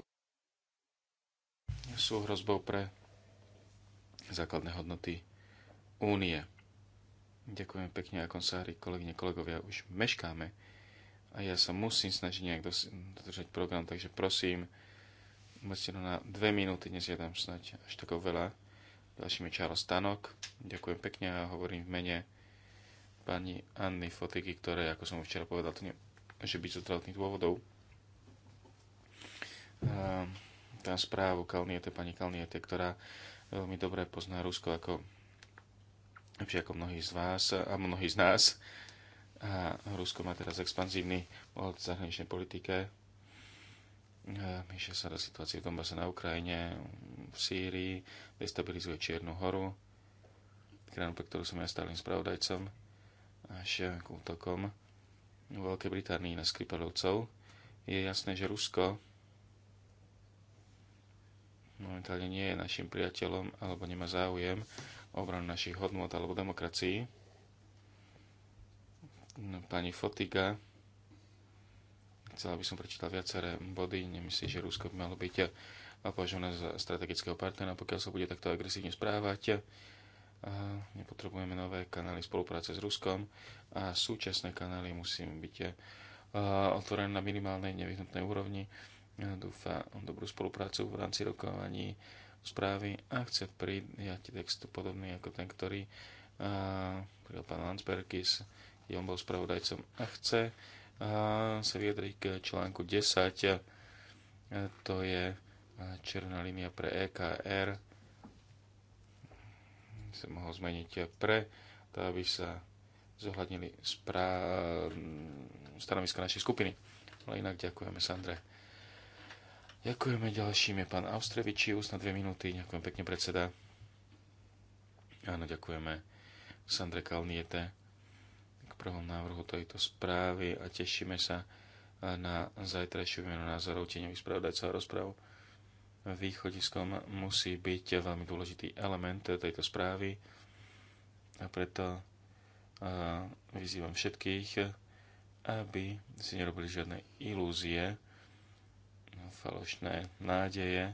Sú hrozbou pre základné hodnoty únie. Ďakujem pekne, ako sa hry, kolegyne, kolegovia, už meškáme a ja sa musím snažiť nejak dodržať program, takže prosím, ho na dve minúty, dnes je dám snáď až tako veľa. Ďalším je Charles Stanok, ďakujem pekne a hovorím v mene pani Anny Fotiky, ktoré, ako som včera povedal, to nemôže byť zo zdravotných dôvodov. A, tá správu Kalniete, pani Kalniete, ktorá veľmi dobre pozná Rusko ako lepšie ako mnohí z vás a mnohí z nás. A Rusko má teraz expanzívny pohľad v zahraničnej politike. Myšia sa do situácie v Donbase na Ukrajine, v Sýrii, destabilizuje Čiernu horu, krajinu, pre ktorú som ja stálym spravodajcom, až k útokom v Veľkej Británii na Skripalovcov. Je jasné, že Rusko momentálne nie je našim priateľom alebo nemá záujem obranu našich hodnot alebo demokracií. No, pani Fotiga, chcela by som prečítať viaceré body, nemyslím, že Rusko by malo byť považované za strategického partnera, pokiaľ sa bude takto agresívne správať. Nepotrebujeme nové kanály spolupráce s Ruskom a súčasné kanály musí byť e, otvorené na minimálnej nevyhnutnej úrovni. E, dúfam dobrú spoluprácu v rámci rokovaní správy a chce prijať textu podobný ako ten, ktorý prijal pán Landsbergis, kde on bol spravodajcom a chce sa vyjadriť k článku 10. To je černá línia pre EKR. Sa mohol zmeniť pre, to aby sa zohľadnili spra- stanoviska našej skupiny. Ale inak ďakujeme Sandre. Ďakujeme ďalším je pán Austrevičius na dve minúty. Ďakujem pekne predseda. Áno, ďakujeme Sandre Kalniete k prvom návrhu tejto správy a tešíme sa na zajtrajšiu výmenu názorov tieňových spravodajcov a rozpráv. Východiskom musí byť veľmi dôležitý element tejto správy a preto vyzývam všetkých, aby si nerobili žiadne ilúzie, falošné nádeje.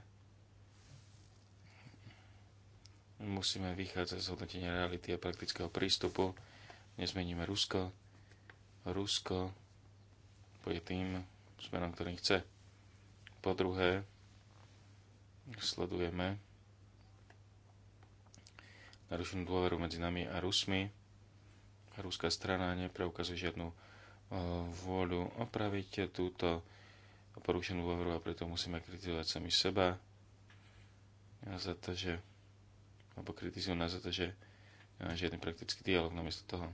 Musíme vychádzať z hodnotenia reality a praktického prístupu. Nezmeníme Rusko. Rusko bude tým smerom, ktorý chce. Po druhé, sledujeme narušenú dôveru medzi nami a Rusmi. Ruská strana nepreukazuje žiadnu eh, vôľu opraviť túto porušenú dôveru a preto musíme kritizovať sami seba a za to, že alebo kritizujú nás za to, že e, žiadny praktický dialog namiesto toho.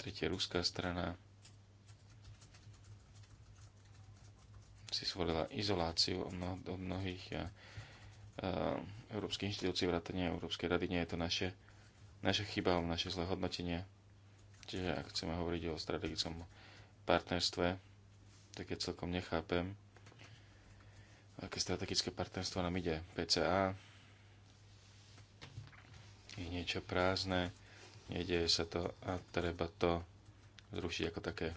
Tretia ruská strana si svorila izoláciu od, mnohých a, e, a, e, európskych inštitúcií vrátania Európskej rady. Nie je to naše, naše chyba alebo naše zlé hodnotenie. Čiže ak chceme hovoriť o strategickom partnerstve, také celkom nechápem, aké strategické partnerstvo nám ide. PCA je niečo prázdne, nedieje sa to a treba to zrušiť ako také.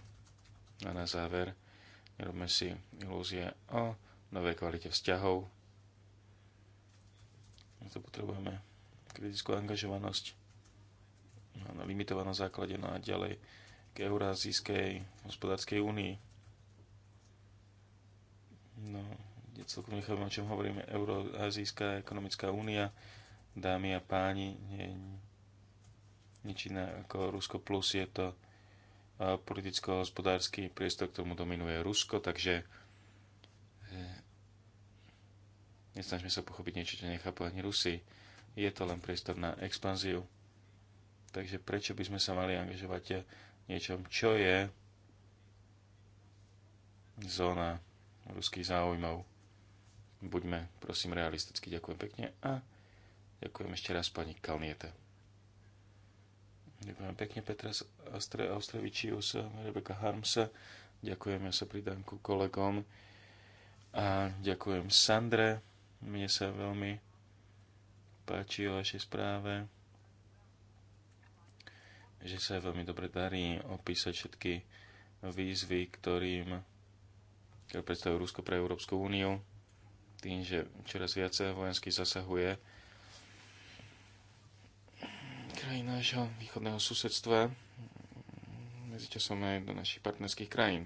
A na záver, nerobme si ilúzie o novej kvalite vzťahov. My to potrebujeme kritickú angažovanosť na limitovanom základe, no a ďalej k Eurázijskej hospodárskej únii. No, ja celkom nechápem, o čom hovoríme. Eurázijská ekonomická únia, dámy a páni, nie, nič iné ako Rusko plus je to politicko-hospodársky priestor, k tomu dominuje Rusko, takže e, nesnažme sa pochopiť niečo, čo nechápu ani Rusi. Je to len priestor na expanziu. Takže prečo by sme sa mali angažovať e, niečom, čo je zóna ruských záujmov. Buďme, prosím, realisticky. Ďakujem pekne a ďakujem ešte raz pani Kalniete. Ďakujem pekne Petra Astre Austrevičius, Rebeka Harmsa. Ďakujem, ja sa pridám ku kolegom. A ďakujem Sandre. Mne sa veľmi páči o vašej správe že sa veľmi dobre darí opísať všetky výzvy, ktorým ktoré predstavujú Rusko pre Európsku úniu, tým, že čoraz viac vojensky zasahuje krajina nášho východného susedstva, medzičasom aj do našich partnerských krajín.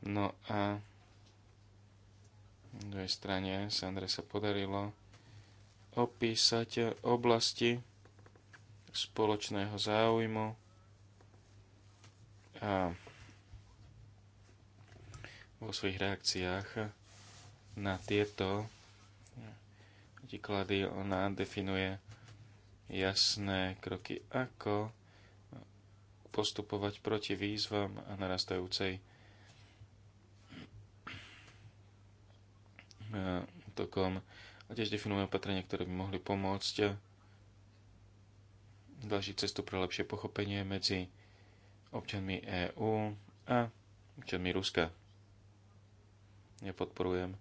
No a na druhej strane Andrej sa podarilo opísať oblasti, spoločného záujmu a vo svojich reakciách na tieto výklady ona definuje jasné kroky, ako postupovať proti výzvam a narastajúcej útokom a tiež definujú opatrenia, ktoré by mohli pomôcť dlží cestu pre lepšie pochopenie medzi občanmi EÚ a občanmi Ruska. Nepodporujem.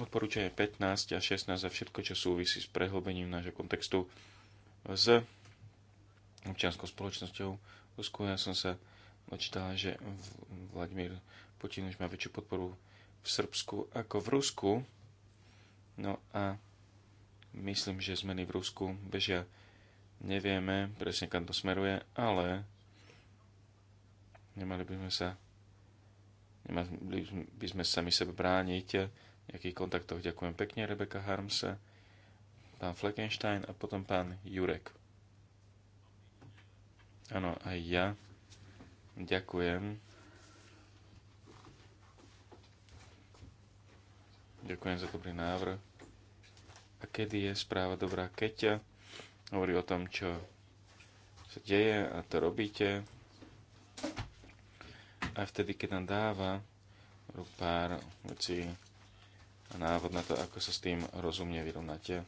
Odporúčanie 15 a 16 za všetko, čo súvisí s prehlbením nášho kontextu s občianskou spoločnosťou Rusku. Ja som sa dočítal, že Vladimír Putin už má väčšiu podporu v Srbsku ako v Rusku. No a Myslím, že zmeny v Rusku bežia. Nevieme presne, kam to smeruje, ale nemali by sme sa nemali by sme sami sebe brániť v nejakých kontaktoch. Ďakujem pekne Rebeka Harms, pán Fleckenstein a potom pán Jurek. Áno, aj ja. Ďakujem. Ďakujem za dobrý návrh a kedy je správa dobrá, keď eh, hovorí o tom, čo sa deje a to robíte. Aj vtedy, keď nám dáva pár vecí a návod na to, ako sa s tým rozumne vyrovnáte,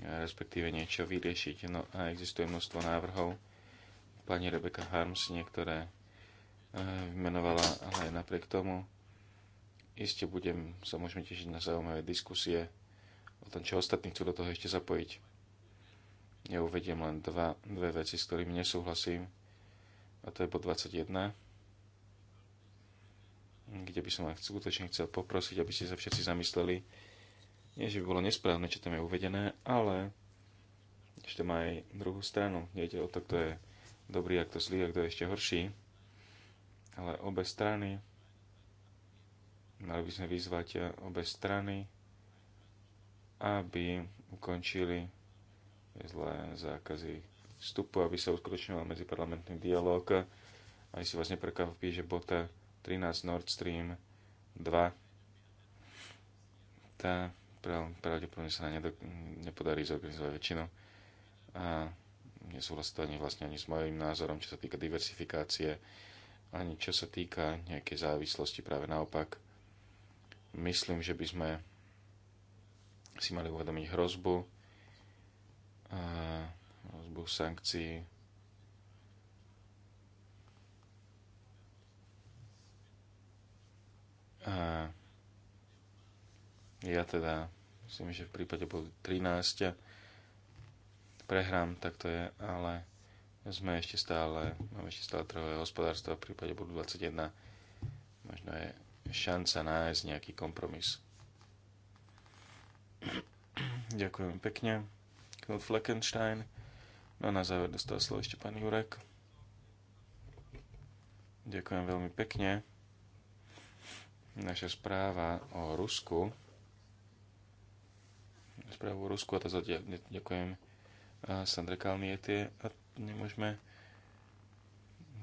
respektíve niečo vyriešiť No a existuje množstvo návrhov. Pani Rebecca Harms niektoré eh, vymenovala, ale aj napriek tomu iste budem, sa môžeme tešiť na zaujímavé diskusie o tom, čo ostatní chcú do toho ešte zapojiť. Ja uvediem len dva, dve veci, s ktorými nesúhlasím, a to je bod 21, kde by som vám skutočne chcel poprosiť, aby ste sa všetci zamysleli, nie, že by bolo nesprávne, čo tam je uvedené, ale ešte má aj druhú stranu. Nejde o to, kto je dobrý a kto zlý a kto je ešte horší. Ale obe strany, mali by sme vyzvať eh, obe strany, aby ukončili zlé zákazy vstupu, aby sa uskutočňoval medziparlamentný dialog. A si vlastne prekvapí, že bota 13 Nord Stream 2 tá pravdepodobne sa nepodarí zorganizovať väčšinou. A nesúhlasí to ani vlastne ani s mojím názorom, čo sa týka diversifikácie, ani čo sa týka nejakej závislosti, práve naopak. Myslím, že by sme si mali uvedomiť hrozbu, a hrozbu sankcií. A ja teda myslím, že v prípade bol 13 prehrám, tak to je, ale sme ešte stále, máme ešte stále trhové hospodárstvo, v prípade budú 21 možno je šanca nájsť nejaký kompromis. Ďakujem pekne. Knut Fleckenstein. No a na záver dostal slovo ešte pán Jurek. Ďakujem veľmi pekne. Naša správa o Rusku. Správa o Rusku a to ďakujem Sandre Kalniete a nemôžeme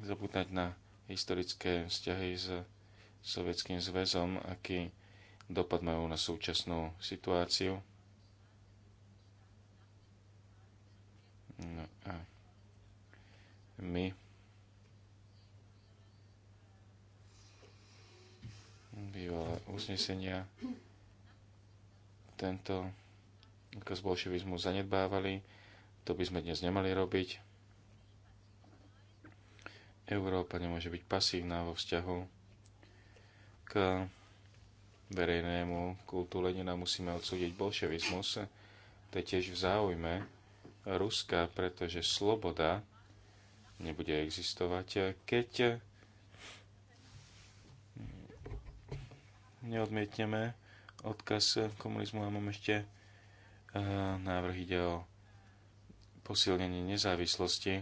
zabúdať na historické vzťahy s Sovjetským zväzom, aký dopad majú na súčasnú situáciu. No a my bývalé uznesenia tento ako z bolševizmu zanedbávali, to by sme dnes nemali robiť. Európa nemôže byť pasívna vo vzťahu k verejnému kultu Lenina musíme odsúdiť bolševizmus. To je tiež v záujme Ruska, pretože sloboda nebude existovať, keď neodmietneme odkaz komunizmu a mám ešte eh, návrh ide o posilnenie nezávislosti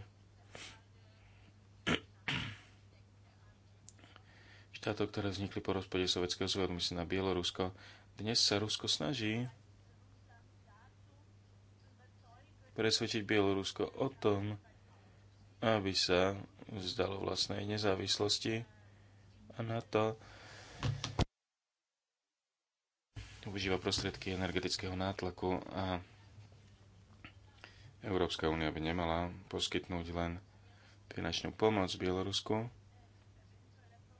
štátov, ktoré vznikli po rozpade Sovjetského zväzu, myslím na Bielorusko. Dnes sa Rusko snaží presvedčiť Bielorusko o tom, aby sa vzdalo vlastnej nezávislosti a na to využíva prostriedky energetického nátlaku a Európska únia by nemala poskytnúť len finančnú pomoc Bielorusku,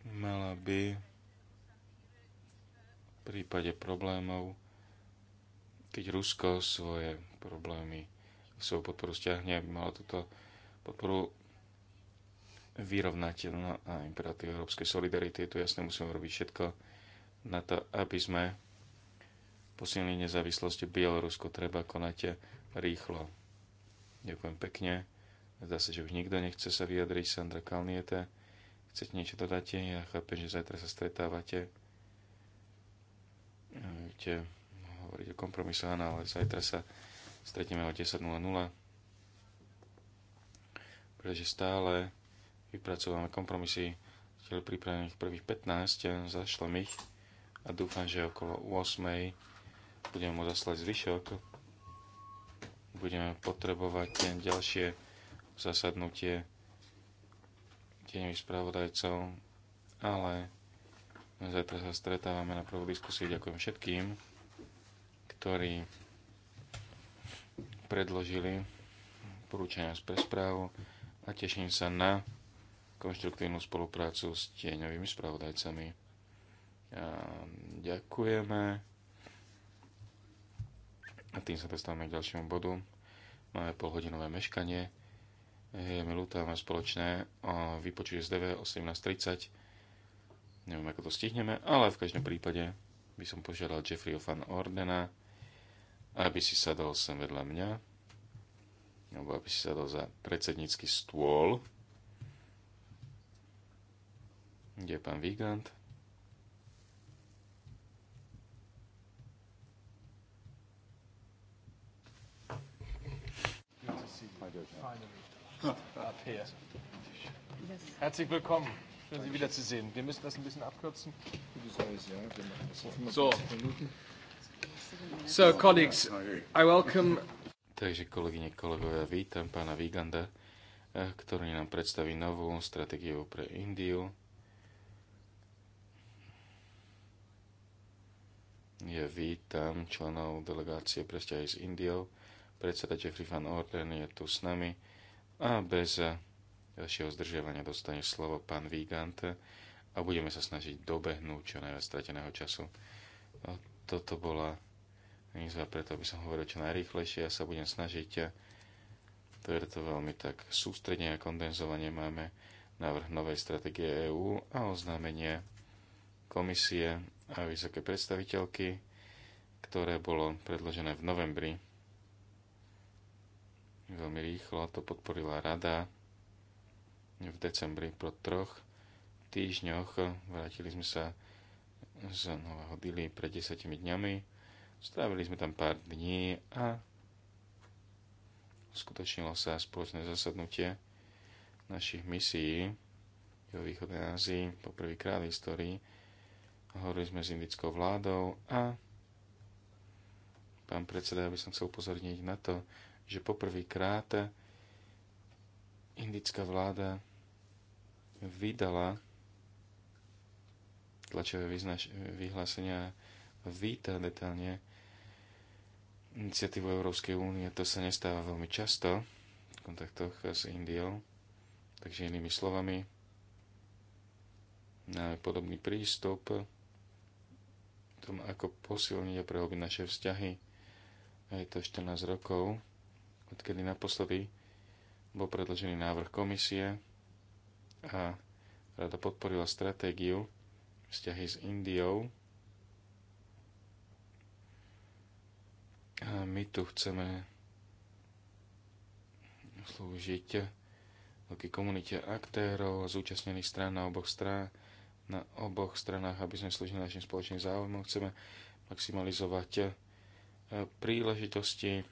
mala by v prípade problémov, keď Rusko svoje problémy, svoju podporu stiahne, aby mala túto podporu vyrovnať. a imperatív európskej solidarity, tu jasne musíme robiť všetko na to, aby sme posilnili nezávislosť Bielorusko Treba konať rýchlo. Ďakujem pekne. Zdá sa, že už nikto nechce sa vyjadriť. Sandra Kalniete chcete niečo dodať, ja chápem, že zajtra sa stretávate. Viete, hovoríte kompromisované, ale zajtra sa stretneme o 10.00, pretože stále vypracovávame kompromisy, chceli pripravených prvých 15, zašlem ich a dúfam, že okolo 8.00 budeme môcť zaslať zvyšok. Budeme potrebovať ďalšie zasadnutie tieňových spravodajcov, ale zajtra sa stretávame na prvú diskusiu. Ďakujem všetkým, ktorí predložili porúčania pre správu a teším sa na konštruktívnu spoluprácu s tieňovými spravodajcami. A ďakujeme. A tým sa dostávame k ďalšiemu bodu. Máme polhodinové meškanie. Je mi ľúto, máme spoločné vypočuje z DV 18.30. Neviem, ako to stihneme, ale v každom prípade by som požiadal Jeffreyho van Ordena, aby si sadol sem vedľa mňa, alebo aby si sadol za predsednícky stôl, kde je pán Vigant, AP. Herzlich willkommen. Schön, Sie wiederzusehen. Wir müssen das ein bisschen abkürzen. So. So, colleagues, I welcome... Takže kolegyne, kolegovia, vítam pána Viganda, eh, ktorý nám predstaví novú stratégiu pre Indiu. Ja vítam členov delegácie pre s Indiou. Predseda Jeffrey Van Orden je tu s nami a bez ďalšieho zdržiavania dostane slovo pán Vigant a budeme sa snažiť dobehnúť čo najviac strateného času. No, toto bola výzva, preto by som hovoril čo najrýchlejšie. Ja sa budem snažiť. To je to veľmi tak sústredne a kondenzovanie máme návrh novej stratégie EÚ a oznámenie komisie a vysokej predstaviteľky, ktoré bolo predložené v novembri Veľmi rýchlo to podporila rada. V decembri po troch týždňoch vrátili sme sa z Nového Dili pred 10 dňami. Strávili sme tam pár dní a skutočnilo sa spoločné zasadnutie našich misií do východnej Ázii po prvýkrát v histórii. Hovorili sme s indickou vládou a pán predseda, ja by som chcel upozorniť na to, že poprvýkrát indická vláda vydala tlačové vyznač- vyhlásenia víta detálne iniciatívu Európskej únie. To sa nestáva veľmi často v kontaktoch s Indiou. Takže inými slovami, máme podobný prístup tom, ako posilniť a prehobiť naše vzťahy. Je to 14 rokov odkedy naposledy bol predložený návrh komisie a rada podporila stratégiu vzťahy s Indiou. A my tu chceme slúžiť veľký komunite aktérov, a zúčastnených strán na oboch strán, na oboch stranách, aby sme slúžili našim spoločným záujmom. Chceme maximalizovať eh, príležitosti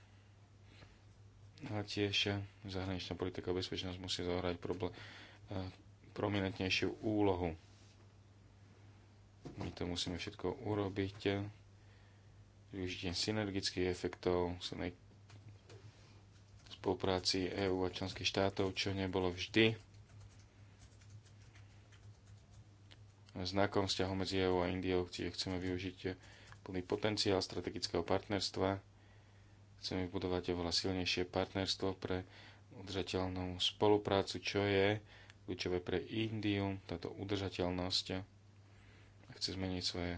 ale tiež zahraničná politika a bezpečnosť musí zahrať eh, prominentnejšiu úlohu. My to musíme všetko urobiť eh, využitím synergických efektov silnej spolupráci EÚ a členských štátov, čo nebolo vždy znakom vzťahu medzi EÚ a Indiou, kde chceme využiť eh, plný potenciál strategického partnerstva, Chceme budovať oveľa silnejšie partnerstvo pre udržateľnú spoluprácu, čo je kľúčové pre Indiu, táto udržateľnosť. Chce zmeniť svoje,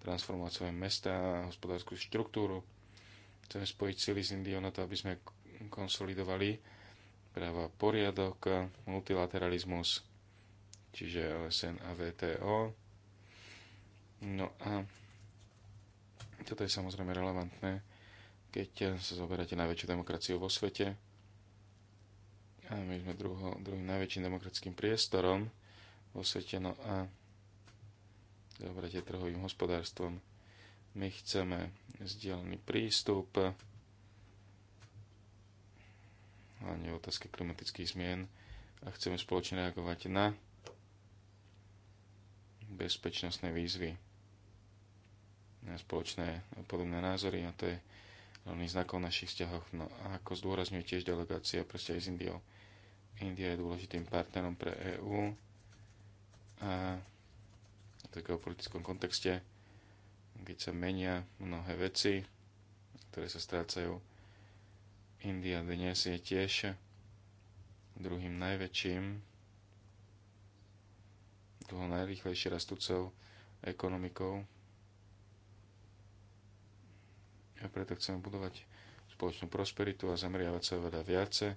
transformovať svoje mesta a hospodárskú štruktúru. Chceme spojiť sily s Indiou na to, aby sme konsolidovali práva poriadok, multilateralizmus, čiže OSN a VTO. No a toto je samozrejme relevantné keď eh, sa zoberáte najväčšiu demokraciu vo svete, a my sme druho, druhým najväčším demokratickým priestorom vo svete, no a zoberáte trhovým hospodárstvom, my chceme zdieľaný prístup, hlavne otázky klimatických zmien a chceme spoločne reagovať na bezpečnostné výzvy, na spoločné podobné názory a to je veľmi znakov v našich vzťahoch. No a ako zdôrazňuje tiež delegácia proste aj s Indiou. India je dôležitým partnerom pre EÚ a v takého politickom kontexte, keď sa menia mnohé veci, ktoré sa strácajú. India dnes je tiež druhým najväčším, druhou najrýchlejšie rastúcou ekonomikou a preto chceme budovať spoločnú prosperitu a zameriavať sa veľa viace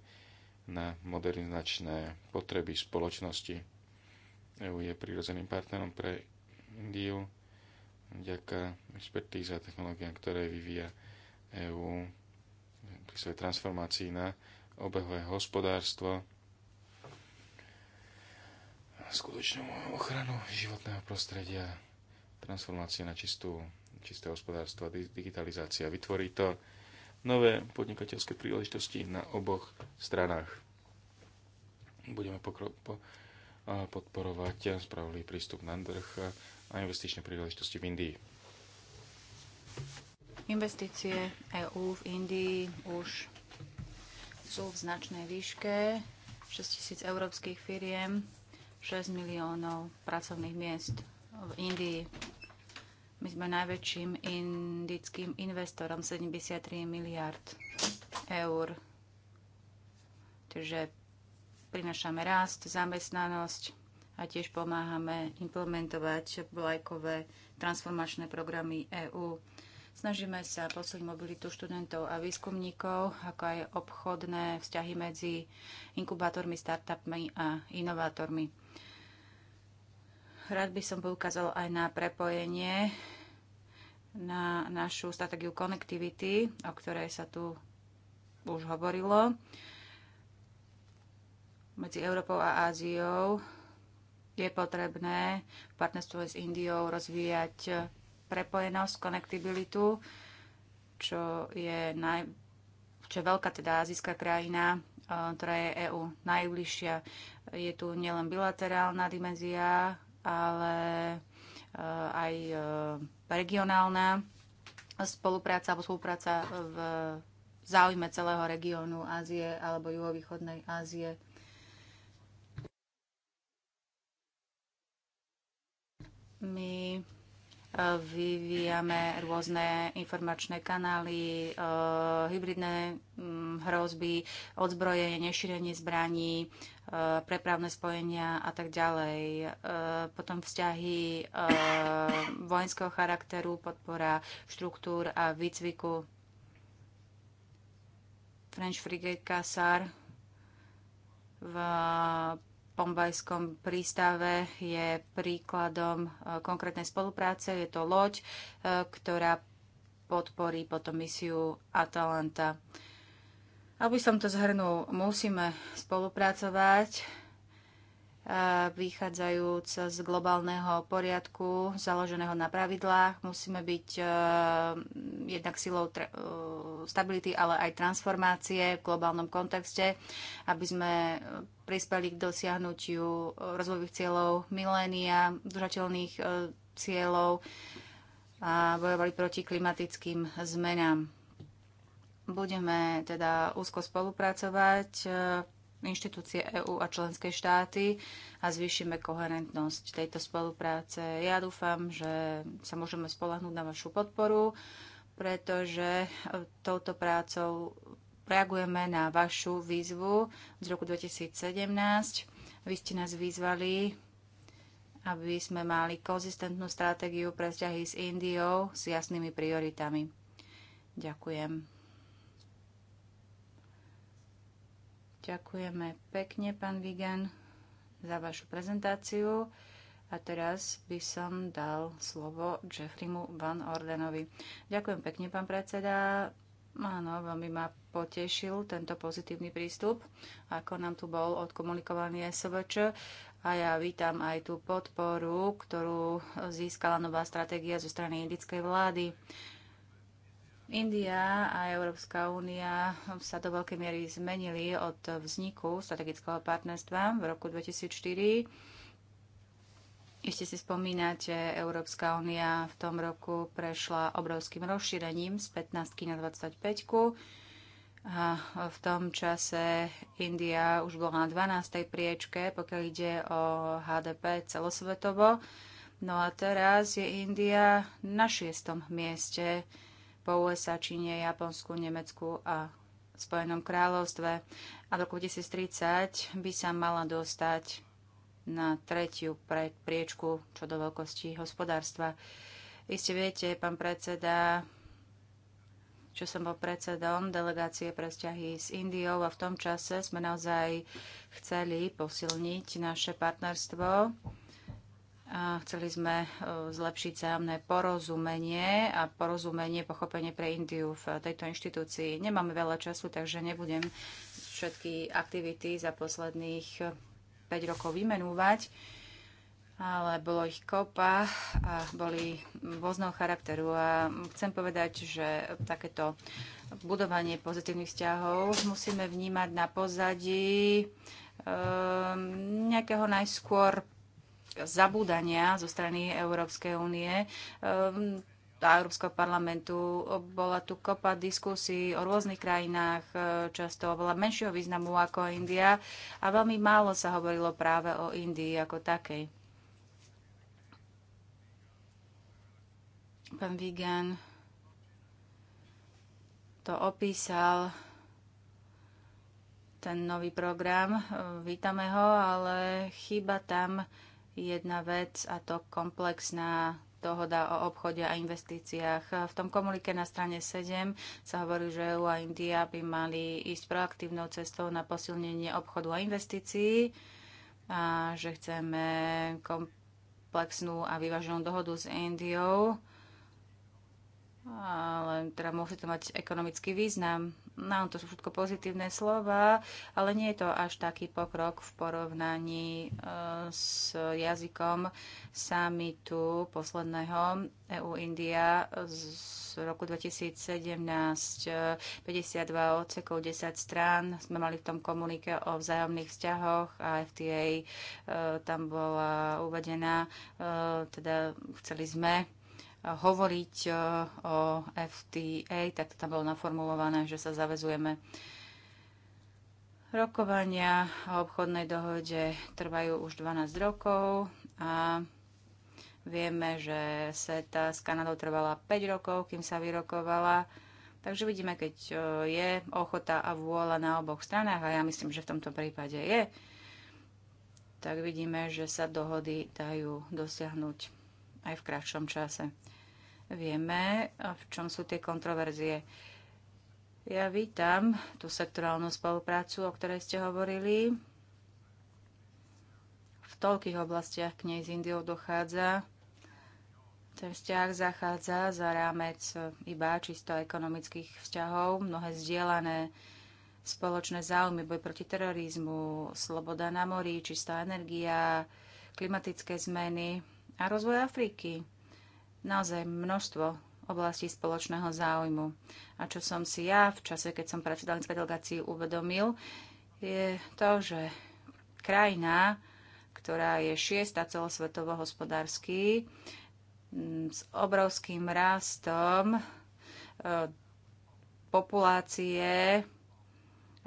na modernizačné potreby spoločnosti. EU je prirodzeným partnerom pre Indiu Ďaká expertíze a technológiám, ktoré vyvíja EU pri svojej transformácii na obehové hospodárstvo, skutočnú ochranu životného prostredia, transformácie na čistú čisté hospodárstvo a digitalizácia. Vytvorí to nové podnikateľské príležitosti na oboch stranách. Budeme pokro- po- podporovať spravodlivý prístup na trh a investičné príležitosti v Indii. Investície EÚ v Indii už sú v značnej výške 6 tisíc európskych firiem, 6 miliónov pracovných miest v Indii. My sme najväčším indickým investorom 73 miliard eur. Čiže prinašame rast, zamestnanosť a tiež pomáhame implementovať vlajkové transformačné programy EÚ. Snažíme sa posúť mobilitu študentov a výskumníkov, ako aj obchodné vzťahy medzi inkubátormi, startupmi a inovátormi. Rád by som poukázal aj na prepojenie na našu strategiu connectivity, o ktorej sa tu už hovorilo. Medzi Európou a Áziou je potrebné v partnerstve s Indiou rozvíjať prepojenosť, konektibilitu, čo je, naj, čo je veľká teda azijská krajina, eh, ktorá je EÚ najbližšia. Je tu nielen bilaterálna dimenzia, ale eh, aj eh, regionálna spolupráca alebo spolupráca v záujme celého regiónu Ázie alebo juhovýchodnej Ázie. My vyvíjame rôzne informačné kanály, e, hybridné mm, hrozby, odzbrojenie, nešírenie zbraní, e, prepravné spojenia a tak ďalej. E, potom vzťahy vojenského charakteru, podpora štruktúr a výcviku. French Frigate Kassar v Bombajskom prístave je príkladom e, konkrétnej spolupráce. Je to loď, e, ktorá podporí potom misiu Atalanta. Aby som to zhrnul, musíme spolupracovať vychádzajúc z globálneho poriadku založeného na pravidlách. Musíme byť e, jednak silou e, stability, ale aj transformácie v globálnom kontexte, aby sme prispeli k dosiahnutiu rozvojových cieľov milénia, držateľných e, cieľov a bojovali proti klimatickým zmenám. Budeme teda úzko spolupracovať inštitúcie EÚ a členské štáty a zvýšime koherentnosť tejto spolupráce. Ja dúfam, že sa môžeme spolahnúť na vašu podporu, pretože e, touto prácou reagujeme na vašu výzvu z roku 2017. Vy ste nás vyzvali, aby sme mali konzistentnú stratégiu pre vzťahy s Indiou s jasnými prioritami. Ďakujem. Ďakujeme pekne, pán Vigen, za vašu prezentáciu. A teraz by som dal slovo Jeffreymu Van Ordenovi. Ďakujem pekne, pán predseda. Áno, veľmi ma potešil tento pozitívny prístup, ako nám tu bol odkomunikovaný SVČ. A ja vítam aj tú podporu, ktorú získala nová stratégia zo strany indickej vlády. India a Európska únia sa do veľkej miery zmenili od vzniku strategického partnerstva v roku 2004. Ešte si spomínate, Európska únia v tom roku prešla obrovským rozšírením z 15 na 25. -ku. A v tom čase India už bola na 12. priečke, pokiaľ ide o HDP celosvetovo. No a teraz je India na 6. mieste po USA, Číne, Japonsku, Nemecku a Spojenom kráľovstve. A v roku 2030 by sa mala dostať na tretiu priečku čo do veľkosti hospodárstva. ste viete, pán predseda, čo som bol predsedom delegácie pre vzťahy s Indiou a v tom čase sme naozaj chceli posilniť naše partnerstvo Chceli sme e, zlepšiť zájomné porozumenie a porozumenie, pochopenie pre Indiu v tejto inštitúcii. Nemáme veľa času, takže nebudem všetky aktivity za posledných 5 e, rokov vymenúvať, ale bolo ich kopa a boli rôzneho charakteru. A chcem povedať, že takéto budovanie pozitívnych vzťahov musíme vnímať na pozadí e, nejakého najskôr zabúdania zo strany Európskej únie ehm, a Európskeho parlamentu. Bola tu kopa diskusí o rôznych krajinách, e, často oveľa menšieho významu ako India a veľmi málo sa hovorilo práve o Indii ako takej. Pán Vigan to opísal, ten nový program, e, vítame ho, ale chyba tam jedna vec a to komplexná dohoda o obchode a investíciách. V tom komunike na strane 7 sa hovorí, že EU a India by mali ísť proaktívnou cestou na posilnenie obchodu a investícií a že chceme komplexnú a vyváženú dohodu s Indiou, ale teda môže to mať ekonomický význam. No, to sú všetko pozitívne slova, ale nie je to až taký pokrok v porovnaní eh, s jazykom samitu posledného EU-India z roku 2017. 52 eh, odsekov, 10 strán. Sme mali v tom komunike o vzájomných vzťahoch a FTA eh, tam bola uvedená. Teda chceli sme hovoriť e, o FTA, tak to tam bolo naformulované, že sa zavezujeme Rokovania o obchodnej dohode trvajú už 12 rokov a vieme, že SETA s Kanadou trvala 5 rokov, kým sa vyrokovala. Takže vidíme, keď e, je ochota a vôľa na oboch stranách, a ja myslím, že v tomto prípade je, tak vidíme, že sa dohody dajú dosiahnuť aj v kratšom čase. Vieme, v čom sú tie kontroverzie. Ja vítam tú sektorálnu spoluprácu, o ktorej ste hovorili. V toľkých oblastiach k nej z Indiou dochádza. Ten vzťah zachádza za rámec iba čisto ekonomických vzťahov. Mnohé zdieľané spoločné záujmy, boj proti terorizmu, sloboda na mori, čistá energia, klimatické zmeny a rozvoj Afriky. Naozaj množstvo oblasti spoločného záujmu. A čo som si ja v čase, keď som prečítal Linskej delegácii uvedomil, je to, že krajina, ktorá je šiesta celosvetovo hospodársky, mm, s obrovským rastom e, populácie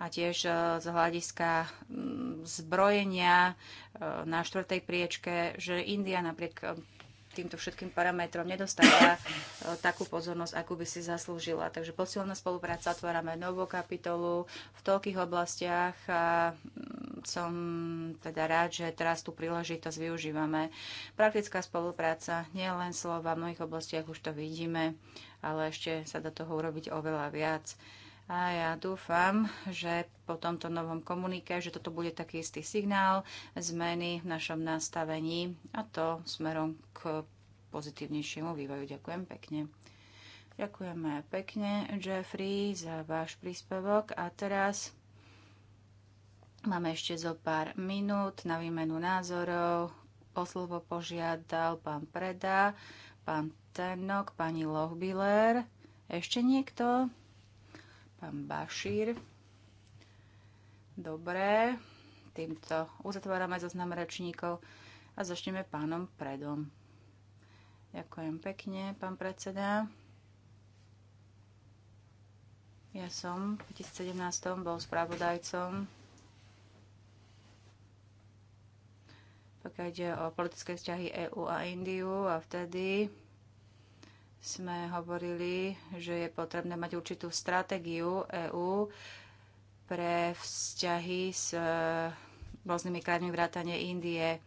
a tiež e, z hľadiska mm, zbrojenia e, na štvrtej priečke, že India napriek e, týmto všetkým parametrom nedostáva takú pozornosť, akú by si zaslúžila. Takže posilná spolupráca, otvárame novú kapitolu v toľkých oblastiach a mm, som teda rád, že teraz tú príležitosť využívame. Praktická spolupráca, nielen slova, v mnohých oblastiach už to vidíme, ale ešte sa do toho urobiť oveľa viac. A ja dúfam, že po tomto novom komunike, že toto bude taký istý signál zmeny v našom nastavení a to smerom k pozitívnejšiemu vývoju. Ďakujem pekne. Ďakujeme pekne, Jeffrey, za váš príspevok. A teraz máme ešte zo pár minút na výmenu názorov. O slovo požiadal pán Preda, pán Tenok, pani Lohbiller. Ešte niekto? Pán Bašír. Dobre, týmto uzatvárame zoznam rečníkov a začneme pánom Predom. Ďakujem pekne, pán predseda. Ja som v 2017 bol spravodajcom pokiaľ ide o politické vzťahy EÚ a Indiu a vtedy sme hovorili, že je potrebné mať určitú stratégiu EÚ pre vzťahy s e, rôznymi krajinami vrátane Indie.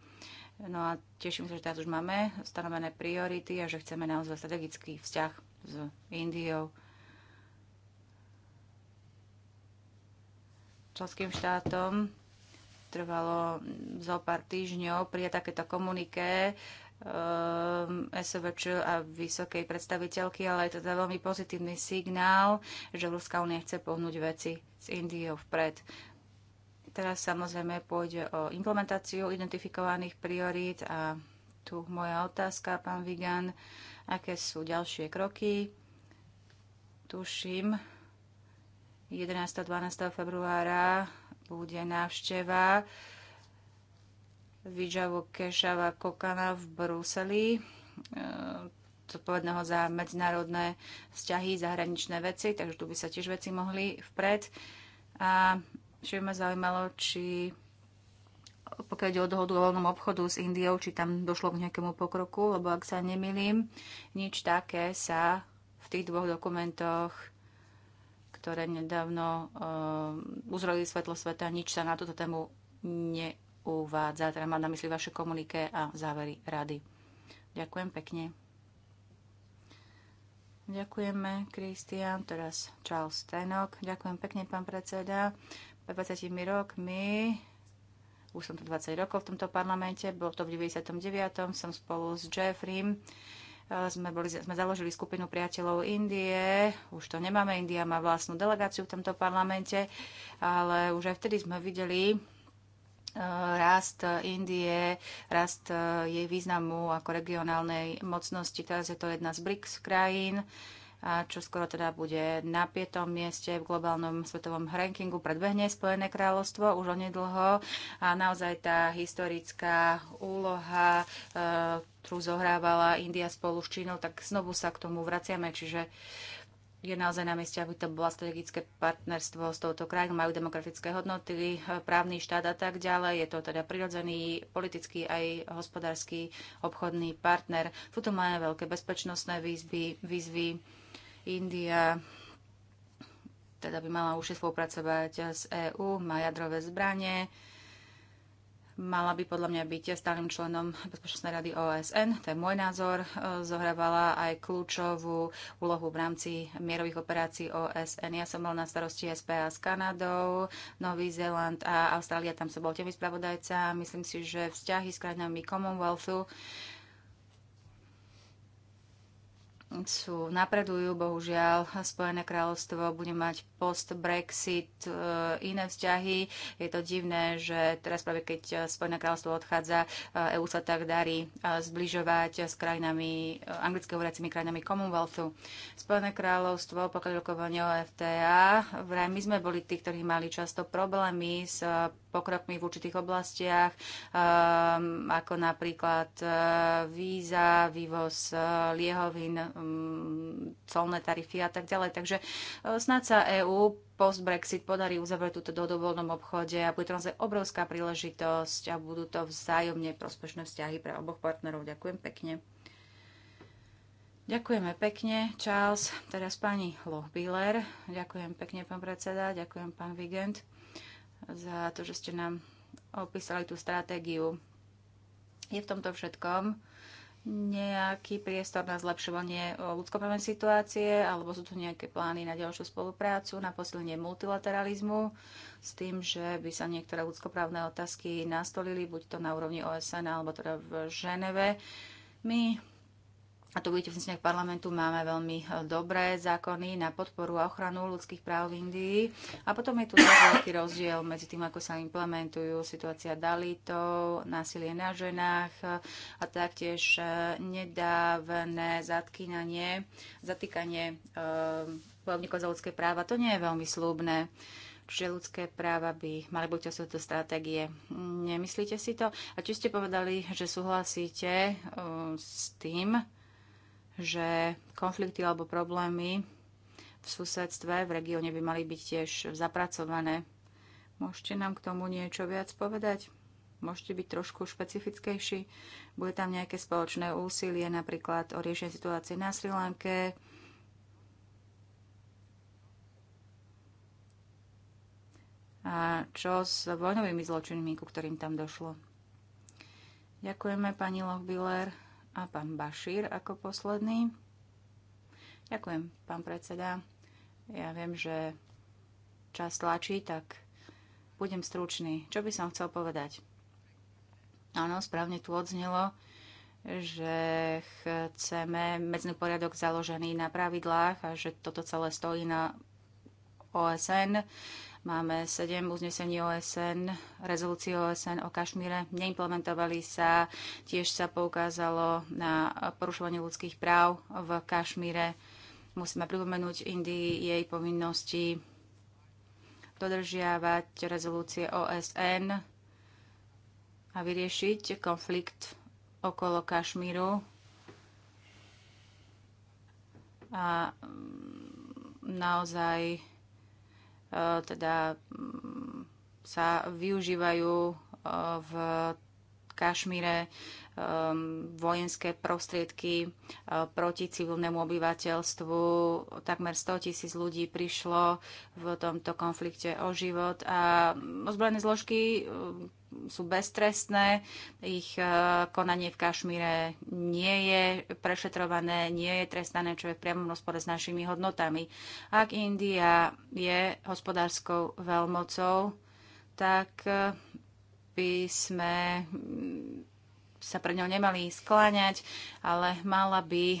No a teším sa, že teraz už máme stanovené priority a že chceme naozaj strategický vzťah s Indiou. Členským štátom trvalo zo pár týždňov prijať takéto komuniké Um, SVČ a vysokej predstaviteľky, ale je to teda veľmi pozitívny signál, že Ruská únia chce pohnúť veci z Indiou vpred. Teraz samozrejme pôjde o implementáciu identifikovaných priorít a tu moja otázka, pán Vigan, aké sú ďalšie kroky. Tuším, 11. 12. februára bude návšteva Vyžavu Kešava Kokana v Bruseli, e, zodpovedného za medzinárodné vzťahy, zahraničné veci, takže tu by sa tiež veci mohli vpred. A čo by ma zaujímalo, či pokiaľ ide o dohodu o voľnom obchodu s Indiou, či tam došlo k nejakému pokroku, lebo ak sa nemilím, nič také sa v tých dvoch dokumentoch ktoré nedávno uh, e, uzreli svetlo sveta, nič sa na túto tému ne, uvádza, teda má na mysli vaše komuniké a závery rady. Ďakujem pekne. Ďakujeme, Kristian, teraz Charles Tenok. Ďakujem pekne, pán predseda. Pred 20 my už som tu 20 rokov v tomto parlamente, bol to v 99. som spolu s Jeffrey eh, sme, boli, sme založili skupinu priateľov Indie, už to nemáme, India má vlastnú delegáciu v tomto parlamente, ale už aj vtedy sme videli, rast Indie, rast e, jej významu ako regionálnej mocnosti. Teraz je to jedna z BRICS krajín, a čo skoro teda bude na pietom mieste v globálnom svetovom rankingu. Predbehne Spojené kráľovstvo už onedlho a naozaj tá historická úloha, e, ktorú zohrávala India spolu s Čínou, tak znovu sa k tomu vraciame. Čiže je naozaj na mieste, aby to bola strategické partnerstvo s touto krajinou, majú demokratické hodnoty, právny štát a tak ďalej. Je to teda prirodzený politický aj hospodársky obchodný partner. Sú to máme veľké bezpečnostné výzvy, výzvy India, teda by mala už spolupracovať s EÚ, má jadrové zbranie, mala by podľa mňa byť stálym členom Bezpečnostnej rady OSN, to je môj názor, e, zohrávala aj kľúčovú úlohu v rámci mierových operácií OSN. Ja som bol na starosti SPA s Kanadou, Nový Zéland a Austrália, tam som bol tiež spravodajca. Myslím si, že vzťahy s krajinami Commonwealthu sú, napredujú, bohužiaľ Spojené kráľovstvo bude mať post-Brexit, e, iné vzťahy. Je to divné, že teraz práve keď Spojené kráľovstvo odchádza, EU e sa tak darí e, zbližovať s krajinami, anglicky hovoriacimi krajinami Commonwealthu. Spojené kráľovstvo, pokiaľ rokovanie o FTA, vraj my sme boli tí, ktorí mali často problémy s pokrokmi v určitých oblastiach, ako napríklad víza, vývoz liehovin, liehovín, colné tarify a tak ďalej. Takže snáď sa EÚ post-Brexit podarí uzavrieť túto do dovolnom obchode a bude to naozaj obrovská príležitosť a budú to vzájomne prospešné vzťahy pre oboch partnerov. Ďakujem pekne. Ďakujeme pekne, Charles. Teraz pani Lohbiller. Ďakujem pekne, pán predseda. Ďakujem, pán Vigent, za to, že ste nám opísali tú stratégiu. Je v tomto všetkom nejaký priestor na zlepšovanie eh, ľudskoprávnej situácie, alebo sú tu nejaké plány na ďalšiu spoluprácu, na posilnenie multilateralizmu, s tým, že by sa niektoré ľudskoprávne otázky nastolili, buď to na úrovni OSN, alebo teda v Ženeve. My a tu vidíte v zneseniach parlamentu, máme veľmi e, dobré zákony na podporu a ochranu ľudských práv v Indii. A potom je tu veľký rozdiel medzi tým, ako sa implementujú situácia dalitov, násilie na ženách e, a taktiež e, nedávne zatkynanie, zatýkanie bojovníkov za ľudské práva. To nie je veľmi slúbne že ľudské práva by mali byť osud do stratégie. Nemyslíte si to? A či ste povedali, že súhlasíte uh, s tým, že konflikty alebo problémy v susedstve, v regióne by mali byť tiež zapracované. Môžete nám k tomu niečo viac povedať? Môžete byť trošku špecifickejší? Bude tam nejaké spoločné úsilie napríklad o riešení situácie na Sri Lanke? A čo s vojnovými zločinmi, ku ktorým tam došlo? Ďakujeme, pani Lochbiller a pán Bašír ako posledný. Ďakujem, pán predseda. Ja viem, že čas tlačí, tak budem stručný. Čo by som chcel povedať? Áno, správne tu odznelo, že chceme medzný poriadok založený na pravidlách a že toto celé stojí na OSN Máme sedem uznesení OSN, rezolúcii OSN o Kašmíre. Neimplementovali sa. Tiež sa poukázalo na porušovanie ľudských práv v Kašmíre. Musíme pripomenúť Indii jej povinnosti dodržiavať rezolúcie OSN a vyriešiť konflikt okolo Kašmíru. A mm, naozaj E, teda mm, sa využívajú e, v Kašmíre e, vojenské prostriedky proti civilnému obyvateľstvu. Takmer 100 tisíc ľudí prišlo v tomto konflikte o život a ozbrojené zložky sú beztrestné, ich e, konanie v Kašmíre nie je prešetrované, nie je trestané, čo je v priamom rozpore s našimi hodnotami. Ak India je hospodárskou veľmocou, tak e, by sme mm, sa pre ňou nemali skláňať, ale mala by e,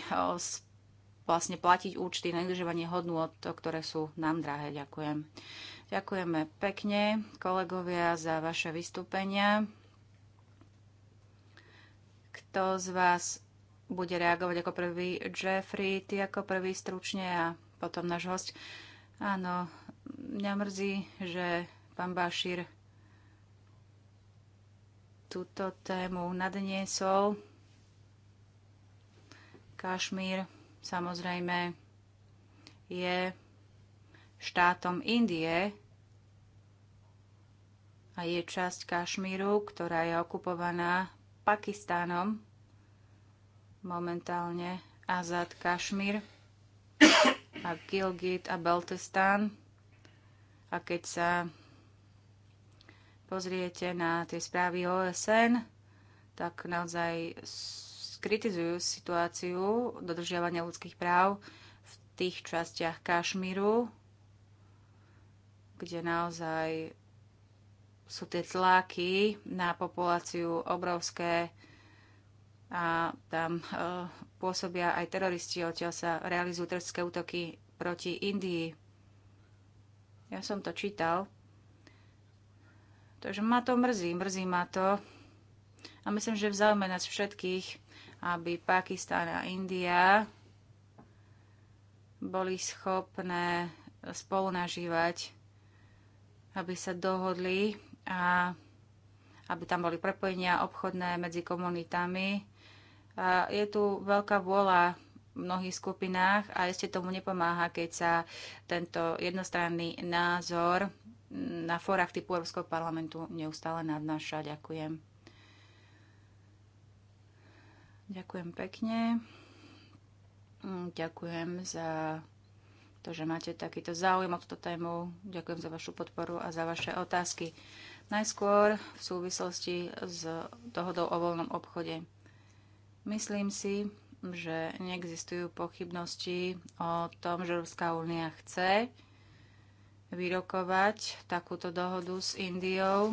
vlastne platiť účty na od to, ktoré sú nám drahé. Ďakujem. Ďakujeme pekne, kolegovia, za vaše vystúpenia. Kto z vás bude reagovať ako prvý? Jeffrey, ty ako prvý stručne a potom náš host. Áno, mňa mrzí, že pán Bašír túto tému nadniesol. Kašmír samozrejme je štátom Indie a je časť Kašmíru, ktorá je okupovaná Pakistánom momentálne Azad Kašmír a Gilgit a Beltestán. A keď sa pozriete na tie správy OSN, tak naozaj kritizujú situáciu dodržiavania ľudských práv v tých častiach Kašmíru, kde naozaj sú tie tlaky na populáciu obrovské a tam e, pôsobia aj teroristi, odtiaľ sa realizujú teroristické útoky proti Indii. Ja som to čítal. Takže ma to mrzí, mrzí ma to. A myslím, že v záujme nás všetkých, aby Pakistán a India boli schopné spolu nažívať aby sa dohodli a aby tam boli prepojenia obchodné medzi komunitami. A je tu veľká vôľa v mnohých skupinách a ešte tomu nepomáha, keď sa tento jednostranný názor na fórach typu Európskeho parlamentu neustále nadnáša. Ďakujem. Ďakujem pekne. Ďakujem za to, že máte takýto záujem o túto tému. Ďakujem za vašu podporu a za vaše otázky. Najskôr v súvislosti s dohodou o voľnom obchode. Myslím si, že neexistujú pochybnosti o tom, že Európska únia chce vyrokovať takúto dohodu s Indiou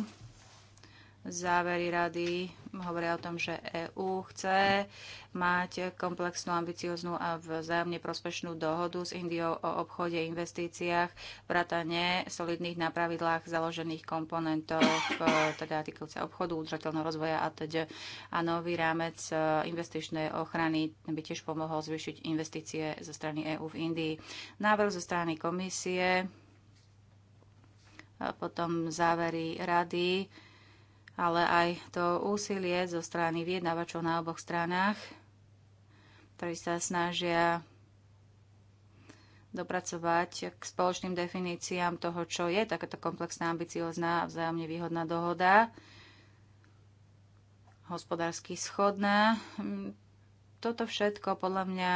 Závery rady hovoria o tom, že EÚ chce mať komplexnú, ambicioznú a vzájomne prospešnú dohodu s Indiou o obchode, investíciách, vrátane solidných na pravidlách založených komponentov, teda týkajúce obchodu, udržateľného rozvoja a teď. Teda a nový rámec e, investičnej ochrany by tiež pomohol zvýšiť investície zo strany EÚ v Indii. Návrh zo strany komisie, potom závery rady, ale aj to úsilie zo strany vyjednávačov na oboch stranách, ktorí sa snažia dopracovať k spoločným definíciám toho, čo je takáto komplexná, ambiciozná a vzájomne výhodná dohoda, hospodársky schodná. Mm, toto všetko podľa mňa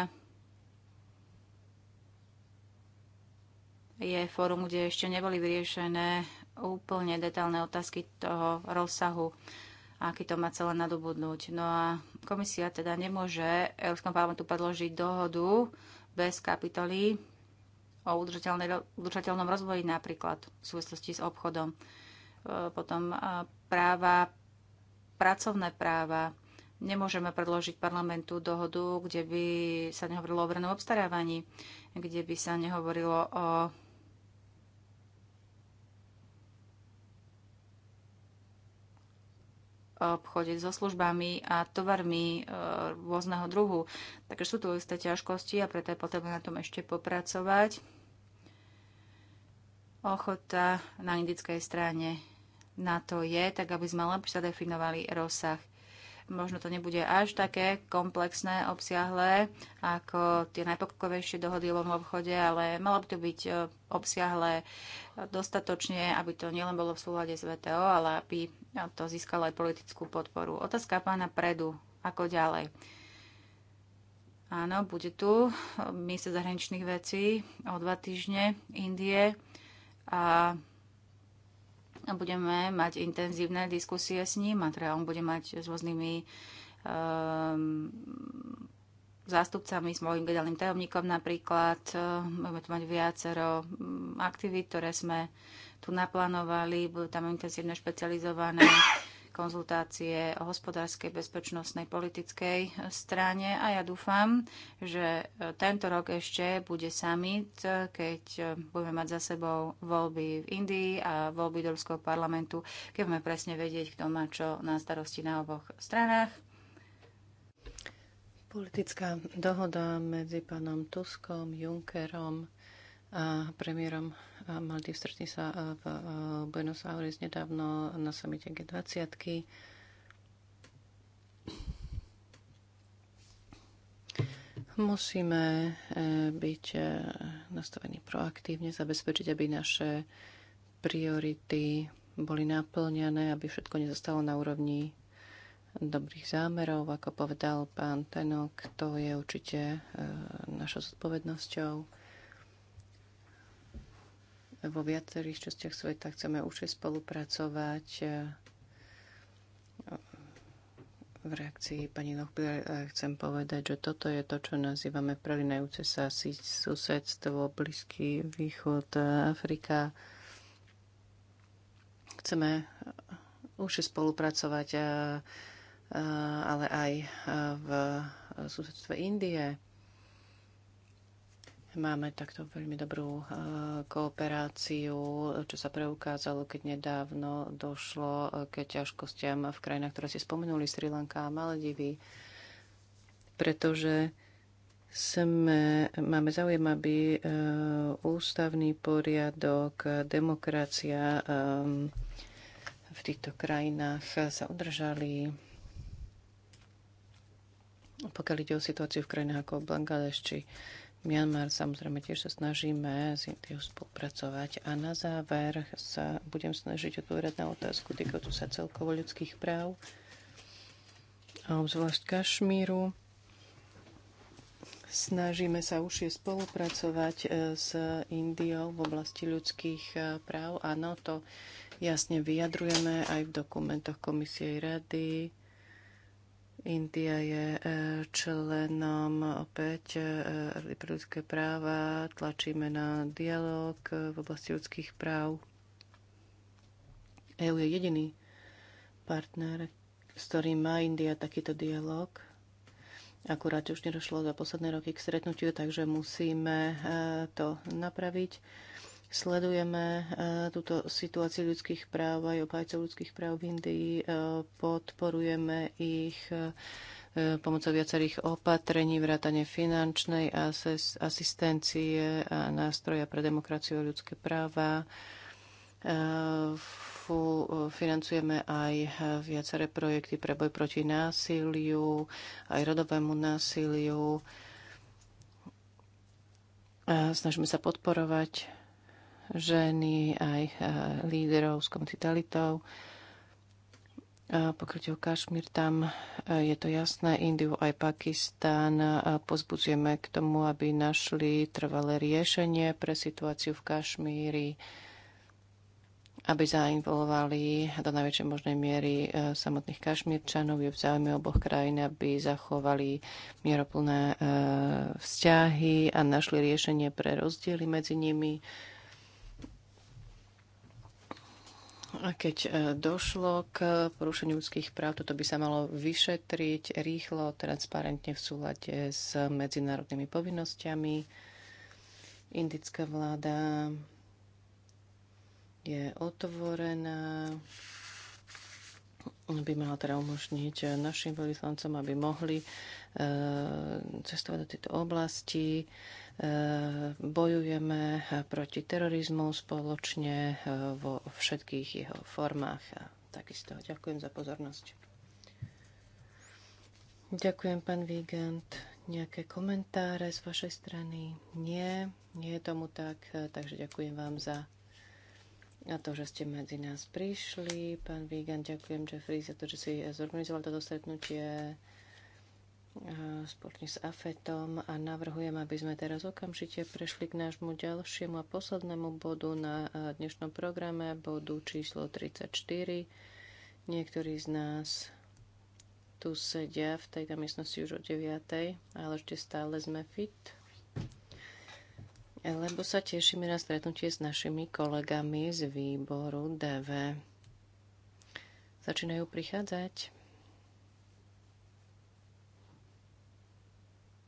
je fórum, kde ešte neboli vyriešené úplne detálne otázky toho rozsahu, aký to má celé nadobudnúť. No a komisia teda nemôže Európskom parlamentu predložiť dohodu bez kapitoly o udržateľnom rozvoji napríklad v súvislosti s obchodom. E, potom e, práva, pracovné práva. Nemôžeme predložiť parlamentu dohodu, kde by sa nehovorilo o verejnom obstarávaní, kde by sa nehovorilo o obchode so službami a tovarmi e, rôzneho druhu. Takže sú tu isté ťažkosti a preto je potrebné na tom ešte popracovať. Ochota na indickej strane na to je, tak aby sme lepšie zadefinovali rozsah Možno to nebude až také komplexné, obsiahlé, ako tie najpokokovejšie dohody o obchode, ale malo by to byť e, obsiahlé dostatočne, aby to nielen bolo v súhľade s VTO, ale aby to získalo aj politickú podporu. Otázka pána Predu, ako ďalej? Áno, bude tu minister zahraničných vecí o dva týždne Indie a budeme mať intenzívne diskusie s ním a teda on bude mať s rôznymi um, zástupcami, s môjim generálnym tajomníkom napríklad. Ehm, budeme tu mať viacero mm, aktivít, ktoré sme tu naplánovali. Budú tam intenzívne špecializované konzultácie o hospodárskej, bezpečnostnej, politickej strane a ja dúfam, že tento rok ešte bude summit, keď budeme mať za sebou voľby v Indii a voľby do parlamentu, keď budeme presne vedieť, kto má čo na starosti na oboch stranách. Politická dohoda medzi pánom Tuskom, Junckerom a premiérom Maldiv stretli sa e, v e, Buenos Aires nedávno na samite G20. Musíme e, byť nastavení proaktívne, zabezpečiť, aby naše priority boli naplňané, aby všetko nezostalo na úrovni dobrých zámerov. Ako povedal pán Tenok, to je určite našou zodpovednosťou vo viacerých častiach sveta chceme už spolupracovať. E, v reakcii pani Lochbiller e, chcem povedať, že toto je to, čo nazývame prelinajúce sa susedstvo, Blízky východ, e, Afrika. Chceme už spolupracovať, ale aj v susedstve Indie. Máme takto veľmi dobrú eh, kooperáciu, čo sa preukázalo, keď nedávno došlo eh, k ťažkostiam v krajinách, ktoré ste spomenuli, Sri Lanka a Maledivy, pretože sme, máme záujem, aby eh, ústavný poriadok, demokracia v týchto krajinách sa udržali. Pokiaľ ide o situáciu v krajinách ako Bangladeš či Myanmar samozrejme tiež sa snažíme s Indiou spolupracovať. A na záver sa budem snažiť odpovedať na otázku týkajúcu sa celkovo ľudských práv, obzvlášť Kašmíru. Snažíme sa už je spolupracovať e, s Indiou v oblasti ľudských e, práv. Áno, to jasne vyjadrujeme aj v dokumentoch Komisie Rady India je e, členom opäť pre e, ľudské práva, tlačíme na dialog e, v oblasti ľudských práv. EU je jediný partner, s ktorým má India takýto dialog. Akurát už nedošlo za posledné roky k stretnutiu, takže musíme to napraviť. Sledujeme e, túto situáciu ľudských práv aj obhajcov ľudských práv v Indii. E, podporujeme ich e, pomocou viacerých opatrení, vrátane finančnej asistencie a nástroja pre demokraciu a ľudské práva. Financujeme aj viaceré projekty pre boj proti násiliu, aj rodovému násiliu. Snažíme sa podporovať ženy, aj e, líderov s komunitalitou. E, pokrytie o Kašmír, tam e, je to jasné, Indiu aj Pakistán pozbudzujeme k tomu, aby našli trvalé riešenie pre situáciu v Kašmíri, aby zainvolovali do najväčšej možnej miery samotných Kašmírčanov. Je v záujme oboch krajín, aby zachovali mieroplné vzťahy a našli riešenie pre rozdiely medzi nimi. A keď e, došlo k porušeniu ľudských práv, toto by sa malo vyšetriť rýchlo, transparentne v súlade s medzinárodnými povinnosťami. Indická vláda je otvorená, by mala teda umožniť našim veľvyslancom, aby mohli e, cestovať do tejto oblasti bojujeme proti terorizmu spoločne e, vo všetkých jeho formách. A takisto ďakujem za pozornosť. Ďakujem, pán Vigant. Nejaké komentáre z vašej strany? Nie, nie je tomu tak. E, takže ďakujem vám za na to, že ste medzi nás prišli. Pán Vigan, ďakujem Jeffrey za to, že si zorganizoval toto stretnutie. Eh, spoločne s AFETom a navrhujem, aby sme teraz okamžite prešli k nášmu ďalšiemu a poslednému bodu na eh, dnešnom programe, bodu číslo 34. Niektorí z nás tu sedia v tejto miestnosti už o 9, ale ešte stále sme fit, lebo sa tešíme na stretnutie s našimi kolegami z výboru DV. Začínajú prichádzať.